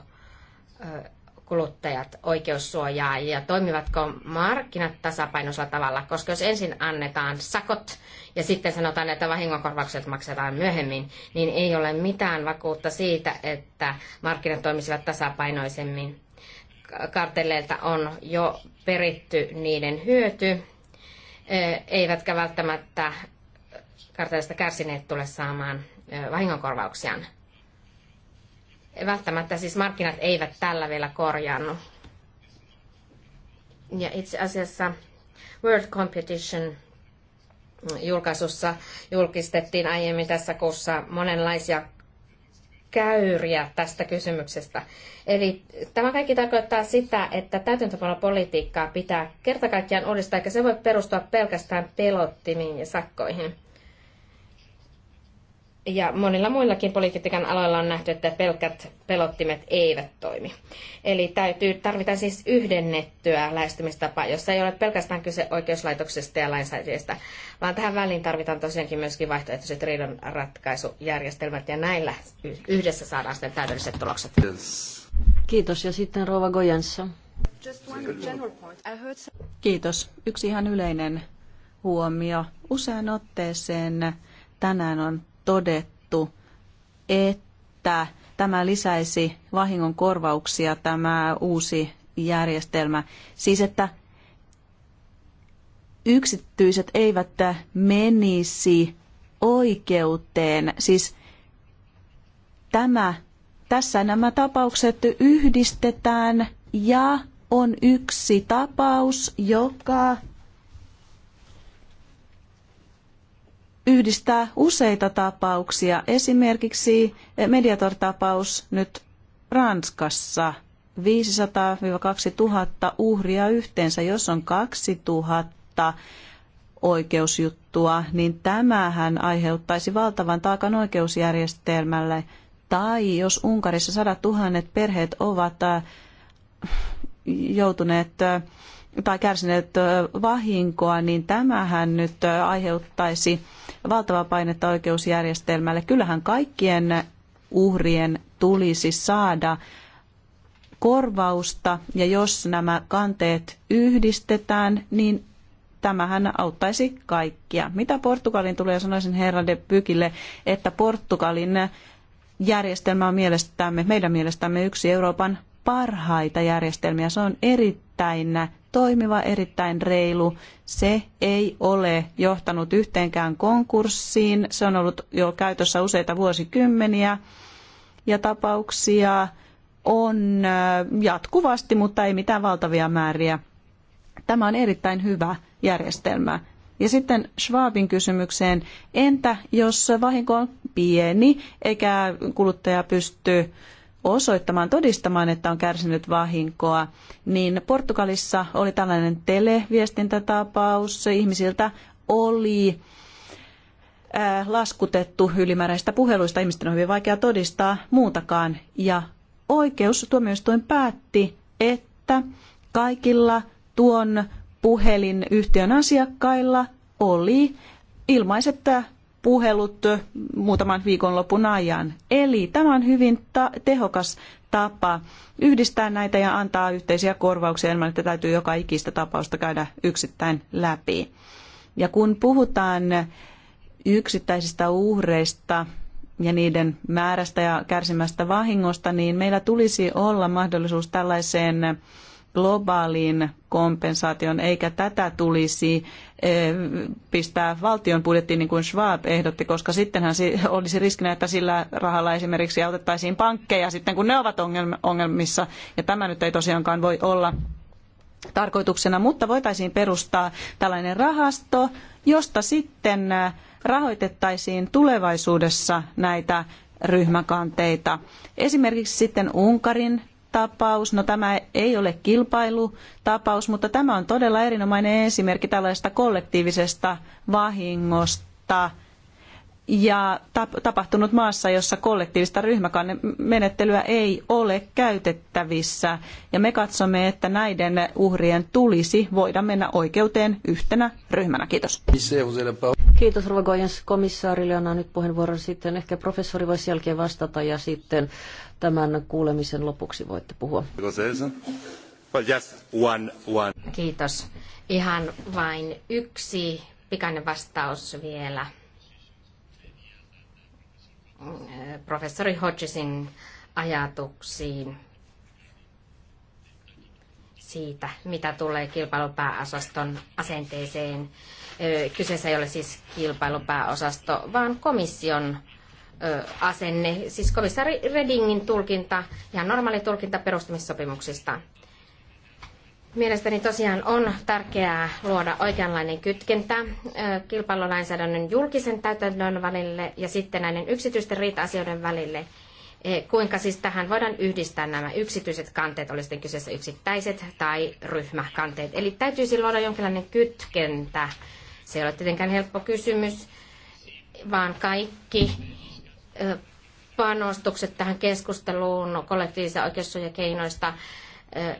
kuluttajat oikeussuojaa ja toimivatko markkinat tasapainoisella tavalla, koska jos ensin annetaan sakot ja sitten sanotaan, että vahingonkorvaukset maksetaan myöhemmin, niin ei ole mitään vakuutta siitä, että markkinat toimisivat tasapainoisemmin. Kartelleilta on jo peritty niiden hyöty, eivätkä välttämättä kartellista kärsineet tule saamaan vahingonkorvauksiaan. Välttämättä siis markkinat eivät tällä vielä korjaannu. Ja itse asiassa World Competition julkaisussa julkistettiin aiemmin tässä kuussa monenlaisia käyriä tästä kysymyksestä. Eli tämä kaikki tarkoittaa sitä, että täytäntöpanopolitiikkaa pitää kertakaikkiaan uudistaa, eikä se voi perustua pelkästään pelottimiin ja sakkoihin ja monilla muillakin politiikan aloilla on nähty, että pelkät pelottimet eivät toimi. Eli täytyy, tarvitaan siis yhdennettyä lähestymistapaa, jossa ei ole pelkästään kyse oikeuslaitoksesta ja lainsäätäjistä, vaan tähän väliin tarvitaan tosiaankin myöskin vaihtoehtoiset riidonratkaisujärjestelmät, ja näillä yhdessä saadaan sitten täydelliset tulokset. Kiitos, ja sitten Rova Gojansa. Kiitos. Yksi ihan yleinen huomio. Usein otteeseen tänään on todettu, että tämä lisäisi vahingon korvauksia, tämä uusi järjestelmä. Siis että yksityiset eivät menisi oikeuteen. Siis tämä, tässä nämä tapaukset yhdistetään ja on yksi tapaus, joka yhdistää useita tapauksia. Esimerkiksi eh, Mediator-tapaus nyt Ranskassa. 500-2000 uhria yhteensä, jos on 2000 oikeusjuttua, niin tämähän aiheuttaisi valtavan taakan oikeusjärjestelmälle. Tai jos Unkarissa sadat tuhannet perheet ovat eh, joutuneet eh, tai kärsineet vahinkoa, niin tämähän nyt aiheuttaisi valtavaa painetta oikeusjärjestelmälle. Kyllähän kaikkien uhrien tulisi saada korvausta ja jos nämä kanteet yhdistetään, niin tämähän auttaisi kaikkia. Mitä Portugalin tulee, sanoisin herra de Pykille, että Portugalin järjestelmä on mielestämme, meidän mielestämme yksi Euroopan parhaita järjestelmiä. Se on erittäin toimiva, erittäin reilu. Se ei ole johtanut yhteenkään konkurssiin. Se on ollut jo käytössä useita vuosikymmeniä ja tapauksia on äh, jatkuvasti, mutta ei mitään valtavia määriä. Tämä on erittäin hyvä järjestelmä. Ja sitten Schwabin kysymykseen, entä jos vahinko on pieni eikä kuluttaja pysty osoittamaan, todistamaan, että on kärsinyt vahinkoa, niin Portugalissa oli tällainen televiestintätapaus. Ihmisiltä oli äh, laskutettu ylimääräistä puheluista. Ihmisten on hyvin vaikea todistaa muutakaan. Ja oikeus tuomioistuin päätti, että kaikilla tuon puhelinyhtiön asiakkailla oli ilmaiset äh, puhelut muutaman viikonlopun ajan. Eli tämä on hyvin ta tehokas tapa yhdistää näitä ja antaa yhteisiä korvauksia ilman, että täytyy joka ikistä tapausta käydä yksittäin läpi. Ja kun puhutaan yksittäisistä uhreista ja niiden määrästä ja kärsimästä vahingosta, niin meillä tulisi olla mahdollisuus tällaiseen globaalin kompensaation, eikä tätä tulisi eh, pistää valtion budjettiin niin kuin Schwab ehdotti, koska sittenhän olisi riskinä, että sillä rahalla esimerkiksi autettaisiin pankkeja sitten, kun ne ovat ongelmissa, ja tämä nyt ei tosiaankaan voi olla tarkoituksena, mutta voitaisiin perustaa tällainen rahasto, josta sitten eh, rahoitettaisiin tulevaisuudessa näitä ryhmäkanteita. Esimerkiksi sitten Unkarin tapaus. No tämä ei ole kilpailutapaus, mutta tämä on todella erinomainen esimerkki tällaisesta kollektiivisesta vahingosta – ja tapahtunut maassa, jossa kollektiivista ryhmäkannemenettelyä ei ole käytettävissä. Ja me katsomme, että näiden uhrien tulisi voida mennä oikeuteen yhtenä ryhmänä. Kiitos. Kiitos Rova Goyens komissaarille. Annan nyt puheenvuoron sitten. Ehkä professori voisi jälkeen vastata ja sitten tämän kuulemisen lopuksi voitte puhua. one one. Kiitos. Ihan vain yksi pikainen vastaus vielä professori Hodgesin ajatuksiin siitä, mitä tulee kilpailupääosaston asenteeseen. Kyseessä ei ole siis kilpailupääosasto, vaan komission asenne, siis komissaari Redingin tulkinta, ihan normaali tulkinta perustamissopimuksista. Mielestäni tosiaan on tärkeää luoda oikeanlainen kytkentä kilpailulainsäädännön julkisen täytäntöön välille ja sitten näiden yksityisten riita-asioiden välille. E, kuinka siis tähän voidaan yhdistää nämä yksityiset kanteet, oli sitten kyseessä yksittäiset tai ryhmäkanteet. Eli täytyisi luoda jonkinlainen kytkentä. Se ei ole tietenkään helppo kysymys, vaan kaikki panostukset tähän keskusteluun kollektiivisen oikeussuojakeinoista keinoista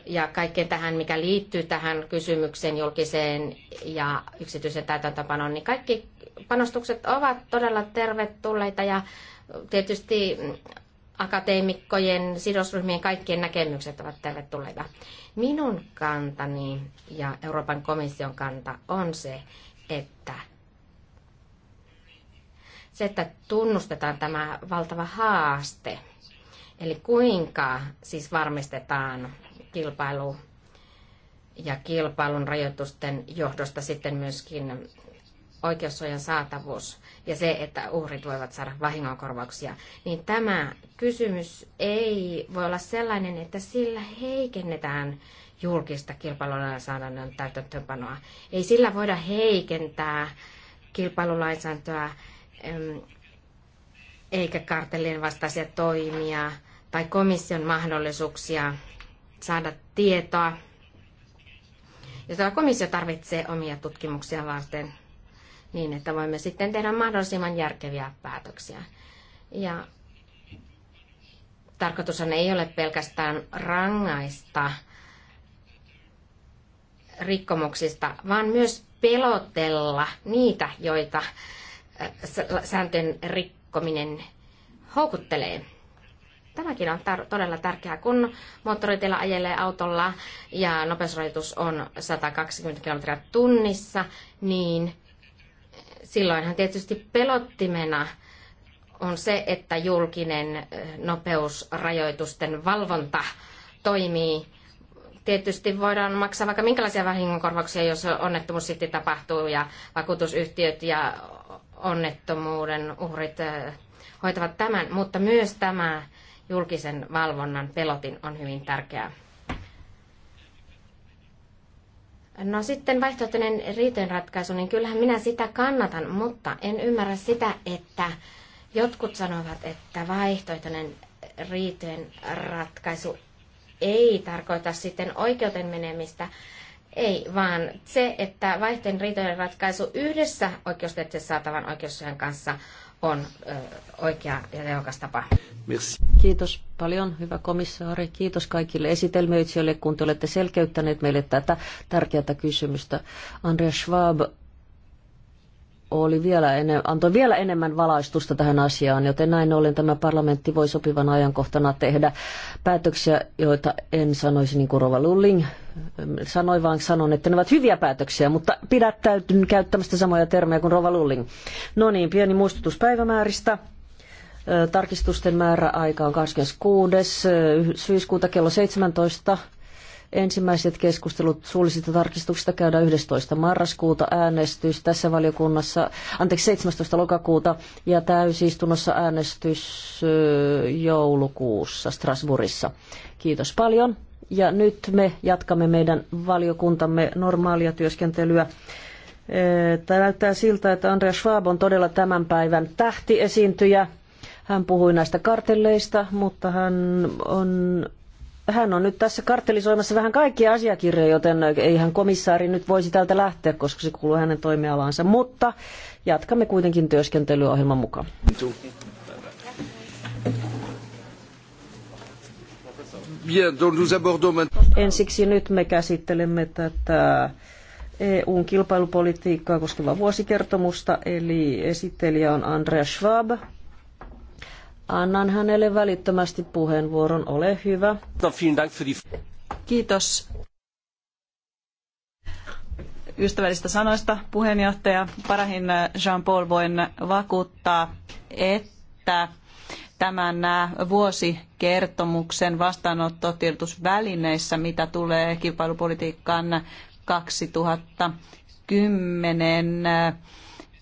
ja kaikkeen tähän, mikä liittyy tähän kysymykseen julkiseen ja yksityisen täytäntöpanoon, niin kaikki panostukset ovat todella tervetulleita ja tietysti akateemikkojen, sidosryhmien kaikkien näkemykset ovat tervetulleita. Minun kantani ja Euroopan komission kanta on se, että se, että tunnustetaan tämä valtava haaste, eli kuinka siis varmistetaan kilpailu ja kilpailun rajoitusten johdosta sitten myöskin oikeussuojan saatavuus ja se, että uhrit voivat saada vahingonkorvauksia, niin tämä kysymys ei voi olla sellainen, että sillä heikennetään julkista kilpailulainsäädännön täytäntöönpanoa. Ei sillä voida heikentää kilpailulainsäädäntöä eikä kartellien vastaisia toimia tai komission mahdollisuuksia saada tietoa. tämä komissio tarvitsee omia tutkimuksia varten niin, että voimme sitten tehdä mahdollisimman järkeviä päätöksiä. Ja tarkoitushan ei ole pelkästään rangaista rikkomuksista, vaan myös pelotella niitä, joita sääntöjen rikkominen houkuttelee. Tämäkin on tar- todella tärkeää, kun moottoriteillä ajelee autolla ja nopeusrajoitus on 120 km tunnissa, niin silloinhan tietysti pelottimena on se, että julkinen eh, nopeusrajoitusten valvonta toimii. Tietysti voidaan maksaa vaikka minkälaisia vahingonkorvauksia, jos onnettomuus sitten tapahtuu ja vakuutusyhtiöt ja onnettomuuden uhrit eh, hoitavat tämän, mutta myös tämä julkisen valvonnan pelotin on hyvin tärkeää. No sitten vaihtoehtoinen riitojenratkaisu, niin kyllähän minä sitä kannatan, mutta en ymmärrä sitä, että jotkut sanovat, että vaihtoehtoinen riitojen ratkaisu ei tarkoita sitten oikeuden menemistä, ei, vaan se, että vaihteen riitojen ratkaisu yhdessä oikeusteitse saatavan oikeussuojan kanssa on oikea ja tehokas tapa. Merci. Kiitos paljon, hyvä komissaari. Kiitos kaikille esitelmöitsijöille, kun te olette selkeyttäneet meille tätä tärkeää kysymystä. Andreas Schwab oli vielä enem, antoi vielä enemmän valaistusta tähän asiaan, joten näin ollen tämä parlamentti voi sopivan ajankohtana tehdä päätöksiä, joita en sanoisi niin kuin Rova Lulling ähm, sanoi, vaan sanon, että ne ovat hyviä päätöksiä, mutta pidättäytyn käyttämästä samoja termejä kuin Rova Lulling. No niin, pieni muistutus päivämääristä. Tarkistusten määräaika on 26. syyskuuta kello 17. Ensimmäiset keskustelut suullisista tarkistuksista käydään 11. marraskuuta äänestys tässä valiokunnassa, anteeksi 17. lokakuuta ja täysistunnossa äänestys joulukuussa Strasbourgissa. Kiitos paljon. Ja nyt me jatkamme meidän valiokuntamme normaalia työskentelyä. Tämä näyttää siltä, että Andreas Schwab on todella tämän päivän tähtiesiintyjä. Hän puhui näistä kartelleista, mutta hän on hän on nyt tässä kartelisoimassa vähän kaikkia asiakirjoja, joten eihän komissaari nyt voisi täältä lähteä, koska se kuuluu hänen toimialaansa. Mutta jatkamme kuitenkin työskentelyä ohjelman mukaan. Ensiksi nyt me käsittelemme tätä EUn kilpailupolitiikkaa koskevaa vuosikertomusta, eli esittelijä on Andreas Schwab. Annan hänelle välittömästi puheenvuoron. Ole hyvä. No, Kiitos ystävällistä sanoista puheenjohtaja Parahin äh, Jean-Paul voin vakuuttaa, että tämän äh, vuosikertomuksen vastaanottotiedotusvälineissä, mitä tulee kilpailupolitiikkaan 2010 äh,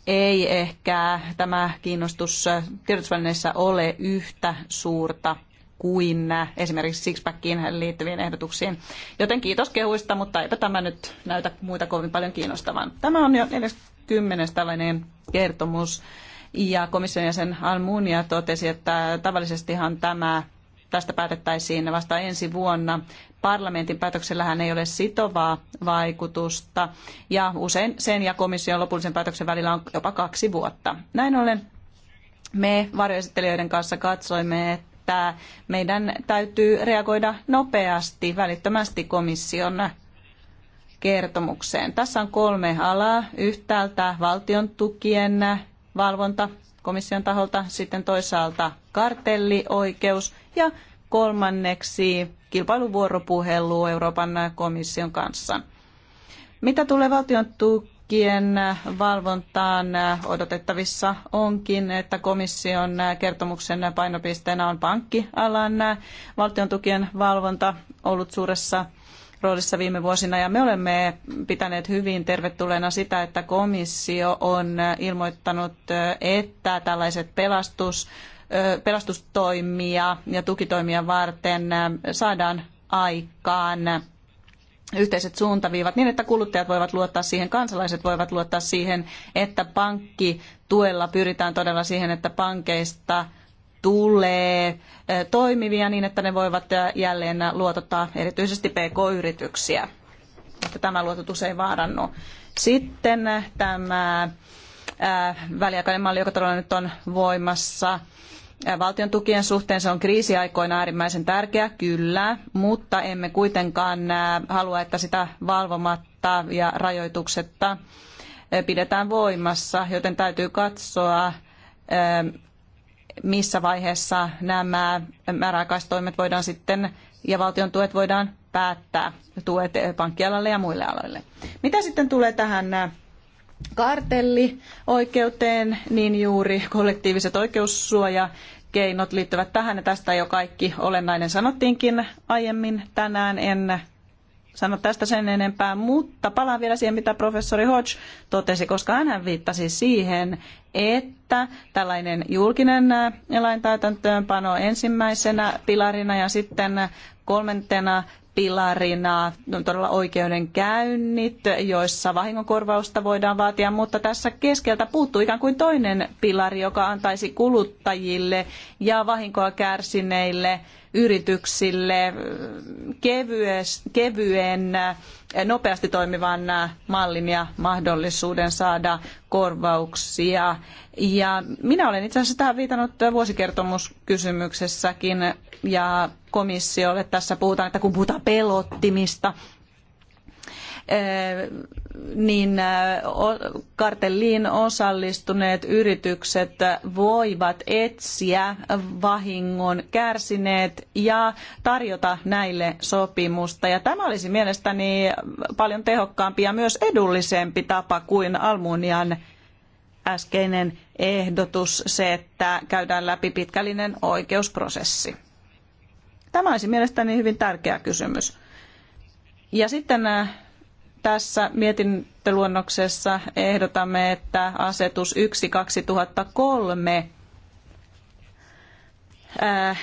ei ehkä tämä kiinnostus tiedotusvälineissä ole yhtä suurta kuin esimerkiksi Sixpackiin liittyviin ehdotuksiin. Joten kiitos kehuista, mutta eipä tämä nyt näytä muita kovin paljon kiinnostavan. Tämä on jo 40 tällainen kertomus. Ja komission jäsen Almunia totesi, että tavallisestihan tämä tästä päätettäisiin vasta ensi vuonna. Parlamentin päätöksellähän ei ole sitovaa vaikutusta ja usein sen ja komission lopullisen päätöksen välillä on jopa kaksi vuotta. Näin ollen me varjoesittelijöiden kanssa katsoimme, että meidän täytyy reagoida nopeasti, välittömästi komission kertomukseen. Tässä on kolme alaa. Yhtäältä valtion tukien valvonta komission taholta, sitten toisaalta kartellioikeus ja kolmanneksi kilpailuvuoropuhelu Euroopan komission kanssa. Mitä tulee valtion tukien valvontaan odotettavissa onkin, että komission kertomuksen painopisteenä on pankkialan valtion tukien valvonta ollut suuressa roolissa viime vuosina ja me olemme pitäneet hyvin tervetulleena sitä, että komissio on ilmoittanut, että tällaiset pelastus pelastustoimia ja tukitoimia varten saadaan aikaan yhteiset suuntaviivat niin, että kuluttajat voivat luottaa siihen, kansalaiset voivat luottaa siihen, että pankkituella pyritään todella siihen, että pankeista tulee toimivia niin, että ne voivat jälleen luotottaa erityisesti pk-yrityksiä. Että tämä luototus ei vaarannu. Sitten tämä väliaikainen malli, joka todella nyt on voimassa, valtion tukien suhteen se on kriisiaikoina äärimmäisen tärkeä, kyllä, mutta emme kuitenkaan halua, että sitä valvomatta ja rajoituksetta pidetään voimassa, joten täytyy katsoa, missä vaiheessa nämä määräaikaistoimet voidaan sitten ja valtion tuet voidaan päättää tuet pankkialalle ja muille aloille. Mitä sitten tulee tähän kartelli oikeuteen, niin juuri kollektiiviset oikeussuoja keinot liittyvät tähän ja tästä jo kaikki olennainen sanottiinkin aiemmin tänään. En sano tästä sen enempää, mutta palaan vielä siihen, mitä professori Hodge totesi, koska hän viittasi siihen, että tällainen julkinen lain täytäntöönpano ensimmäisenä pilarina ja sitten kolmantena pilarina on no, todella oikeudenkäynnit, joissa vahingonkorvausta voidaan vaatia, mutta tässä keskeltä puuttuu ikään kuin toinen pilari, joka antaisi kuluttajille ja vahinkoa kärsineille yrityksille kevyen, äh, nopeasti toimivan äh, mallin ja mahdollisuuden saada korvauksia. Ja minä olen itse asiassa tähän viitannut äh, vuosikertomuskysymyksessäkin ja komissiolle tässä puhutaan, että kun puhutaan pelottimista, niin kartelliin osallistuneet yritykset voivat etsiä vahingon kärsineet ja tarjota näille sopimusta. Ja tämä olisi mielestäni paljon tehokkaampi ja myös edullisempi tapa kuin Almunian äskeinen ehdotus, se, että käydään läpi pitkällinen oikeusprosessi. Tämä olisi mielestäni hyvin tärkeä kysymys. Ja sitten tässä mietintöluonnoksessa ehdotamme, että asetus 1 2003 ää,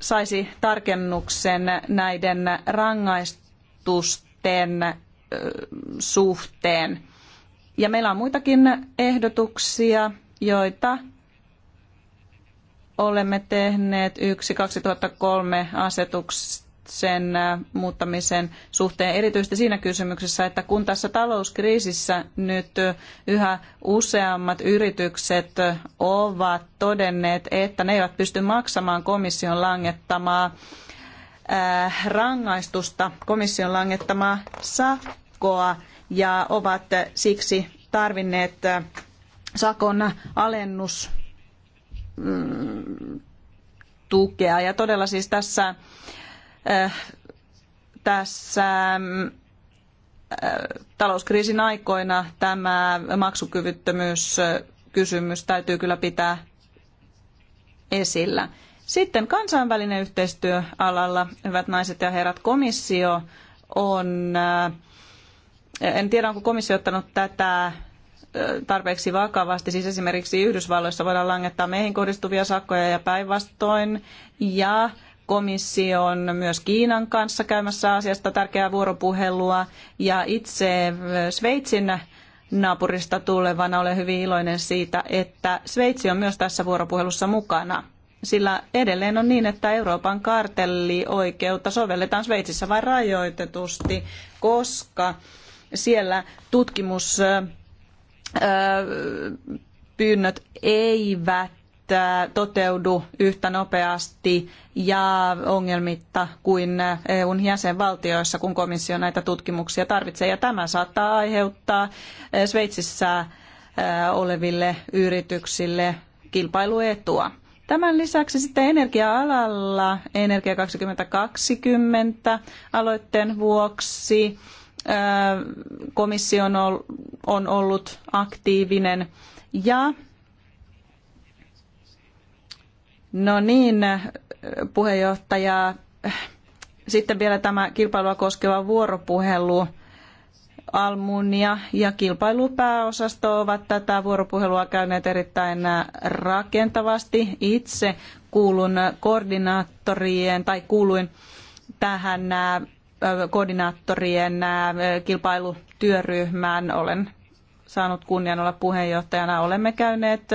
saisi tarkennuksen näiden rangaistusten äh, suhteen. Ja meillä on muitakin ehdotuksia, joita olemme tehneet yksi 2003 asetuksesta sen muuttamisen suhteen, erityisesti siinä kysymyksessä, että kun tässä talouskriisissä nyt yhä useammat yritykset ovat todenneet, että ne eivät pysty maksamaan komission langettamaa rangaistusta, komission langettamaa sakkoa ja ovat siksi tarvinneet sakon alennus tukea. Ja todella siis tässä Äh, tässä mm, äh, talouskriisin aikoina tämä maksukyvyttömyyskysymys täytyy kyllä pitää esillä. Sitten kansainvälinen yhteistyö alalla, hyvät naiset ja herrat, komissio on, äh, en tiedä onko komissio ottanut tätä tarpeeksi vakavasti. Siis esimerkiksi Yhdysvalloissa voidaan langettaa meihin kohdistuvia sakkoja ja päinvastoin. Ja Komissio on myös Kiinan kanssa käymässä asiasta tärkeää vuoropuhelua ja itse eh, Sveitsin naapurista tulevana olen hyvin iloinen siitä, että Sveitsi on myös tässä vuoropuhelussa mukana. Sillä edelleen on niin, että Euroopan kartellioikeutta sovelletaan Sveitsissä vain rajoitetusti, koska siellä tutkimuspyynnöt eh, eh, eivät toteudu yhtä nopeasti ja ongelmitta kuin EUn jäsenvaltioissa, kun komissio näitä tutkimuksia tarvitsee. Ja tämä saattaa aiheuttaa eh, Sveitsissä eh, oleville yrityksille kilpailuetua. Tämän lisäksi sitten energia-alalla Energia 2020 aloitteen vuoksi eh, komissio on ollut aktiivinen ja No niin, puheenjohtaja. Sitten vielä tämä kilpailua koskeva vuoropuhelu. Almunia ja kilpailupääosasto ovat tätä vuoropuhelua käyneet erittäin rakentavasti. Itse kuulun koordinaattorien tai kuuluin tähän koordinaattorien kilpailutyöryhmään. Olen saanut kunnian olla puheenjohtajana. Olemme käyneet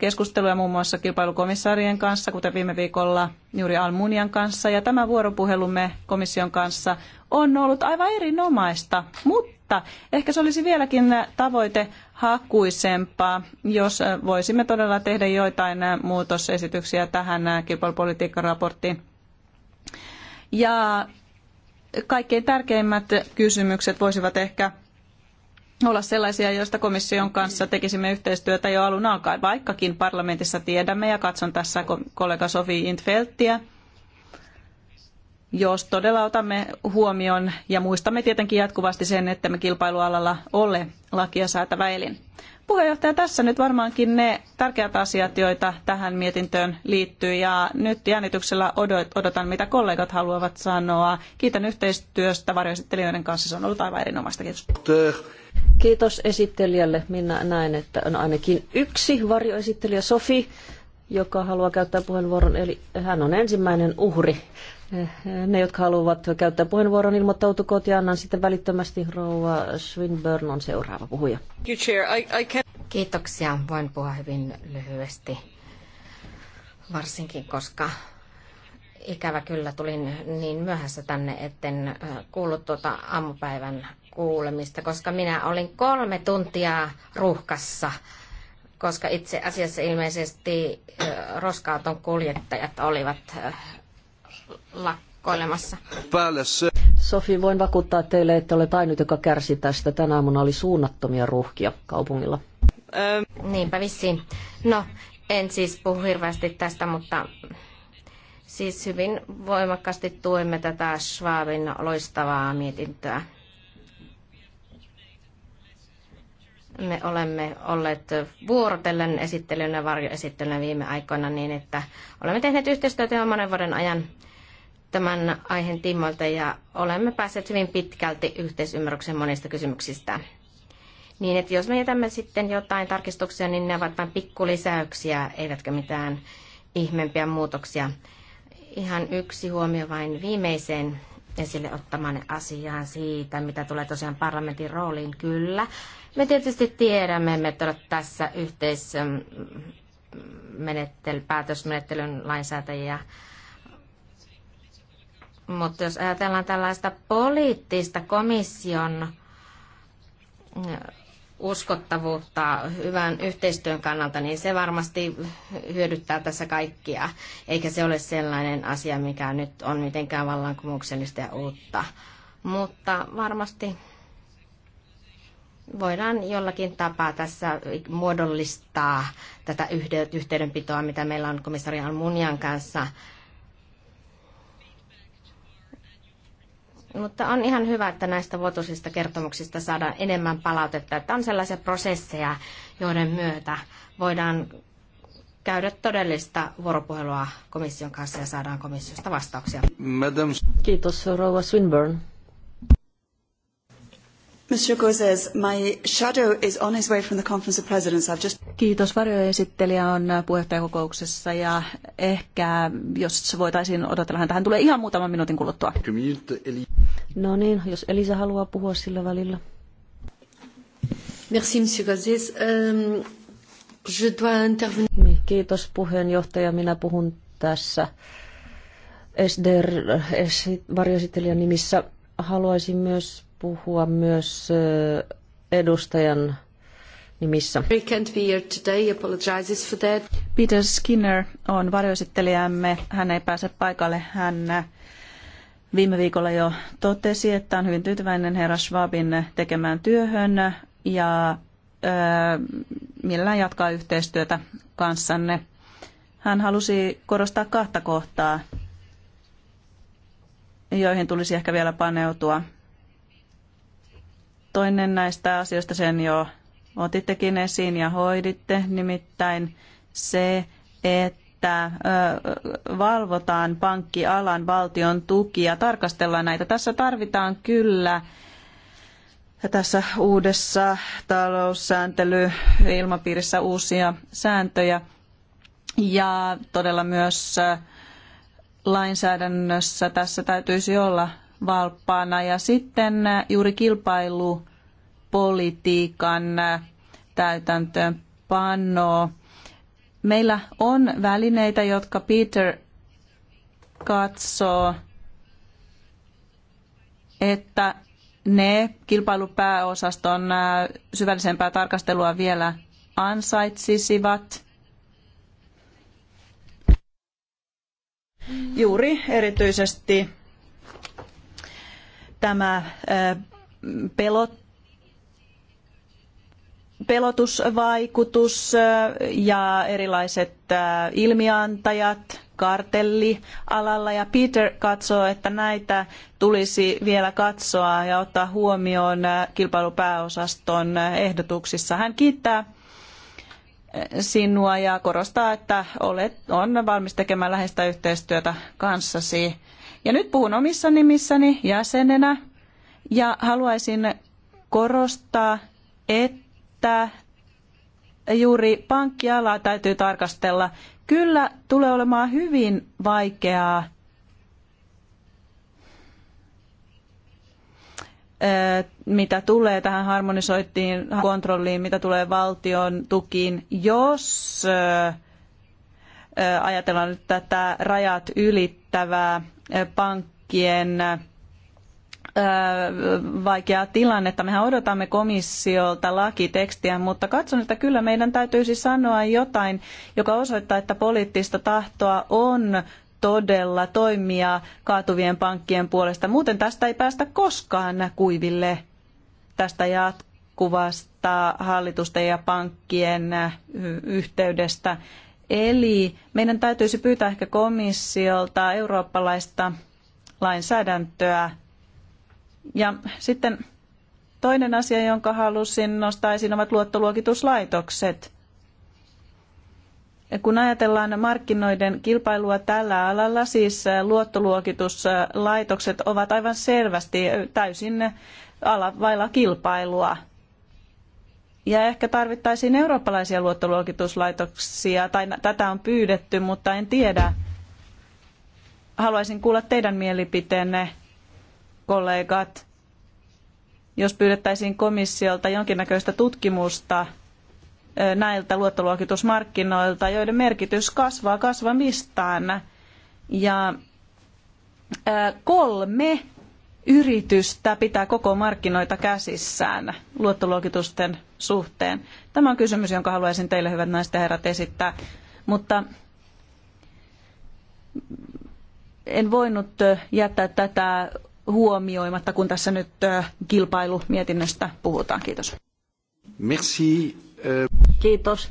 keskusteluja muun muassa kilpailukomissaarien kanssa, kuten viime viikolla juuri Almunian kanssa. Ja tämä vuoropuhelumme komission kanssa on ollut aivan erinomaista, mutta ehkä se olisi vieläkin tavoite hakuisempaa, jos voisimme todella tehdä joitain muutosesityksiä tähän kilpailpolitiikka-raporttiin. Ja kaikkein tärkeimmät kysymykset voisivat ehkä olla sellaisia, joista komission kanssa tekisimme yhteistyötä jo alun alkaen, vaikkakin parlamentissa tiedämme, ja katson tässä kollega Sofi Intfelttiä, jos todella otamme huomioon ja muistamme tietenkin jatkuvasti sen, että me kilpailualalla ole lakia säätävä elin. Puheenjohtaja, tässä nyt varmaankin ne tärkeät asiat, joita tähän mietintöön liittyy ja nyt jännityksellä odotan, mitä kollegat haluavat sanoa. Kiitän yhteistyöstä varjoesittelijöiden kanssa, se on ollut aivan erinomaista. Kiitos. Kiitos esittelijälle. Minä näen, että on ainakin yksi varjoesittelijä, Sofi, joka haluaa käyttää puheenvuoron. Eli hän on ensimmäinen uhri. Ne, jotka haluavat käyttää puheenvuoron, ilmoittautukoot ja annan sitten välittömästi rouva Swinburne on seuraava puhuja. Kiitoksia. Voin puhua hyvin lyhyesti, varsinkin koska ikävä kyllä tulin niin myöhässä tänne, etten äh, kuullut tuota aamupäivän kuulemista, koska minä olin kolme tuntia ruuhkassa, koska itse asiassa ilmeisesti roskaaton kuljettajat olivat lakkoilemassa. Sofi, voin vakuuttaa teille, että olet ainut, joka kärsi tästä. Tänä aamuna oli suunnattomia ruuhkia kaupungilla. Ähm. Niinpä vissiin. No, en siis puhu hirveästi tästä, mutta siis hyvin voimakkaasti tuemme tätä Schwabin loistavaa mietintöä. Me olemme olleet vuorotellen esittelynä ja varjoesittelynä viime aikoina niin, että olemme tehneet yhteistyötä jo monen vuoden ajan tämän aiheen tiimoilta ja olemme päässeet hyvin pitkälti yhteisymmärrykseen monista kysymyksistä. Niin, että jos me jätämme sitten jotain tarkistuksia, niin ne ovat vain pikkulisäyksiä, eivätkä mitään ihmeempiä muutoksia. Ihan yksi huomio vain viimeiseen esille ottamaan asiaan siitä, mitä tulee tosiaan parlamentin rooliin. Kyllä, me tietysti tiedämme, me tässä yhteispäätösmenettelyn päätösmenettelyn lainsäätäjiä mutta jos ajatellaan tällaista poliittista komission uskottavuutta hyvän yhteistyön kannalta, niin se varmasti hyödyttää tässä kaikkia. Eikä se ole sellainen asia, mikä nyt on mitenkään vallankumouksellista ja uutta. Mutta varmasti voidaan jollakin tapaa tässä muodollistaa tätä yhteydenpitoa, mitä meillä on komissaari Almunian kanssa – Mutta on ihan hyvä, että näistä vuotuisista kertomuksista saadaan enemmän palautetta, että on sellaisia prosesseja, joiden myötä voidaan käydä todellista vuoropuhelua komission kanssa ja saadaan komissiosta vastauksia. Madam. Kiitos, Rouva Swinburne. Mr Gauzes, my shadow is on his way from the conference of presidents. I've just... Kiitos. Varjoesittelijä on puheenjohtajakokouksessa ja ehkä, jos voitaisiin odotella, tähän tulee ihan muutaman minuutin kuluttua. No niin, jos Elisa haluaa puhua sillä välillä. Merci, monsieur Gazes. Um, euh, je dois intervenir. Niin, kiitos puheenjohtaja. Minä puhun tässä SDR-varjoesittelijän nimissä. Haluaisin myös puhua myös äh, edustajan nimissä. Peter Skinner on varjoesittelijämme. Hän ei pääse paikalle. Hän äh, viime viikolla jo totesi, että on hyvin tyytyväinen herra Schwabin tekemään työhön ja millään jatkaa yhteistyötä kanssanne. Hän halusi korostaa kahta kohtaa, joihin tulisi ehkä vielä paneutua. Toinen näistä asioista sen jo otittekin esiin ja hoiditte, nimittäin se, että että valvotaan pankkialan valtion tukia, tarkastellaan näitä. Tässä tarvitaan kyllä tässä uudessa taloussääntelyilmapiirissä uusia sääntöjä ja todella myös lainsäädännössä tässä täytyisi olla valppaana. Ja sitten juuri kilpailupolitiikan täytäntöönpanoa meillä on välineitä, jotka Peter katsoo, että ne kilpailupääosaston äh, syvällisempää tarkastelua vielä ansaitsisivat. Juuri erityisesti tämä äh, pelot pelotusvaikutus äh, ja erilaiset äh, ilmiantajat kartellialalla ja Peter katsoo, että näitä tulisi vielä katsoa ja ottaa huomioon äh, kilpailupääosaston ehdotuksissa. Hän kiittää sinua ja korostaa, että olet, on valmis tekemään läheistä yhteistyötä kanssasi. Ja nyt puhun omissa nimissäni jäsenenä ja haluaisin korostaa, että että juuri pankkialaa täytyy tarkastella. Kyllä tulee olemaan hyvin vaikeaa eh, mitä tulee tähän harmonisoittiin kontrolliin, mitä tulee valtion tukiin, jos eh, eh, ajatellaan nyt tätä rajat ylittävää pankkien vaikeaa tilannetta. Mehän odotamme komissiolta lakitekstiä, mutta katson, että kyllä meidän täytyisi sanoa jotain, joka osoittaa, että poliittista tahtoa on todella toimia kaatuvien pankkien puolesta. Muuten tästä ei päästä koskaan kuiville tästä jatkuvasta hallitusten ja pankkien yhteydestä. Eli meidän täytyisi pyytää ehkä komissiolta eurooppalaista lainsäädäntöä ja sitten toinen asia, jonka halusin nostaa esiin, ovat luottoluokituslaitokset. Kun ajatellaan markkinoiden kilpailua tällä alalla, siis luottoluokituslaitokset ovat aivan selvästi täysin vailla kilpailua. Ja ehkä tarvittaisiin eurooppalaisia luottoluokituslaitoksia, tai tätä on pyydetty, mutta en tiedä. Haluaisin kuulla teidän mielipiteenne kollegat, jos pyydettäisiin komissiolta jonkinnäköistä tutkimusta näiltä luottoluokitusmarkkinoilta, joiden merkitys kasvaa kasvamistaan. Ja kolme yritystä pitää koko markkinoita käsissään luottoluokitusten suhteen. Tämä on kysymys, jonka haluaisin teille, hyvät naiset ja herrat, esittää. Mutta en voinut jättää tätä huomioimatta, kun tässä nyt kilpailumietinnöstä puhutaan. Kiitos. Merci. Kiitos.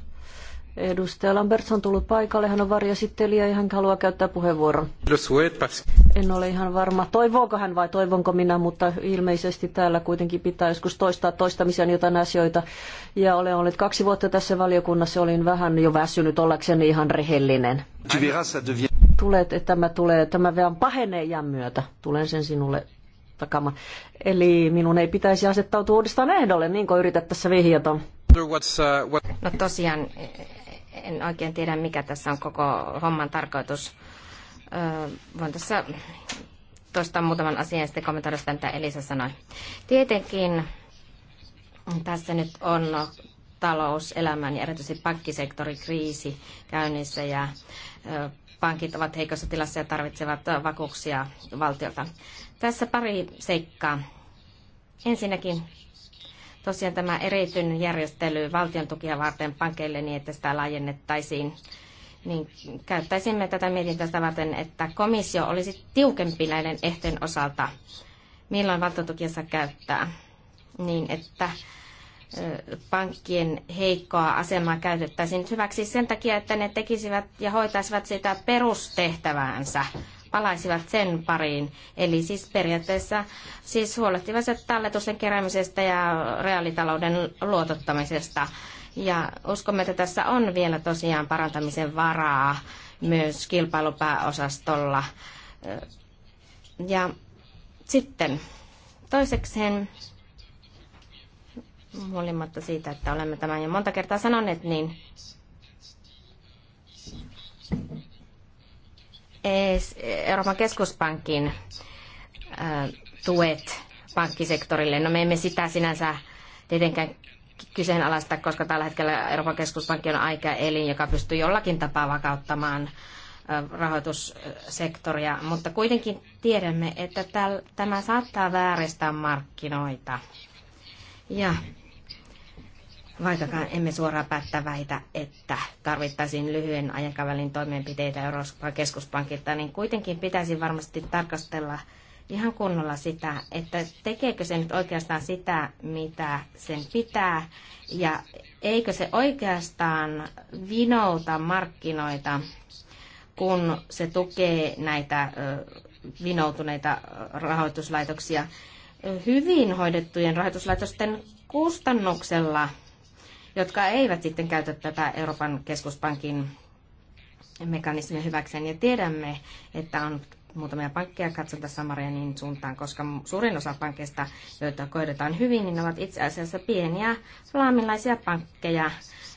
Edustaja Lamberts on tullut paikalle, hän on varjasittelijä ja hän haluaa käyttää puheenvuoron. En ole ihan varma, toivooko hän vai toivonko minä, mutta ilmeisesti täällä kuitenkin pitää joskus toistaa toistamisen jotain asioita. Ja olen ollut kaksi vuotta tässä valiokunnassa, olin vähän jo väsynyt ollakseni ihan rehellinen tulee, tämä tulee, tämä vielä pahenee jään myötä. Tulen sen sinulle takamaan. Eli minun ei pitäisi asettautua uudestaan ehdolle, niin kuin yrität tässä vihjata. Uh, no tosiaan, en oikein tiedä mikä tässä on koko homman tarkoitus. voin tässä toistaa muutaman asian ja sitten kommentoida sitä, mitä Elisa sanoi. Tietenkin tässä nyt on talouselämän ja erityisesti pankkisektorin kriisi käynnissä ja pankit ovat heikossa tilassa ja tarvitsevat vakuuksia valtiolta. Tässä pari seikkaa. Ensinnäkin tosiaan tämä erityinen järjestely valtion tukia varten pankeille niin, että sitä laajennettaisiin niin käyttäisimme tätä mietintöstä varten, että komissio olisi tiukempi näiden ehtojen osalta, milloin valtiotukia saa käyttää, niin että pankkien heikkoa asemaa käytettäisiin hyväksi sen takia, että ne tekisivät ja hoitaisivat sitä perustehtäväänsä, palaisivat sen pariin. Eli siis periaatteessa siis huolehtivat talletusten keräämisestä ja reaalitalouden luotottamisesta. Ja uskomme, että tässä on vielä tosiaan parantamisen varaa myös kilpailupääosastolla. Ja sitten toisekseen huolimatta siitä, että olemme tämän jo monta kertaa sanoneet, niin Euroopan keskuspankin tuet pankkisektorille, no me emme sitä sinänsä tietenkään kyseenalaista, koska tällä hetkellä Euroopan keskuspankki on aika elin, joka pystyy jollakin tapaa vakauttamaan rahoitussektoria, mutta kuitenkin tiedämme, että tämä saattaa vääristää markkinoita. Ja Vaikkakaan emme suoraan päättä väitä, että tarvittaisiin lyhyen aikavälin toimenpiteitä Euroopan keskuspankilta, niin kuitenkin pitäisi varmasti tarkastella ihan kunnolla sitä, että tekeekö se nyt oikeastaan sitä, mitä sen pitää, ja eikö se oikeastaan vinouta markkinoita, kun se tukee näitä vinoutuneita rahoituslaitoksia hyvin hoidettujen rahoituslaitosten kustannuksella – jotka eivät sitten käytä tätä Euroopan keskuspankin mekanismia hyväkseen. Ja tiedämme, että on muutamia pankkeja katsota niin suuntaan, koska suurin osa pankkeista, joita koidetaan hyvin, niin ovat itse asiassa pieniä flaamilaisia pankkeja,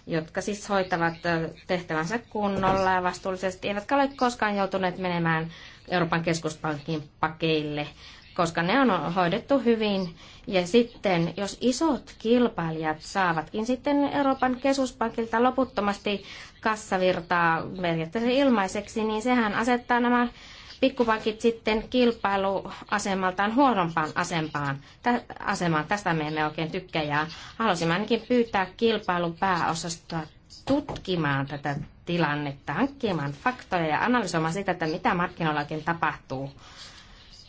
jotka siis hoitavat tehtävänsä kunnolla ja vastuullisesti, eivätkä ole koskaan joutuneet menemään Euroopan keskuspankin pakeille, koska ne on hoidettu hyvin. Ja sitten, jos isot kilpailijat saavatkin sitten Euroopan keskuspankilta loputtomasti kassavirtaa periaatteessa ilmaiseksi, niin sehän asettaa nämä pikkupankit sitten kilpailuasemaltaan huonompaan asempaan, tä, asemaan. Tästä me emme oikein tykkää ja haluaisimme ainakin pyytää pääosastoa tutkimaan tätä tilannetta, hankkimaan faktoja ja analysoimaan sitä, että mitä markkinoilla oikein tapahtuu.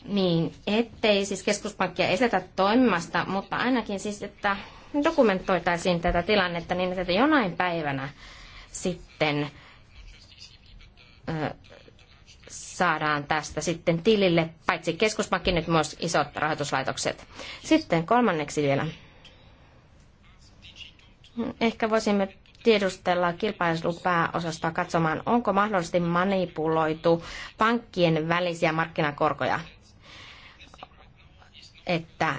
Niin, ettei siis keskuspankkia estetä toimimasta, mutta ainakin siis, että dokumentoitaisiin tätä tilannetta niin, että jonain päivänä sitten ö, saadaan tästä sitten tilille, paitsi keskuspankki, nyt myös isot rahoituslaitokset. Sitten kolmanneksi vielä. Ehkä voisimme tiedustella kilpailupääosastoa katsomaan, onko mahdollisesti manipuloitu pankkien välisiä markkinakorkoja että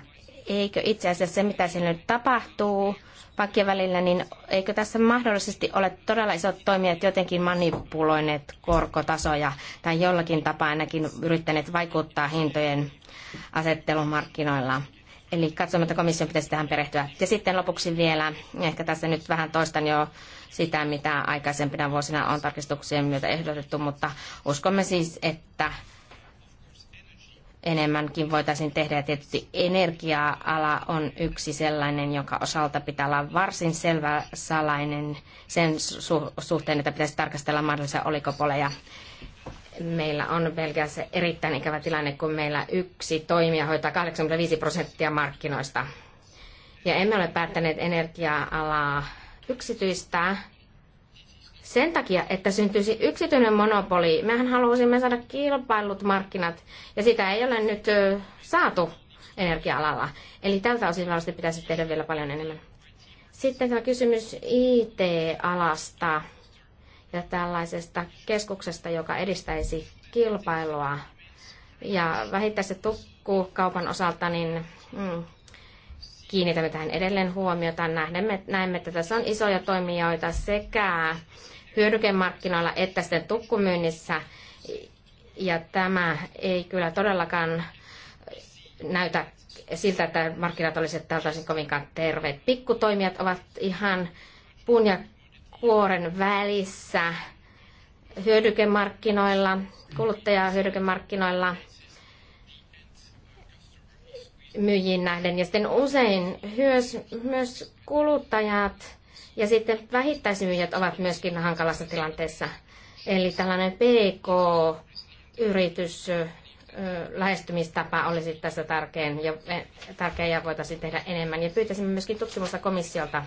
eikö itse asiassa se, mitä siellä nyt tapahtuu pankkien välillä, niin eikö tässä mahdollisesti ole todella isot toimijat jotenkin manipuloineet korkotasoja tai jollakin tapaa ainakin yrittäneet vaikuttaa hintojen asettelun markkinoilla. Eli katsomme, että komission pitäisi tähän perehtyä. Ja sitten lopuksi vielä, ehkä tässä nyt vähän toistan jo sitä, mitä aikaisempina vuosina on tarkistuksien myötä ehdotettu, mutta uskomme siis, että enemmänkin voitaisiin tehdä. Ja tietysti energia-ala on yksi sellainen, joka osalta pitää olla varsin selvä salainen sen su- suhteen, että pitäisi tarkastella mahdollisia olikopoleja. Meillä on Belgiassa erittäin ikävä tilanne, kun meillä yksi toimija hoitaa 85 prosenttia markkinoista. Ja emme ole päättäneet energia-alaa yksityistää, sen takia, että syntyisi yksityinen monopoli. Mehän haluaisimme saada kilpailut markkinat ja sitä ei ole nyt saatu energia-alalla. Eli tältä osin varmasti pitäisi tehdä vielä paljon enemmän. Sitten tämä kysymys IT-alasta ja tällaisesta keskuksesta, joka edistäisi kilpailua. Ja vähittäisessä tukkukaupan osalta, niin mm, kiinnitämme tähän edelleen huomiota. Nähdemme, näemme, että tässä on isoja toimijoita sekä hyödykemarkkinoilla että sitten tukkumyynnissä. Ja tämä ei kyllä todellakaan näytä siltä, että markkinat olisivat tältä osin kovinkaan terveet. Pikkutoimijat ovat ihan puun ja kuoren välissä hyödykemarkkinoilla, kuluttajahyödykemarkkinoilla – myyjiin nähden. Ja sitten usein myös, myös kuluttajat ja sitten vähittäismyyjät ovat myöskin hankalassa tilanteessa. Eli tällainen PK-yritys lähestymistapa olisi tässä tärkein ja, e, tärkeä ja voitaisiin tehdä enemmän. Ja pyytäisimme myöskin tutkimusta komissiolta.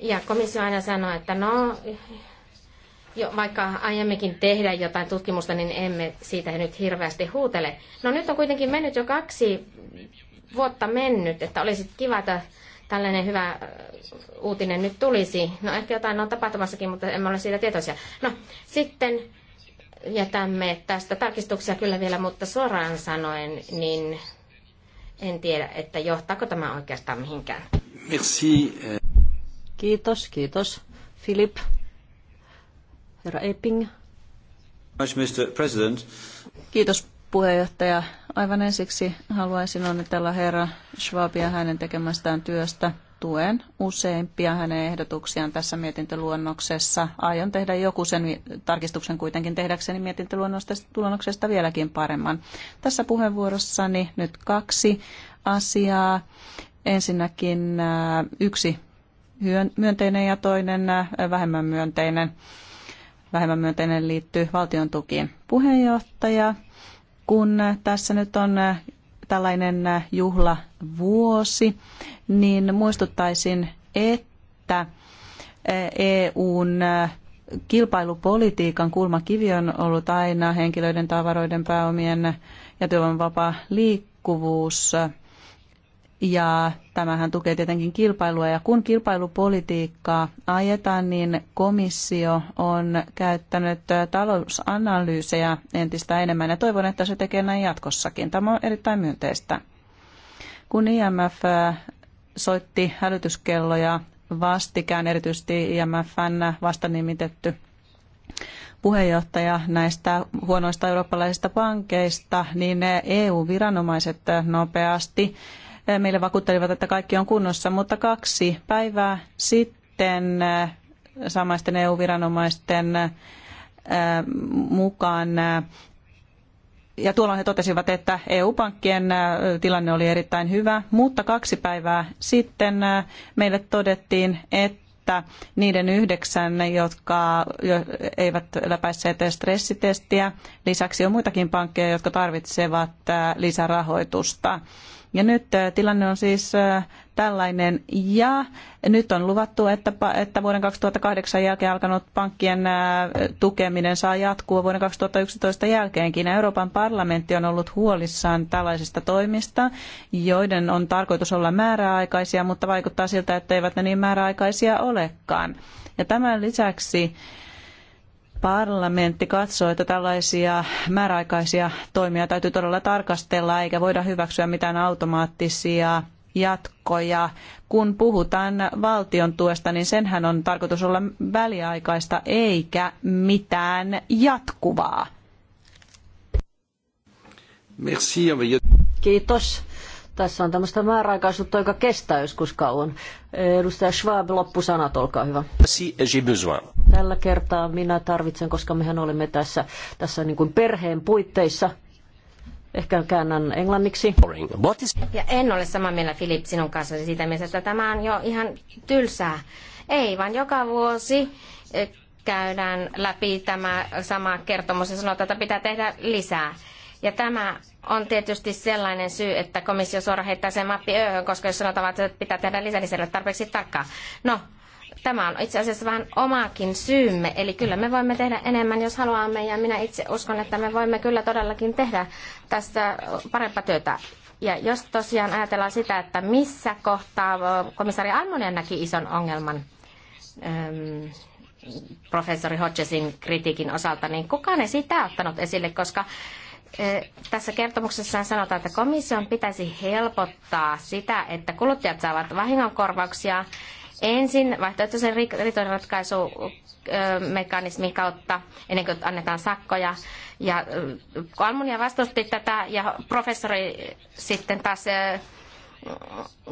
Ja komissio aina sanoo, että no, jo, vaikka aiemmekin tehdä jotain tutkimusta, niin emme siitä nyt hirveästi huutele. No nyt on kuitenkin mennyt jo kaksi vuotta mennyt, että olisi kiva, että tällainen hyvä uutinen nyt tulisi. No ehkä jotain on tapahtumassakin, mutta emme ole siitä tietoisia. No sitten jätämme tästä tarkistuksia kyllä vielä, mutta suoraan sanoen, niin en tiedä, että johtaako tämä oikeastaan mihinkään. Merci. Eh. Kiitos, kiitos. Philip Herra Epping. Mr. President. Kiitos puheenjohtaja. Aivan ensiksi haluaisin onnitella herra Schwabia hänen tekemästään työstä. Tuen useimpia hänen ehdotuksiaan tässä mietintöluonnoksessa. Aion tehdä joku sen tarkistuksen kuitenkin tehdäkseni mietintöluonnoksesta vieläkin paremman. Tässä puheenvuorossani nyt kaksi asiaa. Ensinnäkin äh, yksi myönteinen ja toinen äh, vähemmän myönteinen vähemmän myönteinen liittyy valtion tukiin. Puheenjohtaja kun tässä nyt on äh, tällainen äh, juhlavuosi, niin muistuttaisin, että äh, EUn kilpailupolitiikan kulmakivi on ollut aina henkilöiden, tavaroiden, pääomien ja työvoiman vapaa liikkuvuus ja tämähän tukee tietenkin kilpailua. Ja kun kilpailupolitiikkaa ajetaan, niin komissio on käyttänyt talousanalyysejä entistä enemmän ja toivon, että se tekee näin jatkossakin. Tämä on erittäin myönteistä. Kun IMF soitti hälytyskelloja vastikään, erityisesti IMFn vastanimitetty puheenjohtaja näistä huonoista eurooppalaisista pankeista, niin EU-viranomaiset e nopeasti meille vakuuttelivat, että kaikki on kunnossa, mutta kaksi päivää sitten samaisten EU-viranomaisten mukaan ja tuolloin he totesivat, että EU-pankkien tilanne oli erittäin hyvä, mutta kaksi päivää sitten meille todettiin, että niiden yhdeksän, jotka eivät läpäisseet stressitestiä, lisäksi on muitakin pankkeja, jotka tarvitsevat lisärahoitusta. Ja nyt äh, tilanne on siis äh, tällainen. Ja nyt on luvattu, että, että vuoden 2008 jälkeen alkanut pankkien äh, tukeminen saa jatkua vuoden 2011 jälkeenkin. Euroopan parlamentti on ollut huolissaan tällaisista toimista, joiden on tarkoitus olla määräaikaisia, mutta vaikuttaa siltä, että eivät ne niin määräaikaisia olekaan. Ja tämän lisäksi parlamentti katsoo, että tällaisia määräaikaisia toimia täytyy todella tarkastella, eikä voida hyväksyä mitään automaattisia jatkoja. Kun puhutaan valtion tuesta, niin senhän on tarkoitus olla väliaikaista eikä mitään jatkuvaa. Kiitos. Tässä on tämmöistä määräaikaisuutta, joka kestää joskus kauan. Edustaja Schwab, loppusanat, olkaa hyvä. Si, Tällä kertaa minä tarvitsen, koska mehän olemme tässä, tässä niin kuin perheen puitteissa. Ehkä käännän englanniksi. Ja en ole samaa mieltä Filip sinun kanssa siitä mielestä, että tämä on jo ihan tylsää. Ei, vaan joka vuosi eh, käydään läpi tämä sama kertomus ja sanotaan, että pitää tehdä lisää. Ja tämä on tietysti sellainen syy, että komissio suoraan heittää sen mappi ööhön, koska jos sanotaan, että pitää tehdä lisää, niin se ei ole tarpeeksi tarkkaa. No, tämä on itse asiassa vähän omakin syymme, eli kyllä me voimme tehdä enemmän, jos haluamme, ja minä itse uskon, että me voimme kyllä todellakin tehdä tästä parempaa työtä. Ja jos tosiaan ajatellaan sitä, että missä kohtaa komissaari Almonen näki ison ongelman professori Hodgesin kritiikin osalta, niin kukaan ei sitä ottanut esille, koska Eh, tässä kertomuksessa sanotaan, että komission pitäisi helpottaa sitä, että kuluttajat saavat vahingonkorvauksia ensin vaihtoehtoisen riitojenratkaisumekanismin kautta, ennen kuin annetaan sakkoja. Ja Almunia vastusti tätä ja professori sitten taas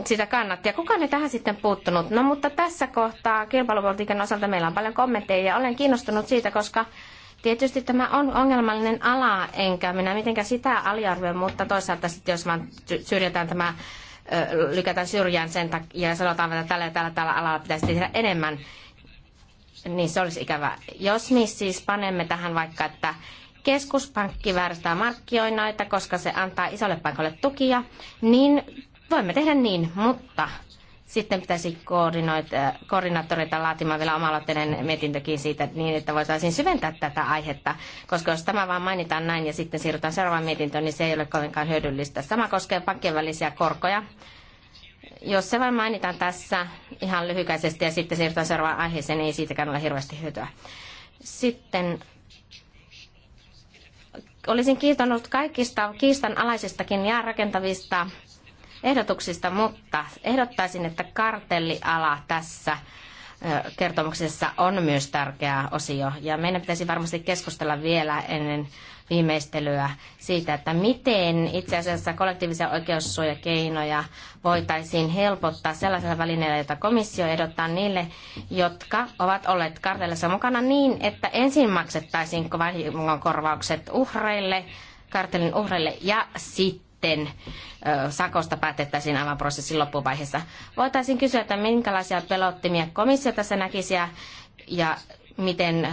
sitä kannatti. Ja kukaan ei tähän sitten puuttunut. No mutta tässä kohtaa kilpailupolitiikan osalta meillä on paljon kommentteja ja olen kiinnostunut siitä, koska Tietysti tämä on ongelmallinen ala, enkä minä mitenkään sitä aliarvioi, mutta toisaalta sitten jos vaan syrjätään tämä, lykätään syrjään sen takia ja sanotaan, että tällä ja tällä, tällä alalla pitäisi tehdä enemmän, niin se olisi ikävä. Jos niin siis panemme tähän vaikka, että keskuspankki vääristää markkinoita, koska se antaa isolle paikalle tukia, niin voimme tehdä niin, mutta sitten pitäisi koordinaattoreita laatimaan vielä omaloitteinen mietintökin siitä niin, että voitaisiin syventää tätä aihetta, koska jos tämä vaan mainitaan näin ja sitten siirrytään seuraavaan mietintöön, niin se ei ole kovinkaan hyödyllistä. Sama koskee pankkien välisiä korkoja. Jos se vain mainitaan tässä ihan lyhykäisesti ja sitten siirrytään seuraavaan aiheeseen, niin ei siitäkään ole hirveästi hyötyä. Sitten olisin kiitonut kaikista kiistanalaisistakin ja rakentavista ehdotuksista, mutta ehdottaisin, että kartelliala tässä kertomuksessa on myös tärkeä osio. Ja meidän pitäisi varmasti keskustella vielä ennen viimeistelyä siitä, että miten itse asiassa kollektiivisia oikeussuojakeinoja voitaisiin helpottaa sellaisella välineellä, jota komissio ehdottaa niille, jotka ovat olleet kartellissa mukana niin, että ensin maksettaisiin vahingonkorvaukset uhreille, kartelin uhreille ja sitten sitten sakosta päätettäisiin aivan prosessin loppuvaiheessa. Voitaisiin kysyä, että minkälaisia pelottimia komissio tässä näkisi ja, ja miten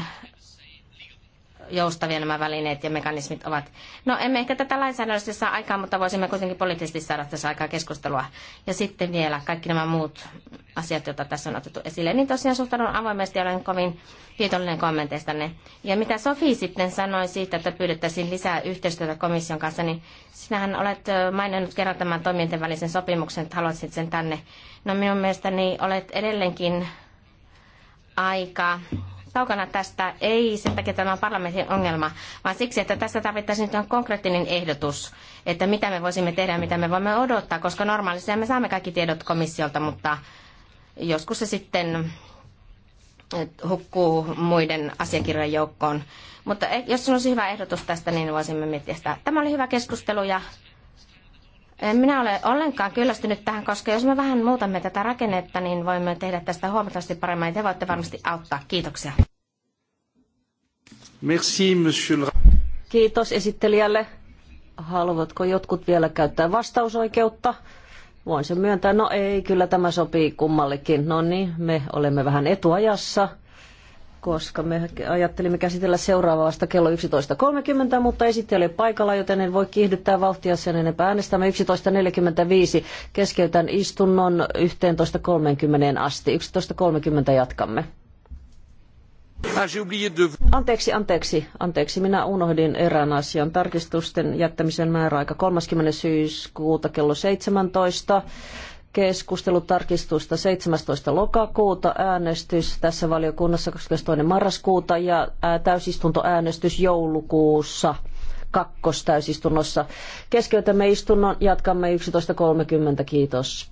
joustavia nämä välineet ja mekanismit ovat. No emme ehkä tätä lainsäädännöllisesti saa aikaan, mutta voisimme kuitenkin poliittisesti saada tässä aikaa keskustelua. Ja sitten vielä kaikki nämä muut asiat, joita tässä on otettu esille. Niin tosiaan suhtaudun avoimesti ja olen kovin kiitollinen kommenteistanne. Ja mitä Sofi sitten sanoi siitä, että pyydettäisiin lisää yhteistyötä komission kanssa, niin sinähän olet maininnut kerran tämän toimijoiden välisen sopimuksen, että haluaisit sen tänne. No minun mielestäni olet edelleenkin aika kaukana tästä, ei sen takia tämä on parlamentin ongelma, vaan siksi, että tässä tarvittaisiin nyt konkreettinen ehdotus, että mitä me voisimme tehdä ja mitä me voimme odottaa, koska normaalisti me saamme kaikki tiedot komissiolta, mutta joskus se sitten eh, hukkuu muiden asiakirjojen joukkoon. Mutta eh, jos sinulla olisi hyvä ehdotus tästä, niin voisimme miettiä sitä. Tämä oli hyvä keskustelu ja en eh, minä ole ollenkaan kyllästynyt tähän, koska jos me vähän muutamme tätä rakennetta, niin voimme tehdä tästä huomattavasti paremmin te voitte varmasti auttaa. Kiitoksia. Kiitos esittelijälle. Haluatko jotkut vielä käyttää vastausoikeutta? Voin sen myöntää. No ei, kyllä tämä sopii kummallekin. No niin, me olemme vähän etuajassa, koska me ajattelimme käsitellä seuraavaa vasta kello 11.30, mutta esittely oli paikalla, joten en voi kiihdyttää vauhtia sen enempää. Äänestämme 11.45. Keskeytän istunnon 11.30 asti. 11.30 jatkamme. Ah, anteeksi, anteeksi, anteeksi. Minä unohdin erään asian. Tarkistusten jättämisen määräaika 30. syyskuuta kello 17. Keskustelu tarkistusta 17. lokakuuta, äänestys tässä valiokunnassa 22. marraskuuta ja täysistuntoäänestys joulukuussa kakkostäysistunnossa. Keskeytämme istunnon, jatkamme 11.30. Kiitos.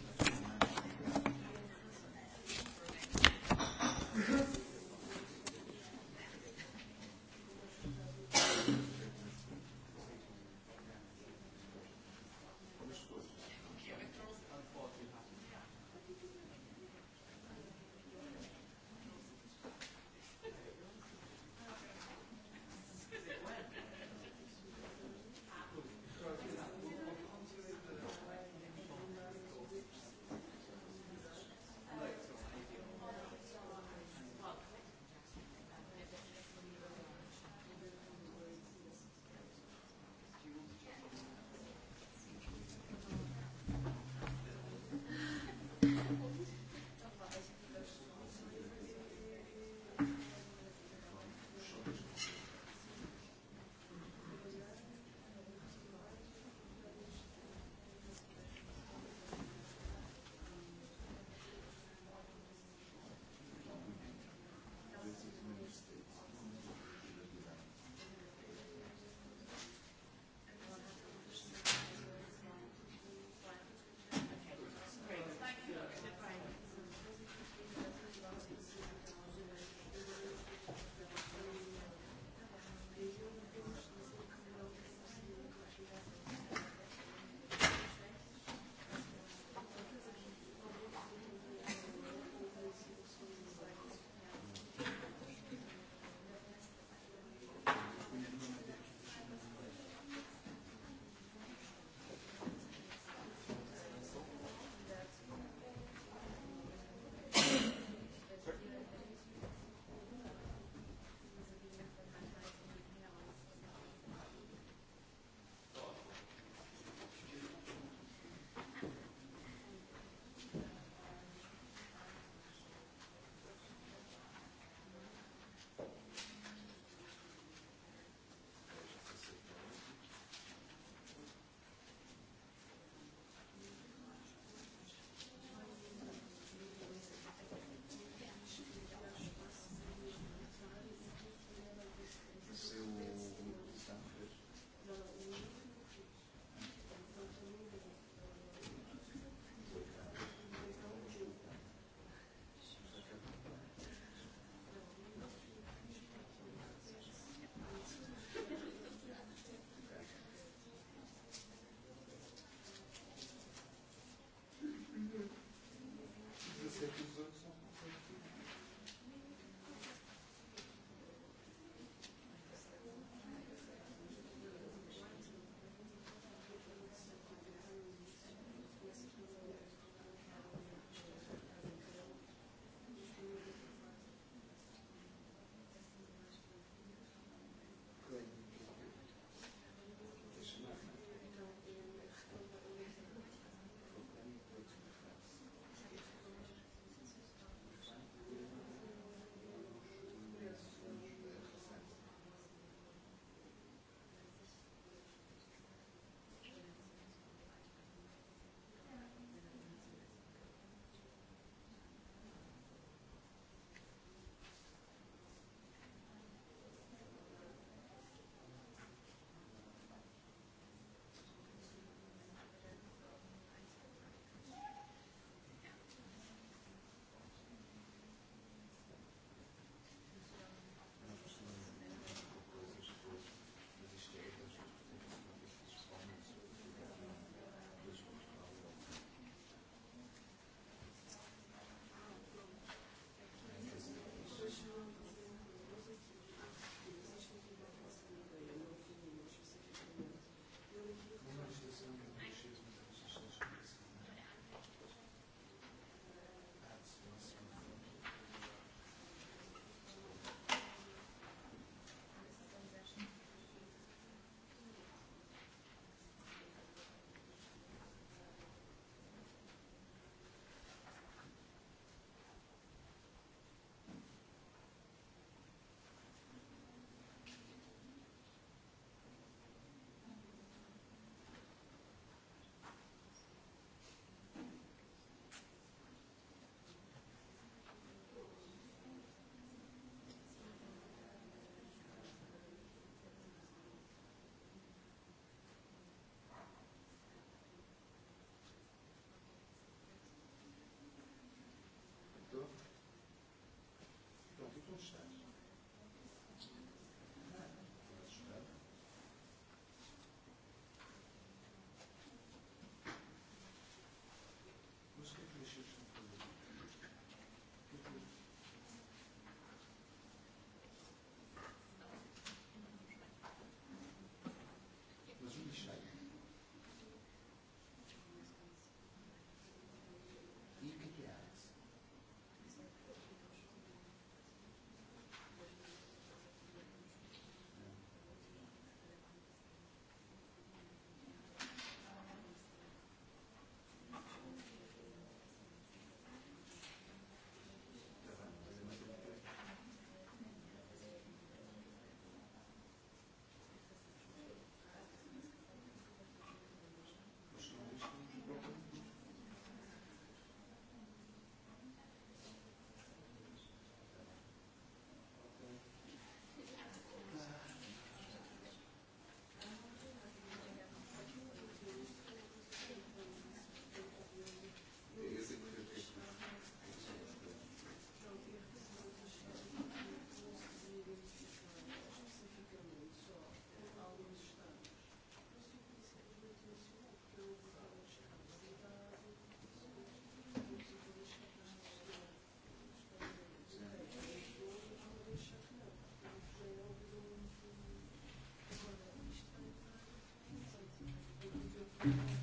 Thank you.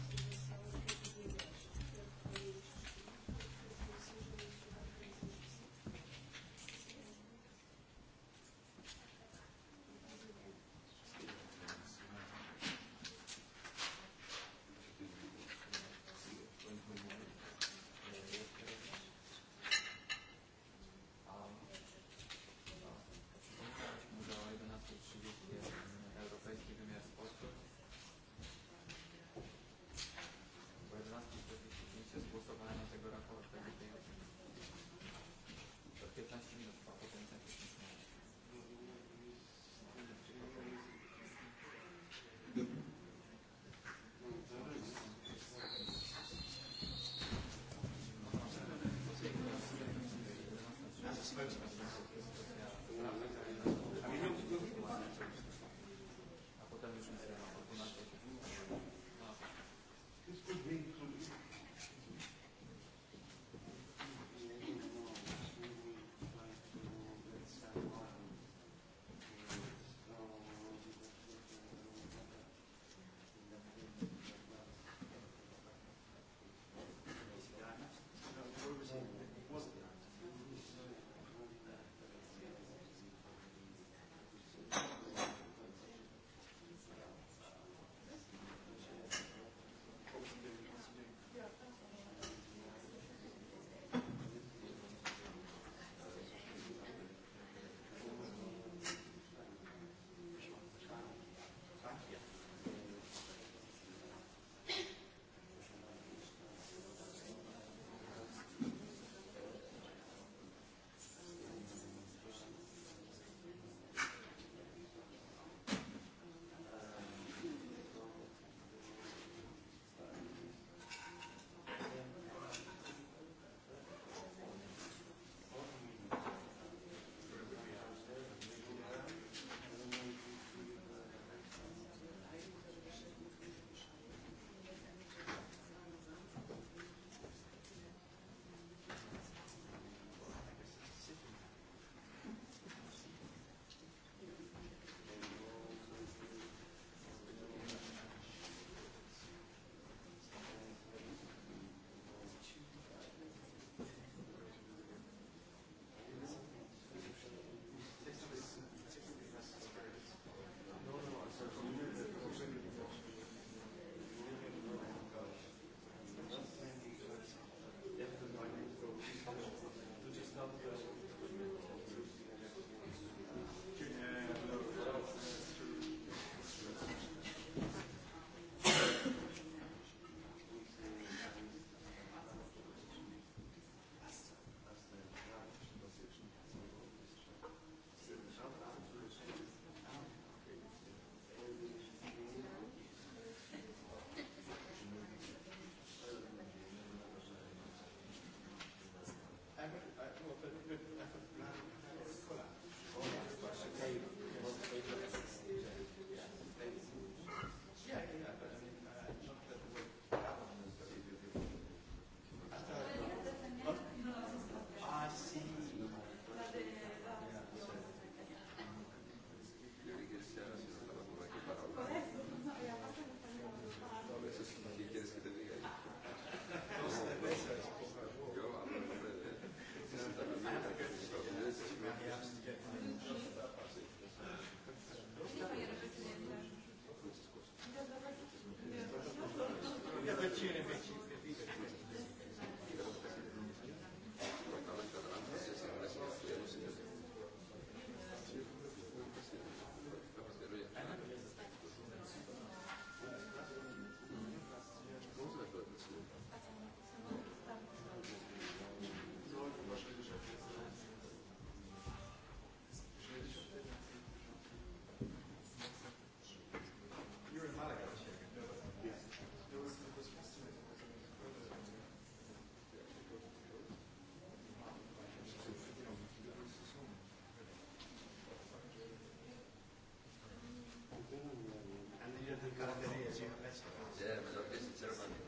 and the, the cafeteria is Yeah, but this is ceremony.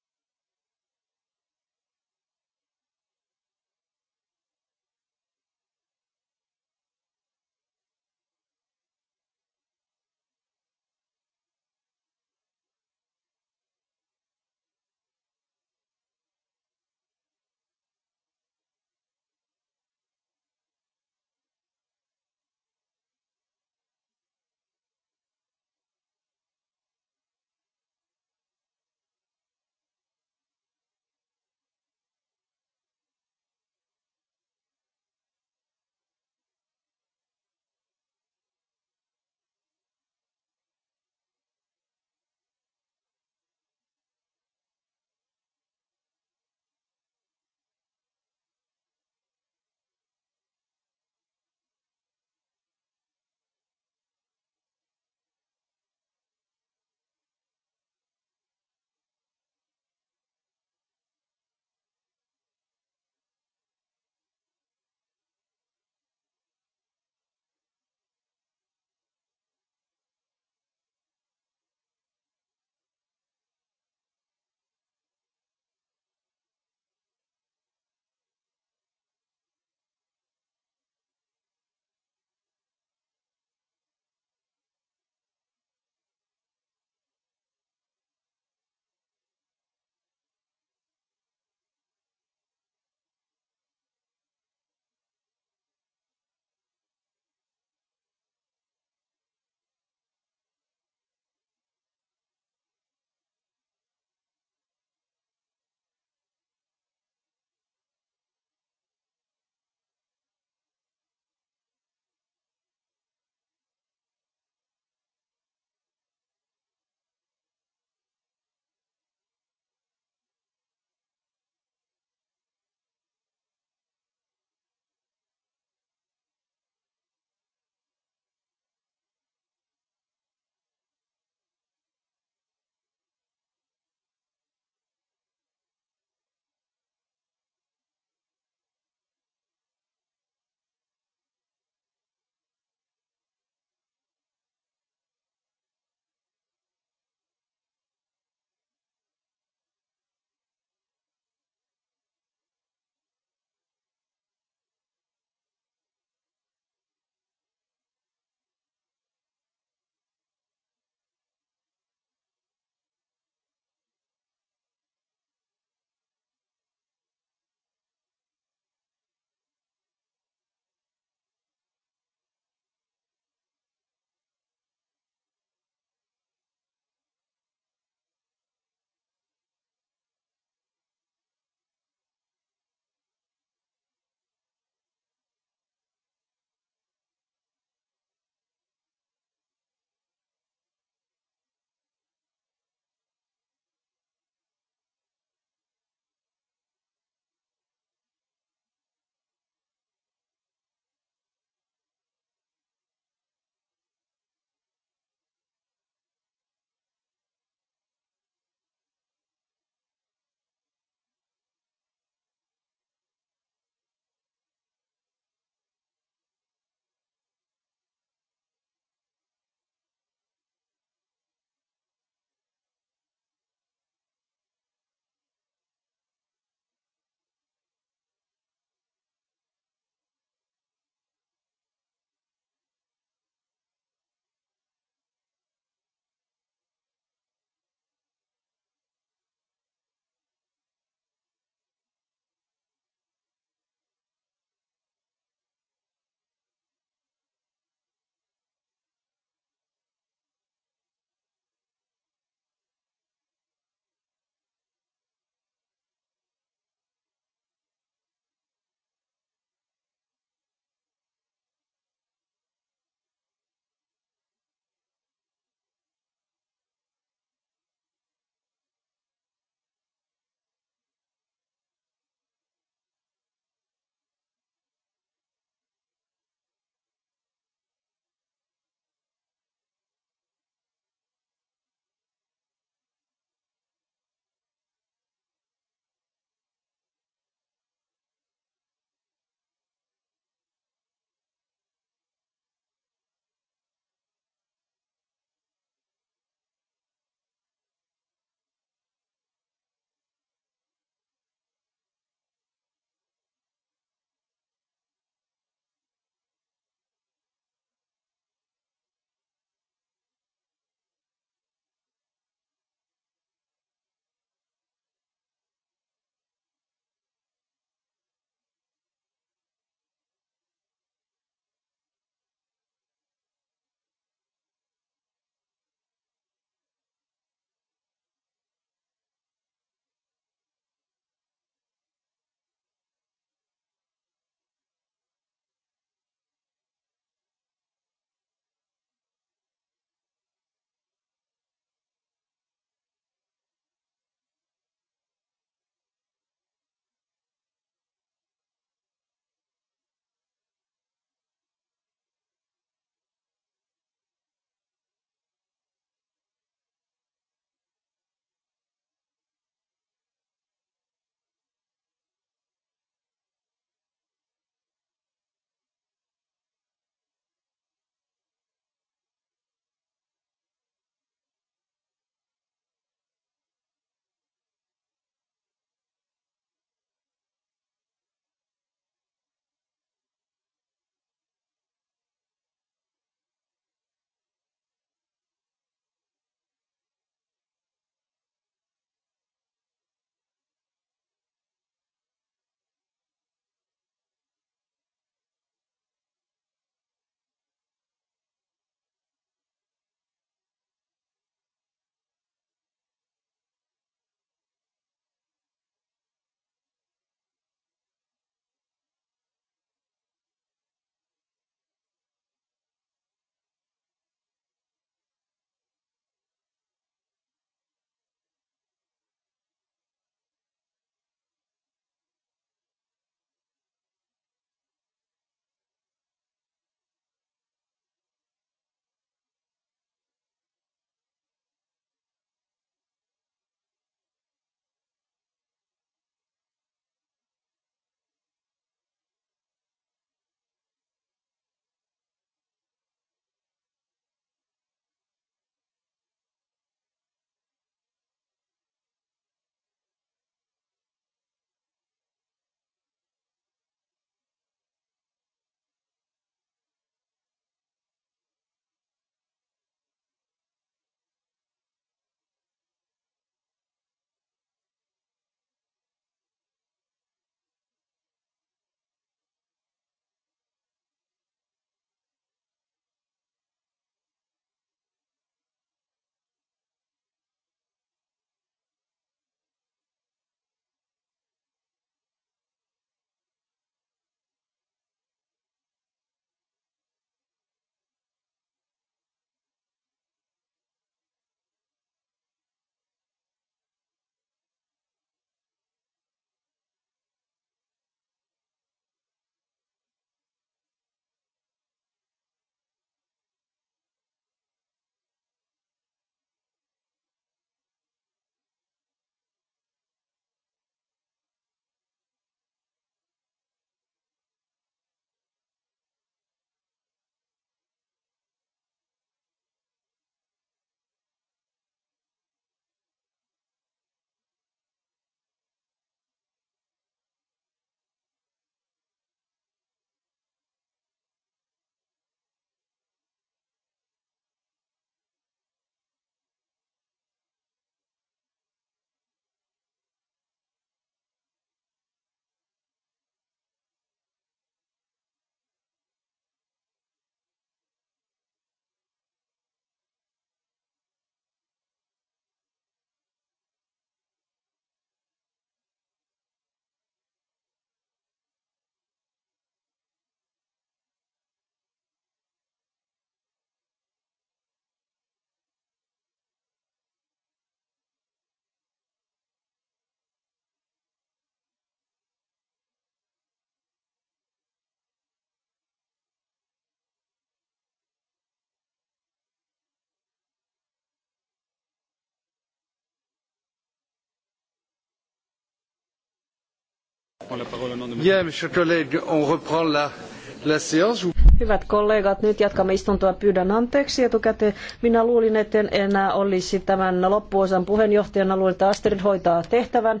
Hyvät kollegat, nyt jatkamme istuntoa. Pyydän anteeksi etukäteen. Minä luulin, että enää olisi tämän loppuosan puheenjohtajana. Luulin, että Astrid hoitaa tehtävän.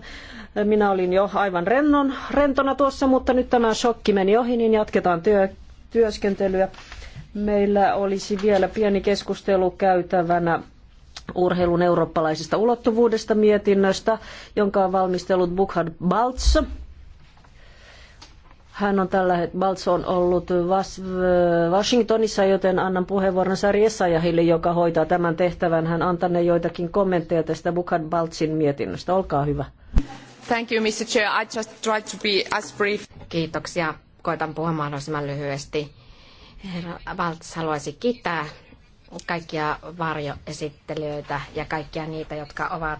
Minä olin jo aivan rennon, rentona tuossa, mutta nyt tämä shokki meni ohi, niin jatketaan työ, työskentelyä. Meillä olisi vielä pieni keskustelu käytävänä urheilun eurooppalaisesta ulottuvuudesta mietinnöstä, jonka on valmistellut Bukhard Baltz. Hän on tällä hetkellä, on ollut Washingtonissa, joten annan puheenvuoron Sari Essayahille, joka hoitaa tämän tehtävän. Hän antanee joitakin kommentteja tästä Bukan Baltsin mietinnöstä. Olkaa hyvä. Thank you, Mr. Chair. I just tried to be as brief. Kiitoksia. Koitan puhua mahdollisimman lyhyesti. Herra Baltz haluaisi kiittää kaikkia varjoesittelijöitä ja kaikkia niitä, jotka ovat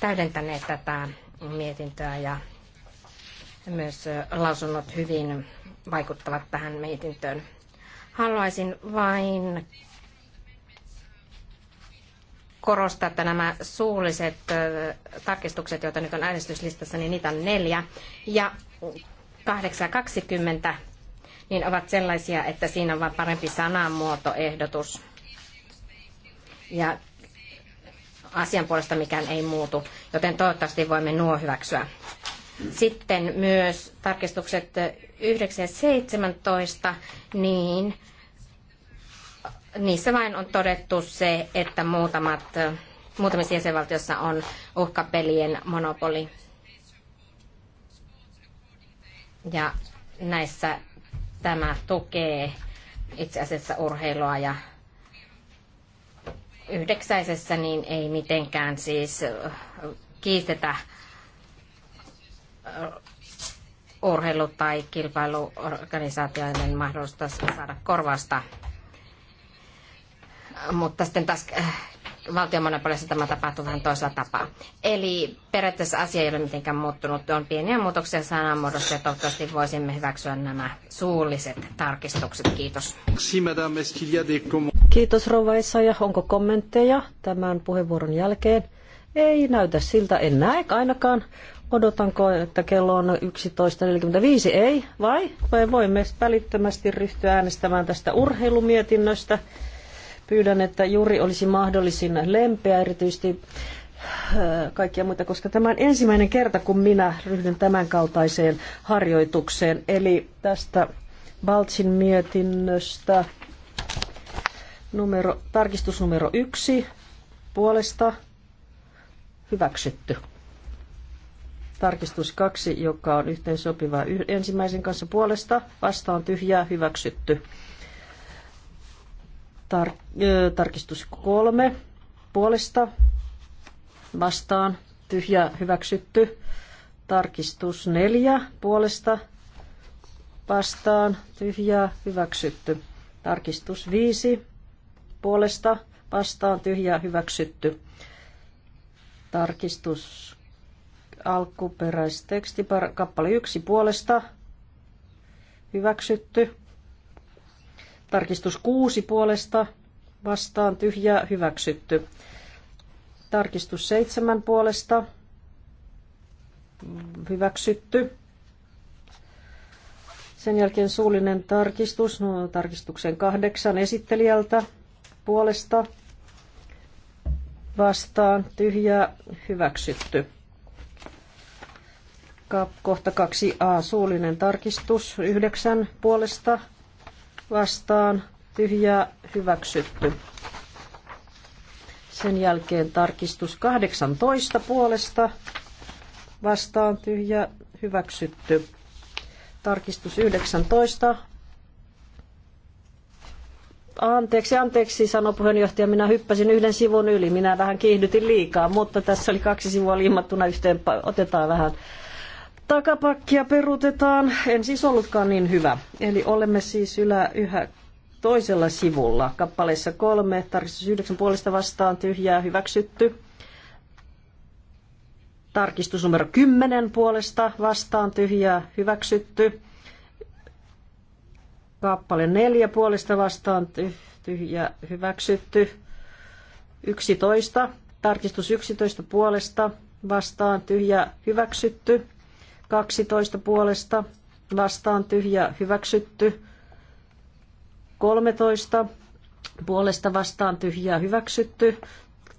täydentäneet tätä mietintöä ja myös lausunnot hyvin vaikuttavat tähän mietintöön. Haluaisin vain korostaa, että nämä suulliset tarkistukset, joita nyt on äänestyslistassa, niin niitä on neljä. Ja 8.20 niin ovat sellaisia, että siinä on vain parempi sanamuotoehdotus. Ja asian puolesta mikään ei muutu, joten toivottavasti voimme nuo hyväksyä. Sitten myös tarkistukset 9 ja 17, niin niissä vain on todettu se, että muutamat, muutamissa jäsenvaltiossa on uhkapelien monopoli. Ja näissä tämä tukee itse asiassa urheilua ja yhdeksäisessä niin ei mitenkään siis kiistetä urheilu- tai kilpailuorganisaatioiden mahdollista saada korvasta. Mutta sitten taas äh, valtionmonopolissa tämä tapahtuu vähän toisella tapaa. Eli periaatteessa asia ei ole mitenkään muuttunut. On pieniä muutoksia sanamuodossa ja toivottavasti voisimme hyväksyä nämä suulliset tarkistukset. Kiitos. Kiitos Rova ja Onko kommentteja tämän puheenvuoron jälkeen? Ei näytä siltä, en näe ainakaan. Odotanko, että kello on 11.45? Ei, vai? Vai voimme välittömästi ryhtyä äänestämään tästä urheilumietinnöstä? Pyydän, että juuri olisi mahdollisimman lempeä, erityisesti äh, kaikkia muita, koska tämä on ensimmäinen kerta, kun minä ryhdyn tämän kaltaiseen harjoitukseen. Eli tästä Baltsin mietinnöstä numero, tarkistus numero yksi puolesta hyväksytty. Tarkistus kaksi, joka on yhteen sopiva ensimmäisen kanssa puolesta. Vastaan tyhjää hyväksytty. Tar- tarkistus kolme puolesta. Vastaan tyhjää hyväksytty. Tarkistus neljä puolesta. Vastaan tyhjää hyväksytty. Tarkistus viisi puolesta. Vastaan tyhjää hyväksytty. Tarkistus Alkuperäisteksti, kappale yksi puolesta. Hyväksytty. Tarkistus kuusi puolesta. Vastaan tyhjä Hyväksytty. Tarkistus seitsemän puolesta. Hyväksytty. Sen jälkeen suullinen tarkistus, no, tarkistuksen kahdeksan esittelijältä puolesta vastaan tyhjä hyväksytty kohta 2a, suullinen tarkistus, 9 puolesta vastaan, tyhjää, hyväksytty. Sen jälkeen tarkistus 18 puolesta vastaan, tyhjä, hyväksytty. Tarkistus 19. Anteeksi, anteeksi, sanoi puheenjohtaja. Minä hyppäsin yhden sivun yli. Minä vähän kiihdytin liikaa, mutta tässä oli kaksi sivua liimattuna yhteen. Otetaan vähän takapakkia perutetaan. En siis ollutkaan niin hyvä. Eli olemme siis ylä, yhä toisella sivulla. Kappaleessa kolme, tarkistus yhdeksän puolesta vastaan, tyhjää, hyväksytty. Tarkistus numero kymmenen puolesta vastaan, tyhjää, hyväksytty. Kappale neljä puolesta vastaan, tyhjää, hyväksytty. Yksitoista, Tarkistus yksitoista puolesta vastaan, tyhjä, hyväksytty. 12 puolesta vastaan tyhjä hyväksytty. 13 puolesta vastaan tyhjä hyväksytty.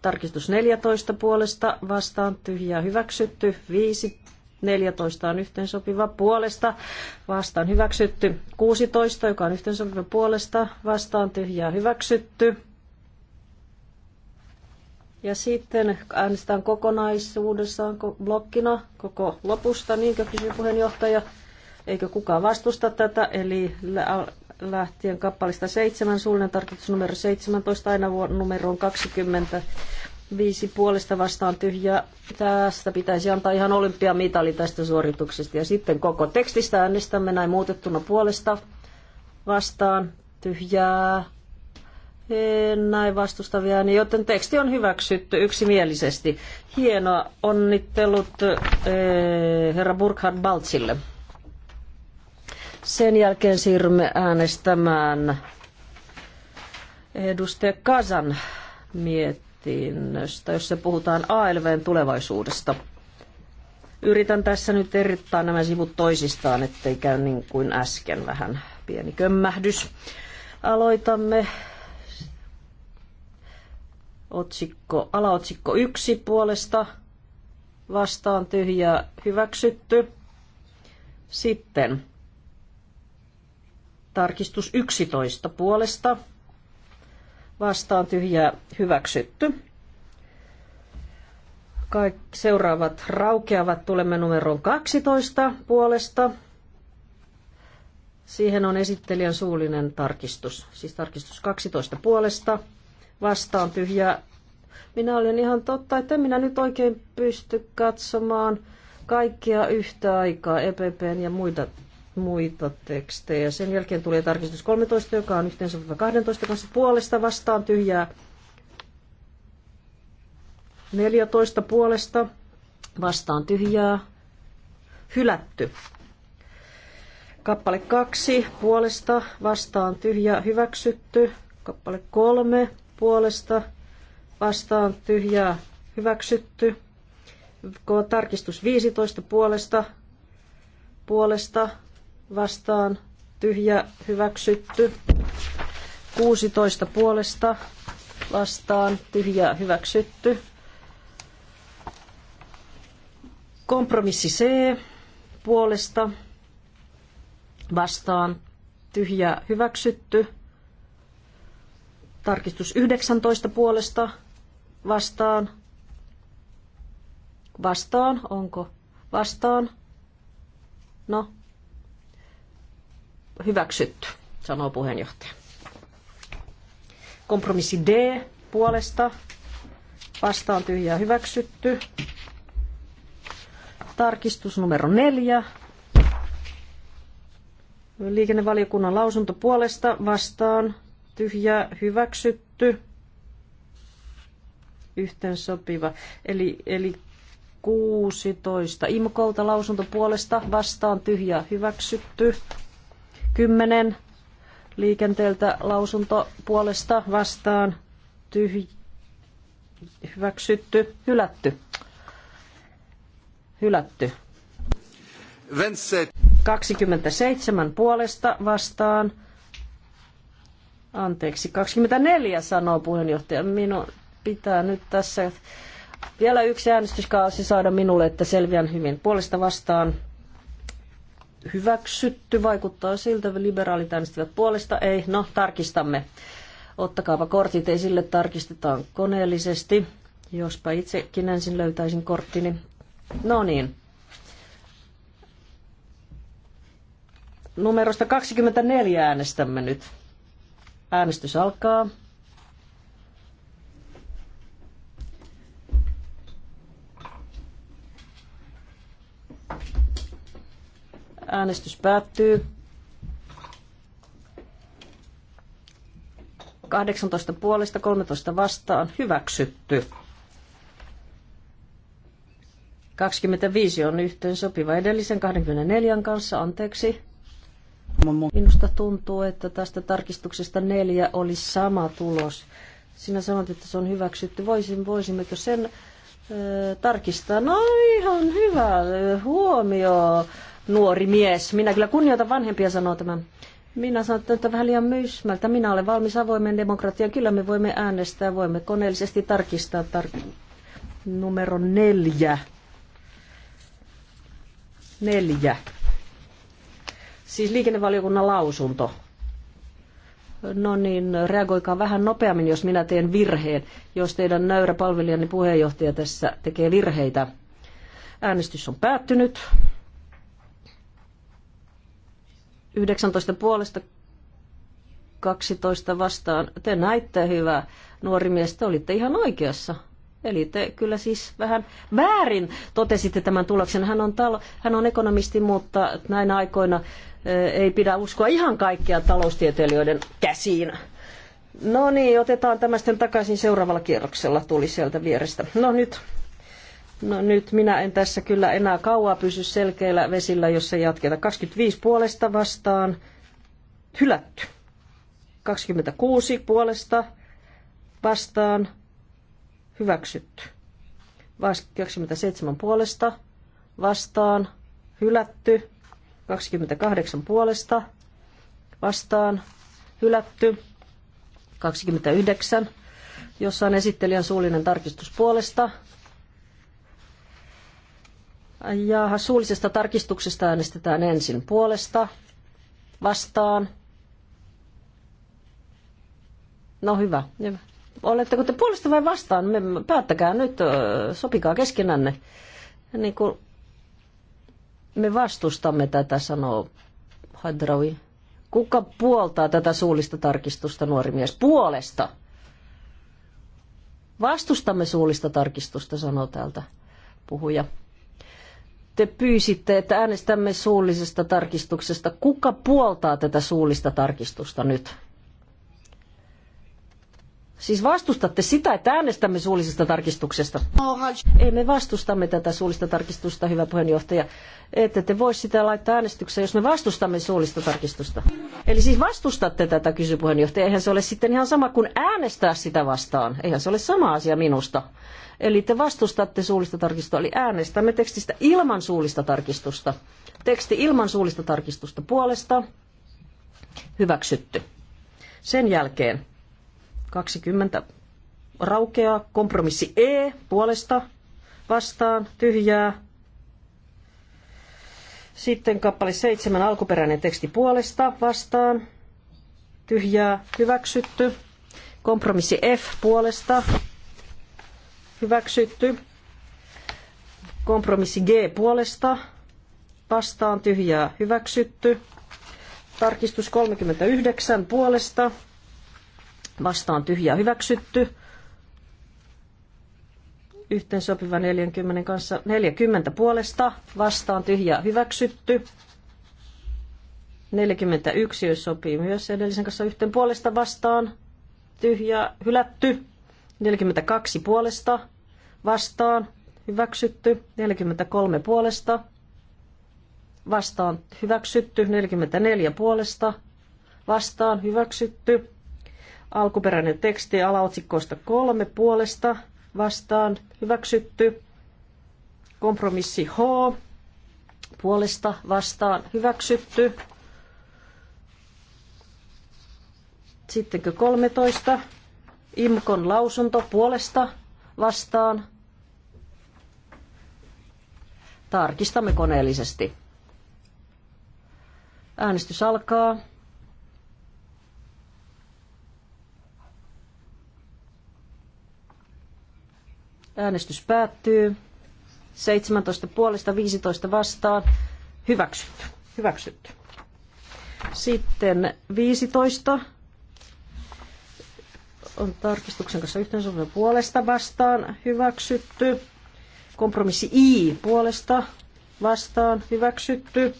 Tarkistus 14 puolesta vastaan tyhjä hyväksytty. 5 14 on yhteensopiva puolesta, vastaan hyväksytty. 16, joka on yhteensopiva puolesta, vastaan tyhjää hyväksytty. Ja sitten äänestetään kokonaisuudessaan blokkina koko lopusta, niinkö kysyy puheenjohtaja. Eikö kukaan vastusta tätä, eli lähtien kappalista 7, suullinen tarkoitus numero 17, aina numeroon 20 viisi puolesta vastaan tyhjä Tästä pitäisi antaa ihan olympiamitali tästä suorituksesta. Ja sitten koko tekstistä äänestämme näin muutettuna puolesta vastaan tyhjää näin vastustavia ääniä, joten teksti on hyväksytty yksimielisesti. Hienoa onnittelut eh, herra Burkhard Baltsille. Sen jälkeen siirrymme äänestämään edustaja Kasan mietinnöstä, jossa puhutaan ALVn tulevaisuudesta. Yritän tässä nyt erittää nämä sivut toisistaan, ettei käy niin kuin äsken vähän pieni kömmähdys. Aloitamme Otsikko, alaotsikko 1 puolesta vastaan tyhjää hyväksytty. Sitten tarkistus 11 puolesta vastaan tyhjää hyväksytty. Kaik, seuraavat raukeavat. Tulemme numeron 12 puolesta. Siihen on esittelijän suullinen tarkistus, siis tarkistus 12 puolesta vastaan tyhjää. Minä olen ihan totta, että minä nyt oikein pysty katsomaan kaikkia yhtä aikaa, EPPn ja muita, muita tekstejä. Sen jälkeen tulee tarkistus 13, joka on yhteensä 12 kanssa puolesta vastaan tyhjää. 14 puolesta vastaan tyhjää. Hylätty. Kappale 2 puolesta vastaan tyhjä hyväksytty. Kappale 3 puolesta vastaan tyhjää hyväksytty. Tarkistus 15 puolesta puolesta vastaan tyhjä hyväksytty. 16 puolesta vastaan tyhjä hyväksytty. Kompromissi C puolesta vastaan tyhjä hyväksytty. Tarkistus 19 puolesta vastaan. Vastaan, onko? Vastaan. No. Hyväksytty, sanoo puheenjohtaja. Kompromissi D puolesta. Vastaan tyhjää hyväksytty. Tarkistus numero neljä. Liikennevaliokunnan lausunto puolesta vastaan tyhjä hyväksytty, yhteen sopiva. Eli, eli 16. Imkolta lausunto puolesta vastaan tyhjää hyväksytty. 10. Liikenteeltä lausunto puolesta vastaan tyhjä hyväksytty, hylätty. Hylätty. 27 puolesta vastaan Anteeksi, 24 sanoo puheenjohtaja. Minun pitää nyt tässä vielä yksi äänestyskausi saada minulle, että selviän hyvin puolesta vastaan. Hyväksytty vaikuttaa siltä, liberaalit äänestivät puolesta. Ei, no tarkistamme. Ottakaapa kortit esille, tarkistetaan koneellisesti. Jospa itsekin ensin löytäisin korttini. No niin. Numerosta 24 äänestämme nyt. Äänestys alkaa. Äänestys päättyy. 18 puolesta 13 vastaan hyväksytty. 25 on yhteen sopiva edellisen 24 kanssa, anteeksi. Minusta tuntuu, että tästä tarkistuksesta neljä oli sama tulos. Sinä sanot, että se on hyväksytty. Voisin, voisimmeko sen ö, tarkistaa? No ihan hyvä huomio, nuori mies. Minä kyllä kunnioitan vanhempia, sanoa tämän. Minä sanon, että vähän liian myysmältä. Minä olen valmis avoimen demokratian. Kyllä me voimme äänestää, voimme koneellisesti tarkistaa tar- numero neljä. Neljä. Siis liikennevaliokunnan lausunto. No niin, reagoikaa vähän nopeammin, jos minä teen virheen. Jos teidän nöyrä palvelijani puheenjohtaja tässä tekee virheitä. Äänestys on päättynyt. 19 puolesta 12 vastaan. Te näitte hyvää. Nuori mies, te olitte ihan oikeassa. Eli te kyllä siis vähän väärin totesitte tämän tuloksen. Hän on, talo, hän on ekonomisti, mutta näinä aikoina eh, ei pidä uskoa ihan kaikkia taloustieteilijöiden käsiin. No niin, otetaan tämä sitten takaisin seuraavalla kierroksella, tuli sieltä vierestä. No nyt, no nyt minä en tässä kyllä enää kauaa pysy selkeillä vesillä, jos se jatketa. 25 puolesta vastaan, hylätty. 26 puolesta vastaan, hyväksytty. 27 puolesta vastaan hylätty. 28 puolesta vastaan hylätty. 29, jossa on esittelijän suullinen tarkistus puolesta. Ja suullisesta tarkistuksesta äänestetään ensin puolesta, vastaan. No hyvä, hyvä. Oletteko te puolesta vai vastaan? Me päättäkää nyt, sopikaa keskenänne. Niin kuin me vastustamme tätä, sanoo Hadrawi. Kuka puoltaa tätä suullista tarkistusta, nuori mies? Puolesta! Vastustamme suullista tarkistusta, sanoo täältä puhuja. Te pyysitte, että äänestämme suullisesta tarkistuksesta. Kuka puoltaa tätä suullista tarkistusta nyt? Siis vastustatte sitä, että äänestämme suullisesta tarkistuksesta? Ei, me vastustamme tätä suullista tarkistusta, hyvä puheenjohtaja. Ette te voi sitä laittaa äänestykseen, jos me vastustamme suullista tarkistusta. Eli siis vastustatte tätä, kysy puheenjohtaja. Eihän se ole sitten ihan sama kuin äänestää sitä vastaan. Eihän se ole sama asia minusta. Eli te vastustatte suullista tarkistusta, eli äänestämme tekstistä ilman suullista tarkistusta. Teksti ilman suullista tarkistusta puolesta. Hyväksytty. Sen jälkeen 20 raukeaa. Kompromissi E puolesta vastaan tyhjää. Sitten kappale 7 alkuperäinen teksti puolesta vastaan tyhjää hyväksytty. Kompromissi F puolesta hyväksytty. Kompromissi G puolesta vastaan tyhjää hyväksytty. Tarkistus 39 puolesta vastaan tyhjä hyväksytty. sopiva 40 kanssa 40 puolesta vastaan tyhjä hyväksytty. 41, jos sopii myös edellisen kanssa yhteen puolesta vastaan. tyhjä hylätty. 42 puolesta vastaan hyväksytty. 43 puolesta vastaan hyväksytty. 44 puolesta vastaan hyväksytty. Alkuperäinen teksti alaotsikosta kolme puolesta vastaan hyväksytty. Kompromissi H puolesta vastaan hyväksytty. Sittenkö 13? Imkon lausunto puolesta vastaan. Tarkistamme koneellisesti. Äänestys alkaa. Äänestys päättyy. 17 puolesta 15 vastaan. Hyväksytty. Hyväksytty. Sitten 15 on tarkistuksen kanssa yhteensopimuksen puolesta vastaan hyväksytty. Kompromissi I puolesta vastaan hyväksytty.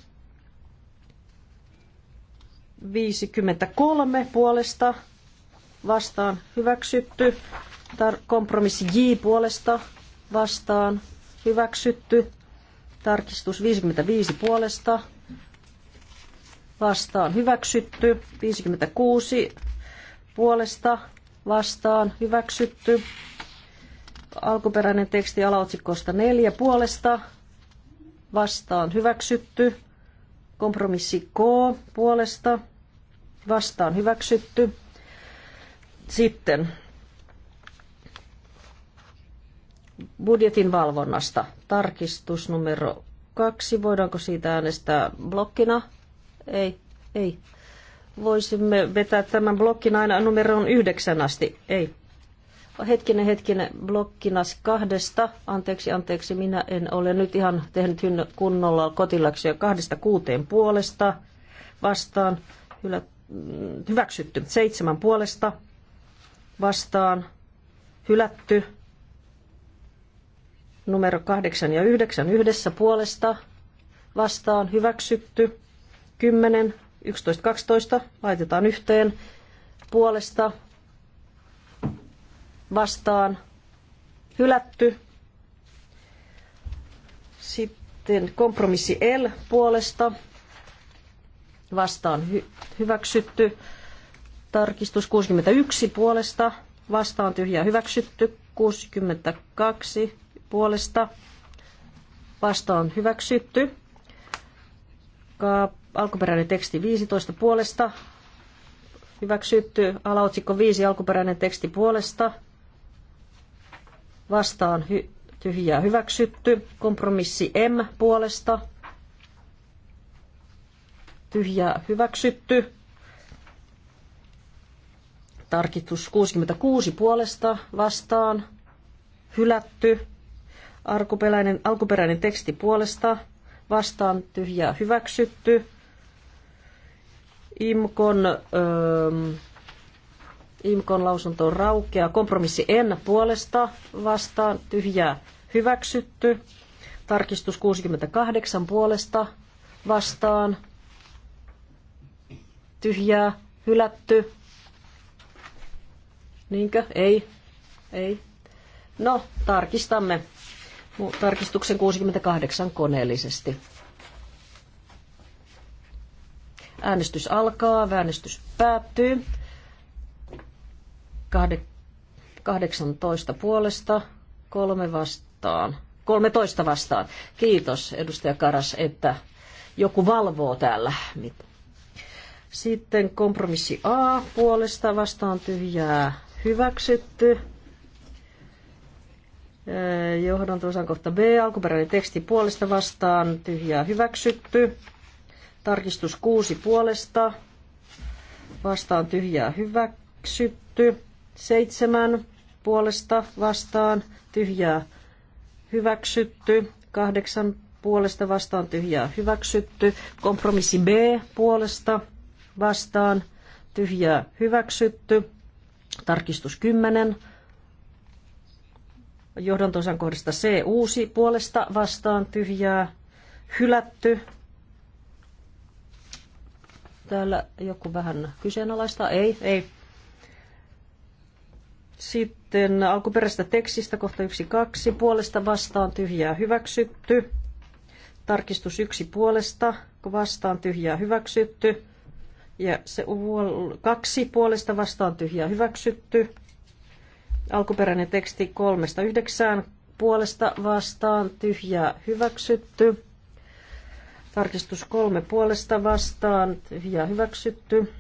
53 puolesta vastaan hyväksytty. Tar- kompromissi J puolesta vastaan hyväksytty. Tarkistus 55 puolesta vastaan hyväksytty. 56 puolesta vastaan hyväksytty. Alkuperäinen teksti alaotsikosta 4 puolesta vastaan hyväksytty. Kompromissi K puolesta vastaan hyväksytty. Sitten budjetin valvonnasta. Tarkistus numero kaksi. Voidaanko siitä äänestää blokkina? Ei, ei. Voisimme vetää tämän blokkin aina numeroon yhdeksän asti. Ei. Hetkinen, hetkinen, blokkina kahdesta. Anteeksi, anteeksi, minä en ole nyt ihan tehnyt kunnolla kotiläksyä kahdesta kuuteen puolesta vastaan. Hylä, mm, hyväksytty seitsemän puolesta vastaan. Hylätty Numero 8 ja 9 yhdessä puolesta vastaan hyväksytty. 10, 11, 12 laitetaan yhteen puolesta vastaan hylätty. Sitten kompromissi L puolesta vastaan hy- hyväksytty. Tarkistus 61 puolesta vastaan tyhjä hyväksytty. 62 puolesta on hyväksytty. Alkuperäinen teksti 15 puolesta hyväksytty. Alaotsikko 5 alkuperäinen teksti puolesta on hy- tyhjää hyväksytty. Kompromissi M puolesta tyhjää hyväksytty. Tarkistus 66 puolesta vastaan hylätty. Alkuperäinen, alkuperäinen teksti puolesta vastaan tyhjää hyväksytty. IMKON, öö, IMKON lausunto on raukea. Kompromissi en puolesta vastaan tyhjää hyväksytty. Tarkistus 68 puolesta vastaan tyhjää hylätty. Niinkö? Ei. Ei. No, tarkistamme tarkistuksen 68 koneellisesti. Äänestys alkaa, äänestys päättyy. 18 puolesta, kolme vastaan, 13 vastaan. Kiitos edustaja Karas, että joku valvoo täällä. Sitten kompromissi A puolesta vastaan tyhjää hyväksytty. Johdantosan kohta B, alkuperäinen teksti puolesta vastaan, tyhjää hyväksytty. Tarkistus 6 puolesta, vastaan tyhjää hyväksytty. 7 puolesta vastaan, tyhjää hyväksytty. 8 puolesta vastaan, tyhjää hyväksytty. Kompromissi B puolesta vastaan, tyhjää hyväksytty. Tarkistus 10 johdantonsa kohdasta C uusi puolesta vastaan tyhjää hylätty. Täällä joku vähän kyseenalaista. Ei, ei. Sitten alkuperäisestä tekstistä kohta 1.2. Puolesta vastaan tyhjää hyväksytty. Tarkistus 1 puolesta vastaan tyhjää hyväksytty. Ja se kaksi puolesta vastaan tyhjää hyväksytty. Alkuperäinen teksti kolmesta yhdeksään puolesta vastaan tyhjää hyväksytty. Tarkistus kolme puolesta vastaan tyhjää hyväksytty.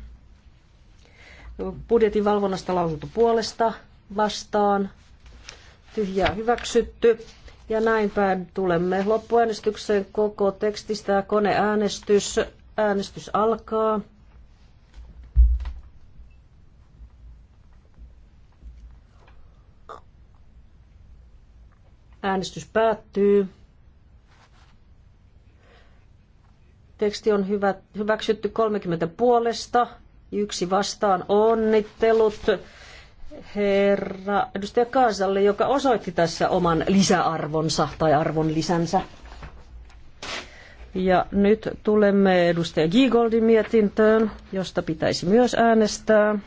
Budjetin valvonnasta lausuttu puolesta vastaan tyhjää hyväksytty. Ja näin päin tulemme loppuäänestykseen koko tekstistä. Koneäänestys. Äänestys alkaa. Äänestys päättyy. Teksti on hyvä, hyväksytty 30 puolesta. Yksi vastaan onnittelut herra edustaja Kaasalle, joka osoitti tässä oman lisäarvonsa tai arvon lisänsä. Ja nyt tulemme edustaja Giegoldin mietintöön, josta pitäisi myös äänestää.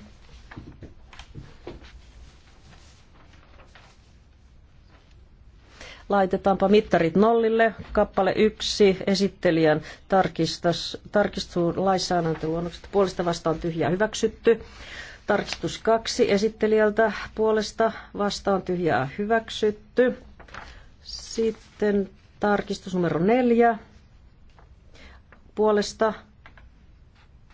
Laitetaanpa mittarit nollille. Kappale yksi esittelijän tarkistus, tarkistus lainsäädäntöluonnokset puolesta vastaan tyhjä, hyväksytty. Tarkistus kaksi esittelijältä puolesta vastaan tyhjää hyväksytty. Sitten tarkistus numero neljä puolesta.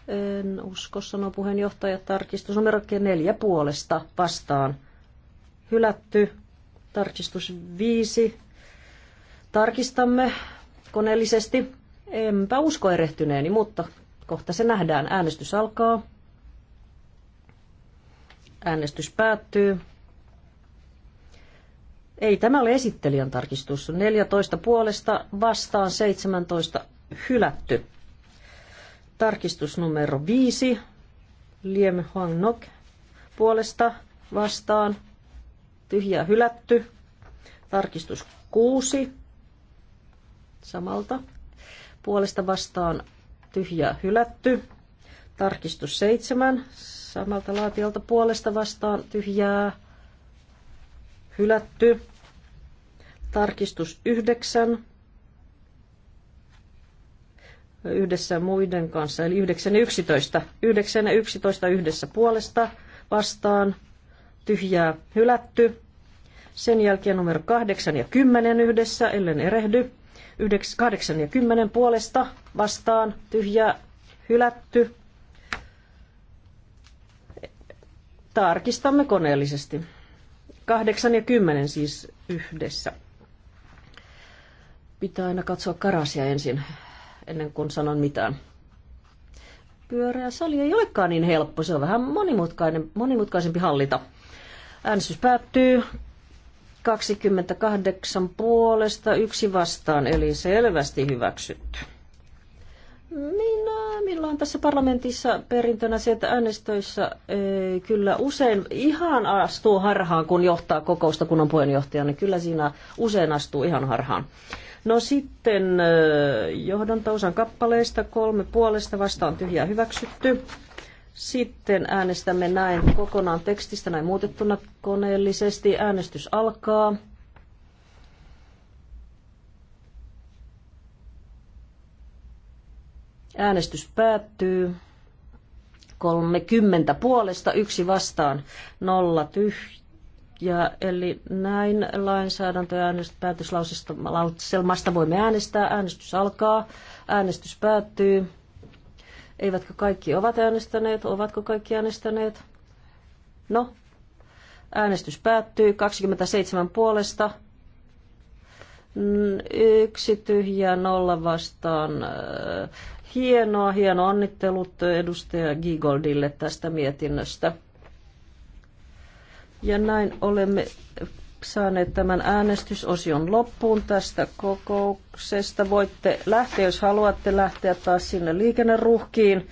En usko, sanoo puheenjohtaja. Tarkistus numero neljä puolesta vastaan. Hylätty. Tarkistus viisi Tarkistamme koneellisesti. Enpä usko erehtyneeni, mutta kohta se nähdään. Äänestys alkaa. Äänestys päättyy. Ei tämä ole esittelijän tarkistus. 14 puolesta vastaan 17 hylätty. Tarkistus numero 5. Liem Huang Nok puolesta vastaan tyhjä hylätty. Tarkistus 6 samalta. Puolesta vastaan tyhjää hylätty. Tarkistus 7 samalta laatiolta puolesta vastaan tyhjää hylätty. Tarkistus 9 yhdessä muiden kanssa, eli 9 ja 11. 9 ja 11 yhdessä puolesta vastaan, tyhjää hylätty. Sen jälkeen numero 8 ja 10 yhdessä, ellen erehdy. 8 ja 10 puolesta vastaan tyhjää hylätty. Tarkistamme koneellisesti. 8 ja 10 siis yhdessä. Pitää aina katsoa karasia ensin, ennen kuin sanon mitään. Pyöreä sali ei olekaan niin helppo, se on vähän monimutkainen, monimutkaisempi hallita. Äänestys päättyy. 28 puolesta, yksi vastaan, eli selvästi hyväksytty. Minä, minulla on tässä parlamentissa perintönä se, että äänestöissä ei, eh, kyllä usein ihan astuu harhaan, kun johtaa kokousta kunnan puheenjohtaja, niin kyllä siinä usein astuu ihan harhaan. No sitten eh, johdantousan kappaleista kolme puolesta vastaan tyhjää hyväksytty. Sitten äänestämme näin kokonaan tekstistä, näin muutettuna koneellisesti. Äänestys alkaa. Äänestys päättyy. 30 puolesta, yksi vastaan, nolla tyhjä Eli näin lainsäädäntö- ja äänestyspäätöslauselmasta voimme äänestää. Äänestys alkaa. Äänestys päättyy. Eivätkö kaikki ovat äänestäneet? Ovatko kaikki äänestäneet? No, äänestys päättyy 27 puolesta. Mm, yksi tyhjä, nolla vastaan. Äh, hienoa, hieno onnittelut edustaja Gigoldille tästä mietinnöstä. Ja näin olemme saaneet tämän äänestysosion loppuun tästä kokouksesta. Voitte lähteä, jos haluatte lähteä taas sinne liikenneruhkiin.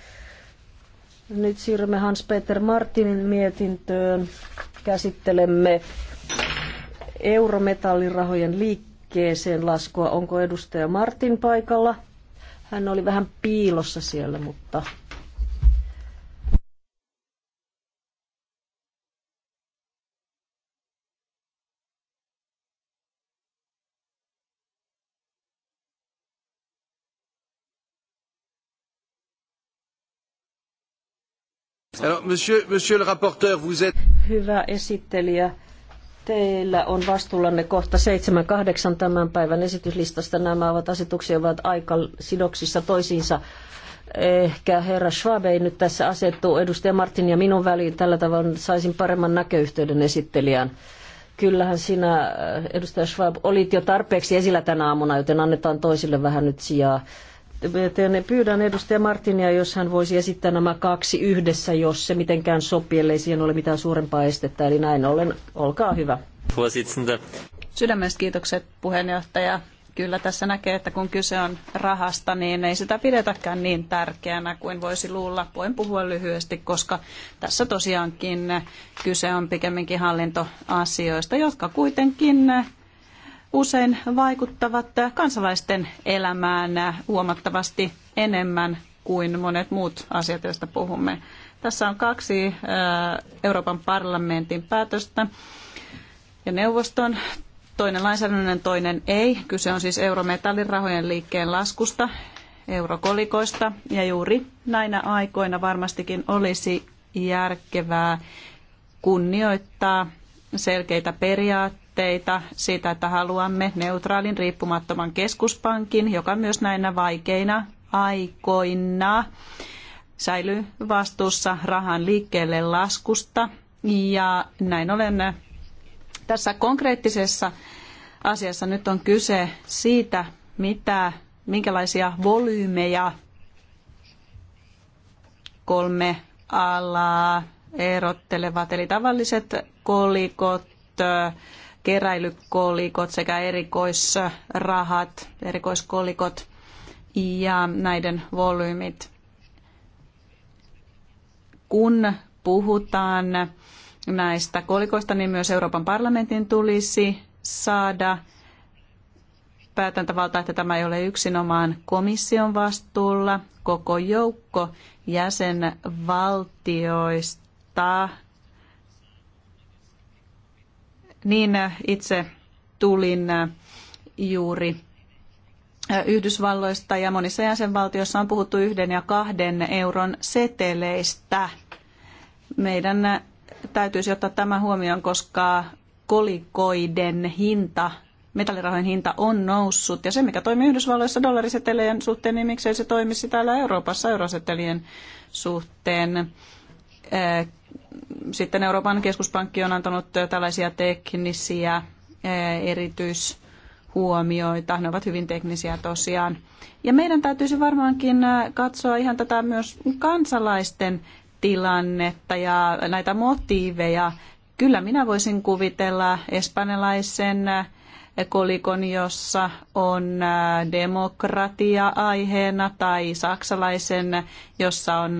Nyt siirrymme Hans-Peter Martinin mietintöön. Käsittelemme eurometallirahojen liikkeeseen laskua. Onko edustaja Martin paikalla? Hän oli vähän piilossa siellä, mutta Alors, monsieur, monsieur le rapporteur, vous êtes... Hyvä esittelijä. Teillä on vastuullanne kohta 7-8 tämän päivän esityslistasta. Nämä ovat asetuksia, ovat aika sidoksissa toisiinsa ehkä herra Schwab ei nyt tässä asettu edustaja Martin ja minun väliin. Tällä tavalla saisin paremman näköyhteyden esittelijään. Kyllähän sinä, äh, edustaja Schwab, olit jo tarpeeksi esillä tänä aamuna, joten annetaan toisille vähän nyt sijaa. Pyydän edustaja Martinia, jos hän voisi esittää nämä kaksi yhdessä, jos se mitenkään sopii, ellei siihen ole mitään suurempaa estettä. Eli näin ollen, olkaa hyvä. Sydämestä kiitokset puheenjohtaja. Kyllä tässä näkee, että kun kyse on rahasta, niin ei sitä pidetäkään niin tärkeänä kuin voisi luulla. Voin puhua lyhyesti, koska tässä tosiaankin kyse on pikemminkin hallintoasioista, jotka kuitenkin usein vaikuttavat kansalaisten elämään huomattavasti enemmän kuin monet muut asiat, joista puhumme. Tässä on kaksi äh, Euroopan parlamentin päätöstä ja neuvoston. Toinen lainsäädännön, toinen ei. Kyse on siis eurometallirahojen liikkeen laskusta, eurokolikoista. Ja juuri näinä aikoina varmastikin olisi järkevää kunnioittaa selkeitä periaatteita tavoitteita siitä, että haluamme neutraalin riippumattoman keskuspankin, joka myös näinä vaikeina aikoina säilyy vastuussa rahan liikkeelle laskusta. Ja näin ollen tässä konkreettisessa asiassa nyt on kyse siitä, mitä, minkälaisia volyymeja kolme alaa erottelevat, eli tavalliset kolikot, keräilykolikot sekä erikoisrahat, erikoiskolikot ja näiden volyymit. Kun puhutaan näistä kolikoista, niin myös Euroopan parlamentin tulisi saada päätäntävaltaa, että tämä ei ole yksinomaan komission vastuulla. Koko joukko jäsenvaltioista niin äh, itse tulin äh, juuri äh, Yhdysvalloista ja monissa jäsenvaltioissa on puhuttu yhden ja kahden euron seteleistä. Meidän täytyisi ottaa tämä huomioon, koska kolikoiden hinta, metallirahojen hinta on noussut. Ja se, mikä toimii Yhdysvalloissa dollariseteleiden suhteen, niin miksei se toimisi täällä Euroopassa eurosetelien suhteen sitten Euroopan keskuspankki on antanut tällaisia teknisiä eh, erityishuomioita. Ne ovat hyvin teknisiä tosiaan. Ja meidän täytyisi varmaankin eh, katsoa ihan tätä myös kansalaisten tilannetta ja näitä motiiveja. Kyllä minä voisin kuvitella espanjalaisen eh, kolikon, jossa on demokratia aiheena, tai saksalaisen, jossa on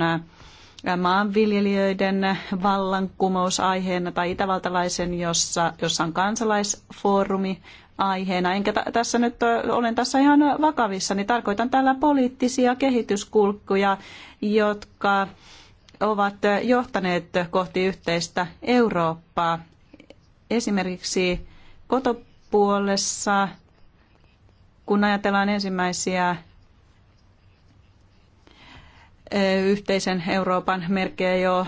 maanviljelijöiden vallankumous aiheena tai itävaltalaisen, jossa, jossa on kansalaisfoorumi aiheena. Enkä tässä nyt olen tässä ihan vakavissa, niin tarkoitan tällä poliittisia kehityskulkuja, jotka ovat johtaneet kohti yhteistä Eurooppaa. Esimerkiksi kotopuolessa, kun ajatellaan ensimmäisiä Eh, yhteisen Euroopan merkkejä jo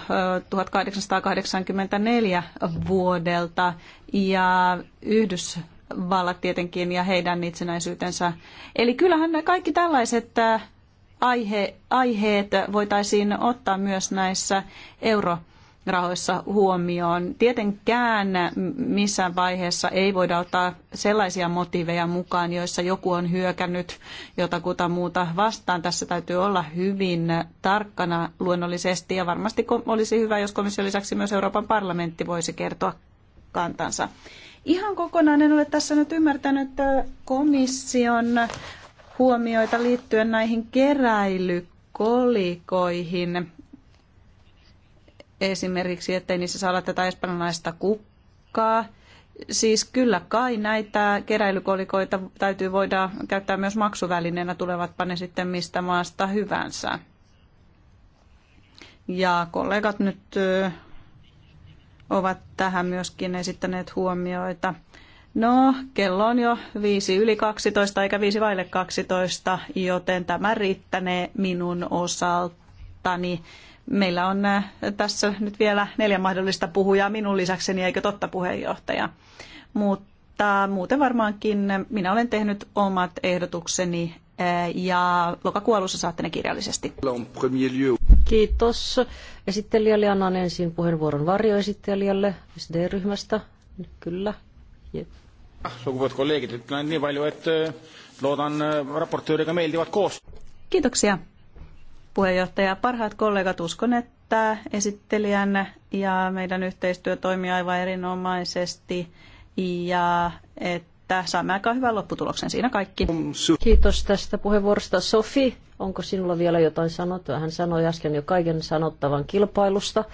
1884 eh, vuodelta ja Yhdysvallat tietenkin ja heidän itsenäisyytensä. Eli kyllähän kaikki tällaiset eh, aihe, aiheet voitaisiin ottaa myös näissä euro rahoissa huomioon. Tietenkään missään vaiheessa ei voida ottaa sellaisia motiveja mukaan, joissa joku on hyökännyt jotakuta muuta vastaan. Tässä täytyy olla hyvin tarkkana luonnollisesti ja varmasti olisi hyvä, jos komission lisäksi myös Euroopan parlamentti voisi kertoa kantansa. Ihan kokonaan en ole tässä nyt ymmärtänyt komission huomioita liittyen näihin keräilykolikoihin esimerkiksi, ettei niissä saa olla tätä espanjalaista kukkaa. Siis kyllä kai näitä keräilykolikoita täytyy voida käyttää myös maksuvälineenä, tulevatpa ne sitten mistä maasta hyvänsä. Ja kollegat nyt ovat tähän myöskin esittäneet huomioita. No, kello on jo viisi yli 12 eikä viisi vaille 12, joten tämä riittänee minun osaltani. Meillä on äh, tässä nyt vielä neljä mahdollista puhujaa minun lisäkseni, eikö totta puheenjohtaja? Mutta muuten varmaankin minä olen tehnyt omat ehdotukseni äh, ja lokakuun alussa saatte ne kirjallisesti. Kiitos. Esittelijälle annan ensin puheenvuoron varjoesittelijälle SD-ryhmästä. Kyllä. Jep. Lukuvat kollegit, nyt näin niin paljon, että äh, luotan raportööriä meiltivät koos. Kiitoksia puheenjohtaja. Parhaat kollegat, uskon, että esittelijän ja meidän yhteistyö toimii aivan erinomaisesti ja että saamme aika hyvän lopputuloksen siinä kaikki. Kiitos tästä puheenvuorosta. Sofi, onko sinulla vielä jotain sanottua? Hän sanoi äsken jo kaiken sanottavan kilpailusta.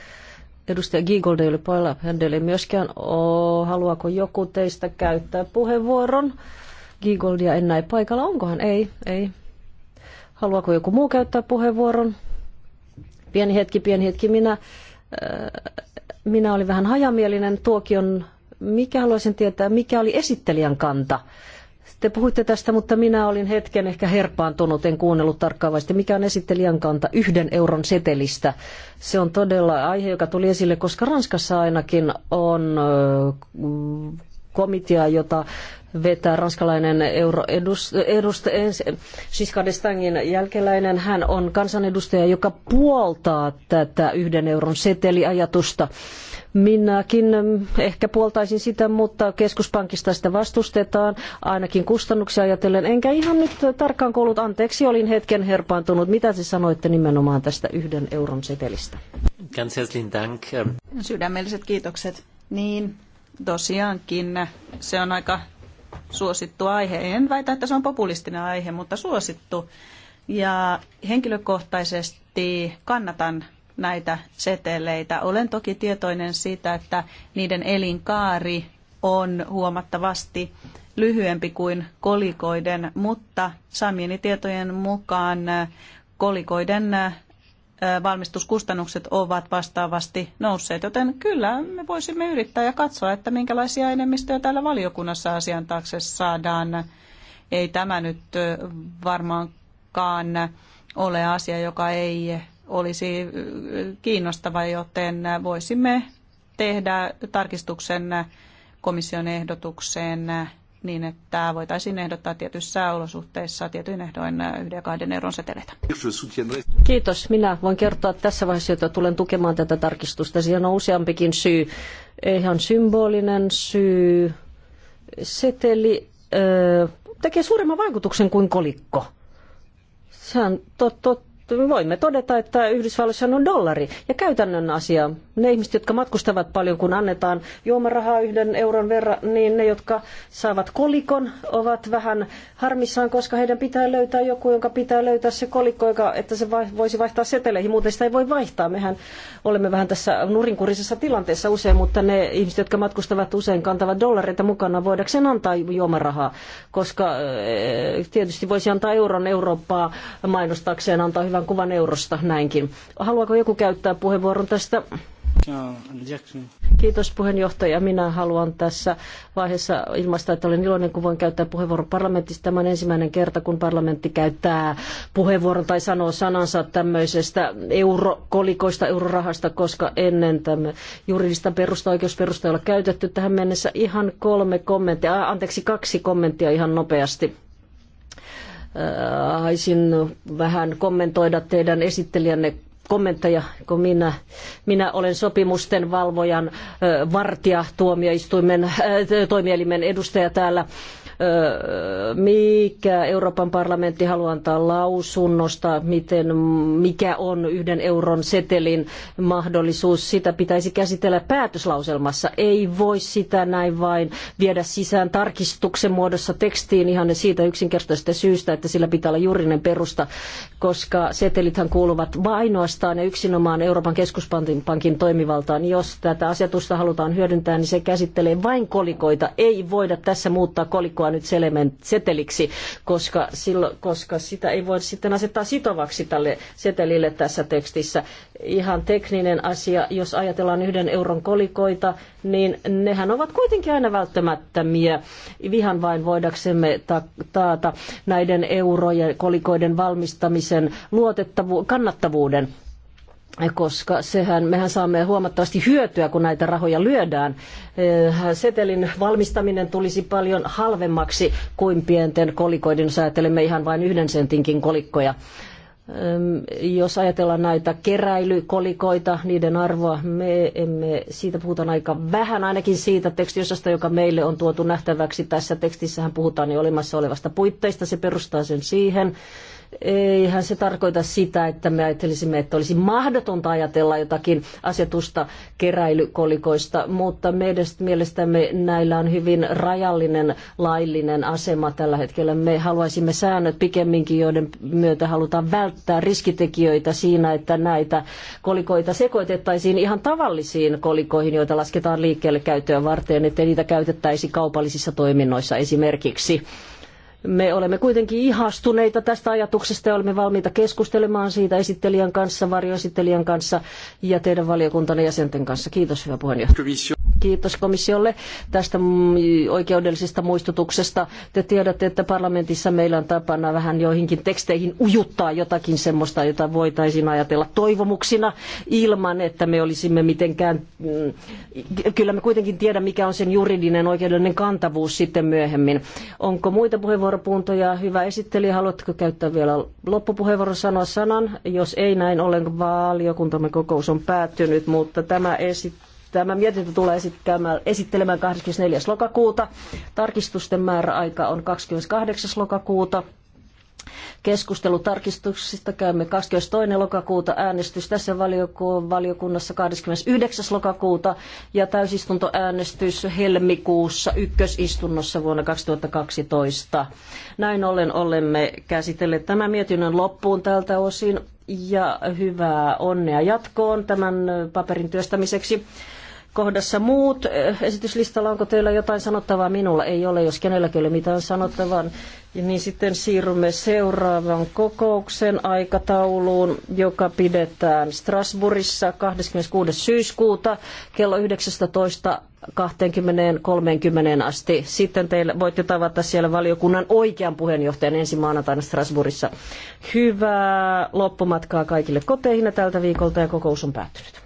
Edustaja Giegold ei ole paikalla, hän ei myöskään ole. Haluaako joku teistä käyttää puheenvuoron? Giegoldia en näe paikalla. Onkohan? Ei, ei. Haluaako joku muu käyttää puheenvuoron? Pieni hetki, pieni hetki. Minä, äh, minä olin vähän hajamielinen tuokion. Mikä haluaisin tietää, mikä oli esittelijän kanta? Te puhuitte tästä, mutta minä olin hetken ehkä herpaantunut, en kuunnellut tarkkaavasti. Mikä on esittelijän kanta yhden euron setelistä? Se on todella aihe, joka tuli esille, koska Ranskassa ainakin on äh, komitea, jota vetää ranskalainen euroedustaja Giscard siis d'Estaingin jälkeläinen. Hän on kansanedustaja, joka puoltaa tätä yhden euron seteliajatusta. Minäkin mm, ehkä puoltaisin sitä, mutta keskuspankista sitä vastustetaan, ainakin kustannuksia ajatellen. Enkä ihan nyt tarkkaan kuullut anteeksi, olin hetken herpaantunut. Mitä te sanoitte nimenomaan tästä yhden euron setelistä? Ganz herzlichen Dank. Sydämelliset kiitokset. Niin, tosiaankin se on aika suosittu aihe. En väitä, että se on populistinen aihe, mutta suosittu. Ja henkilökohtaisesti kannatan näitä seteleitä. Olen toki tietoinen siitä, että niiden elinkaari on huomattavasti lyhyempi kuin kolikoiden, mutta saamieni tietojen mukaan kolikoiden valmistuskustannukset ovat vastaavasti nousseet, joten kyllä me voisimme yrittää ja katsoa, että minkälaisia enemmistöjä täällä valiokunnassa asian taakse saadaan. Ei tämä nyt varmaankaan ole asia, joka ei olisi kiinnostava, joten voisimme tehdä tarkistuksen komission ehdotukseen niin, että voitaisiin ehdottaa tietyissä olosuhteissa tietyin ehdoin yhden ja kahden euron seteleitä. Kiitos. Minä voin kertoa tässä vaiheessa, että tulen tukemaan tätä tarkistusta. Siinä on useampikin syy. Ihan symbolinen syy. Seteli öö, tekee suuremman vaikutuksen kuin kolikko. Sehän to, to, voimme todeta, että Yhdysvalloissa on dollari. Ja käytännön asia, ne ihmiset, jotka matkustavat paljon, kun annetaan juomarahaa yhden euron verran, niin ne, jotka saavat kolikon, ovat vähän harmissaan, koska heidän pitää löytää joku, jonka pitää löytää se kolikko, joka, että se voisi vaihtaa seteleihin. Muuten sitä ei voi vaihtaa. Mehän olemme vähän tässä nurinkurisessa tilanteessa usein, mutta ne ihmiset, jotka matkustavat usein, kantavat dollareita mukana voidakseen antaa juomarahaa, koska eh, tietysti voisi antaa euron Eurooppaa mainostakseen, antaa hyvä hyvän kuvan eurosta näinkin. Haluaako joku käyttää puheenvuoron tästä? Kiitos puheenjohtaja. Minä haluan tässä vaiheessa ilmaista, että olen iloinen, kun voin käyttää puheenvuoron parlamentista. Tämä on ensimmäinen kerta, kun parlamentti käyttää puheenvuoron tai sanoo sanansa tämmöisestä eurokolikoista, eurorahasta, koska ennen tämä juridista perusta, oikeusperusta ei ole käytetty tähän mennessä. Ihan kolme kommenttia, anteeksi kaksi kommenttia ihan nopeasti Äh, haisin vähän kommentoida teidän esittelijänne kommentteja, kun minä, minä olen sopimusten valvojan äh, vartija tuomioistuimen äh, toimielimen edustaja täällä mikä Euroopan parlamentti haluaa antaa lausunnosta, miten, mikä on yhden euron setelin mahdollisuus. Sitä pitäisi käsitellä päätöslauselmassa. Ei voi sitä näin vain viedä sisään tarkistuksen muodossa tekstiin ihan siitä yksinkertaisesta syystä, että sillä pitää olla juridinen perusta, koska setelithän kuuluvat ainoastaan ja yksinomaan Euroopan keskuspankin toimivaltaan. Jos tätä asetusta halutaan hyödyntää, niin se käsittelee vain kolikoita. Ei voida tässä muuttaa kolikkoa kutsua nyt seteliksi, koska, silloin, koska sitä ei voi sitten asettaa sitovaksi tälle setelille tässä tekstissä. Ihan tekninen asia, jos ajatellaan yhden euron kolikoita, niin nehän ovat kuitenkin aina välttämättömiä. Vihan vain voidaksemme taata näiden eurojen kolikoiden valmistamisen luotettavu- kannattavuuden koska sehän, mehän saamme huomattavasti hyötyä, kun näitä rahoja lyödään. Eh, setelin valmistaminen tulisi paljon halvemmaksi kuin pienten kolikoiden, jos ajattelemme ihan vain yhden sentinkin kolikkoja. Jos ajatellaan näitä keräilykolikoita, niiden arvoa, me emme, siitä puhutaan aika vähän, ainakin siitä tekstiosasta, joka meille on tuotu nähtäväksi. Tässä tekstissähän puhutaan jo olemassa olevasta puitteista, se perustaa sen siihen Eihän se tarkoita sitä, että me ajattelisimme, että olisi mahdotonta ajatella jotakin asetusta keräilykolikoista, mutta meidän, mielestämme näillä on hyvin rajallinen laillinen asema tällä hetkellä. Me haluaisimme säännöt pikemminkin, joiden myötä halutaan välttää riskitekijöitä siinä, että näitä kolikoita sekoitettaisiin ihan tavallisiin kolikoihin, joita lasketaan liikkeelle käyttöä varten, että niitä käytettäisiin kaupallisissa toiminnoissa esimerkiksi. Me olemme kuitenkin ihastuneita tästä ajatuksesta ja olemme valmiita keskustelemaan siitä esittelijän kanssa, varjoesittelijän kanssa ja teidän valiokuntanne jäsenten kanssa. Kiitos, hyvä puheenjohtaja kiitos komissiolle tästä mm, oikeudellisesta muistutuksesta. Te tiedätte, että parlamentissa meillä on tapana vähän joihinkin teksteihin ujuttaa jotakin semmoista, jota voitaisiin ajatella toivomuksina ilman, että me olisimme mitenkään... Mm, kyllä me kuitenkin tiedä, mikä on sen juridinen oikeudellinen kantavuus sitten myöhemmin. Onko muita puheenvuoropyyntöjä? Hyvä esittelijä, haluatteko käyttää vielä loppupuheenvuoron sanoa sanan? Jos ei näin ollen, valiokuntamme kokous on päättynyt, mutta tämä esittely Tämä mietintö tulee esittelemään 24. lokakuuta. Tarkistusten määräaika on 28. lokakuuta. Keskustelu tarkistuksista käymme 22. lokakuuta, äänestys tässä valiokunnassa 29. lokakuuta ja täysistuntoäänestys helmikuussa ykkösistunnossa vuonna 2012. Näin ollen olemme käsitelleet tämän mietinnön loppuun tältä osin ja hyvää onnea jatkoon tämän paperin työstämiseksi kohdassa muut eh, esityslistalla. Onko teillä jotain sanottavaa? Minulla ei ole. Jos kenelläkin ole mitään sanottavaa, niin sitten siirrymme seuraavan kokouksen aikatauluun, joka pidetään Strasbourgissa 26. syyskuuta kello 19 20.30 asti. Sitten teille voitte tavata siellä valiokunnan oikean puheenjohtajan ensi maanantaina Strasbourgissa. Hyvää loppumatkaa kaikille koteihin tältä viikolta ja kokous on päättynyt.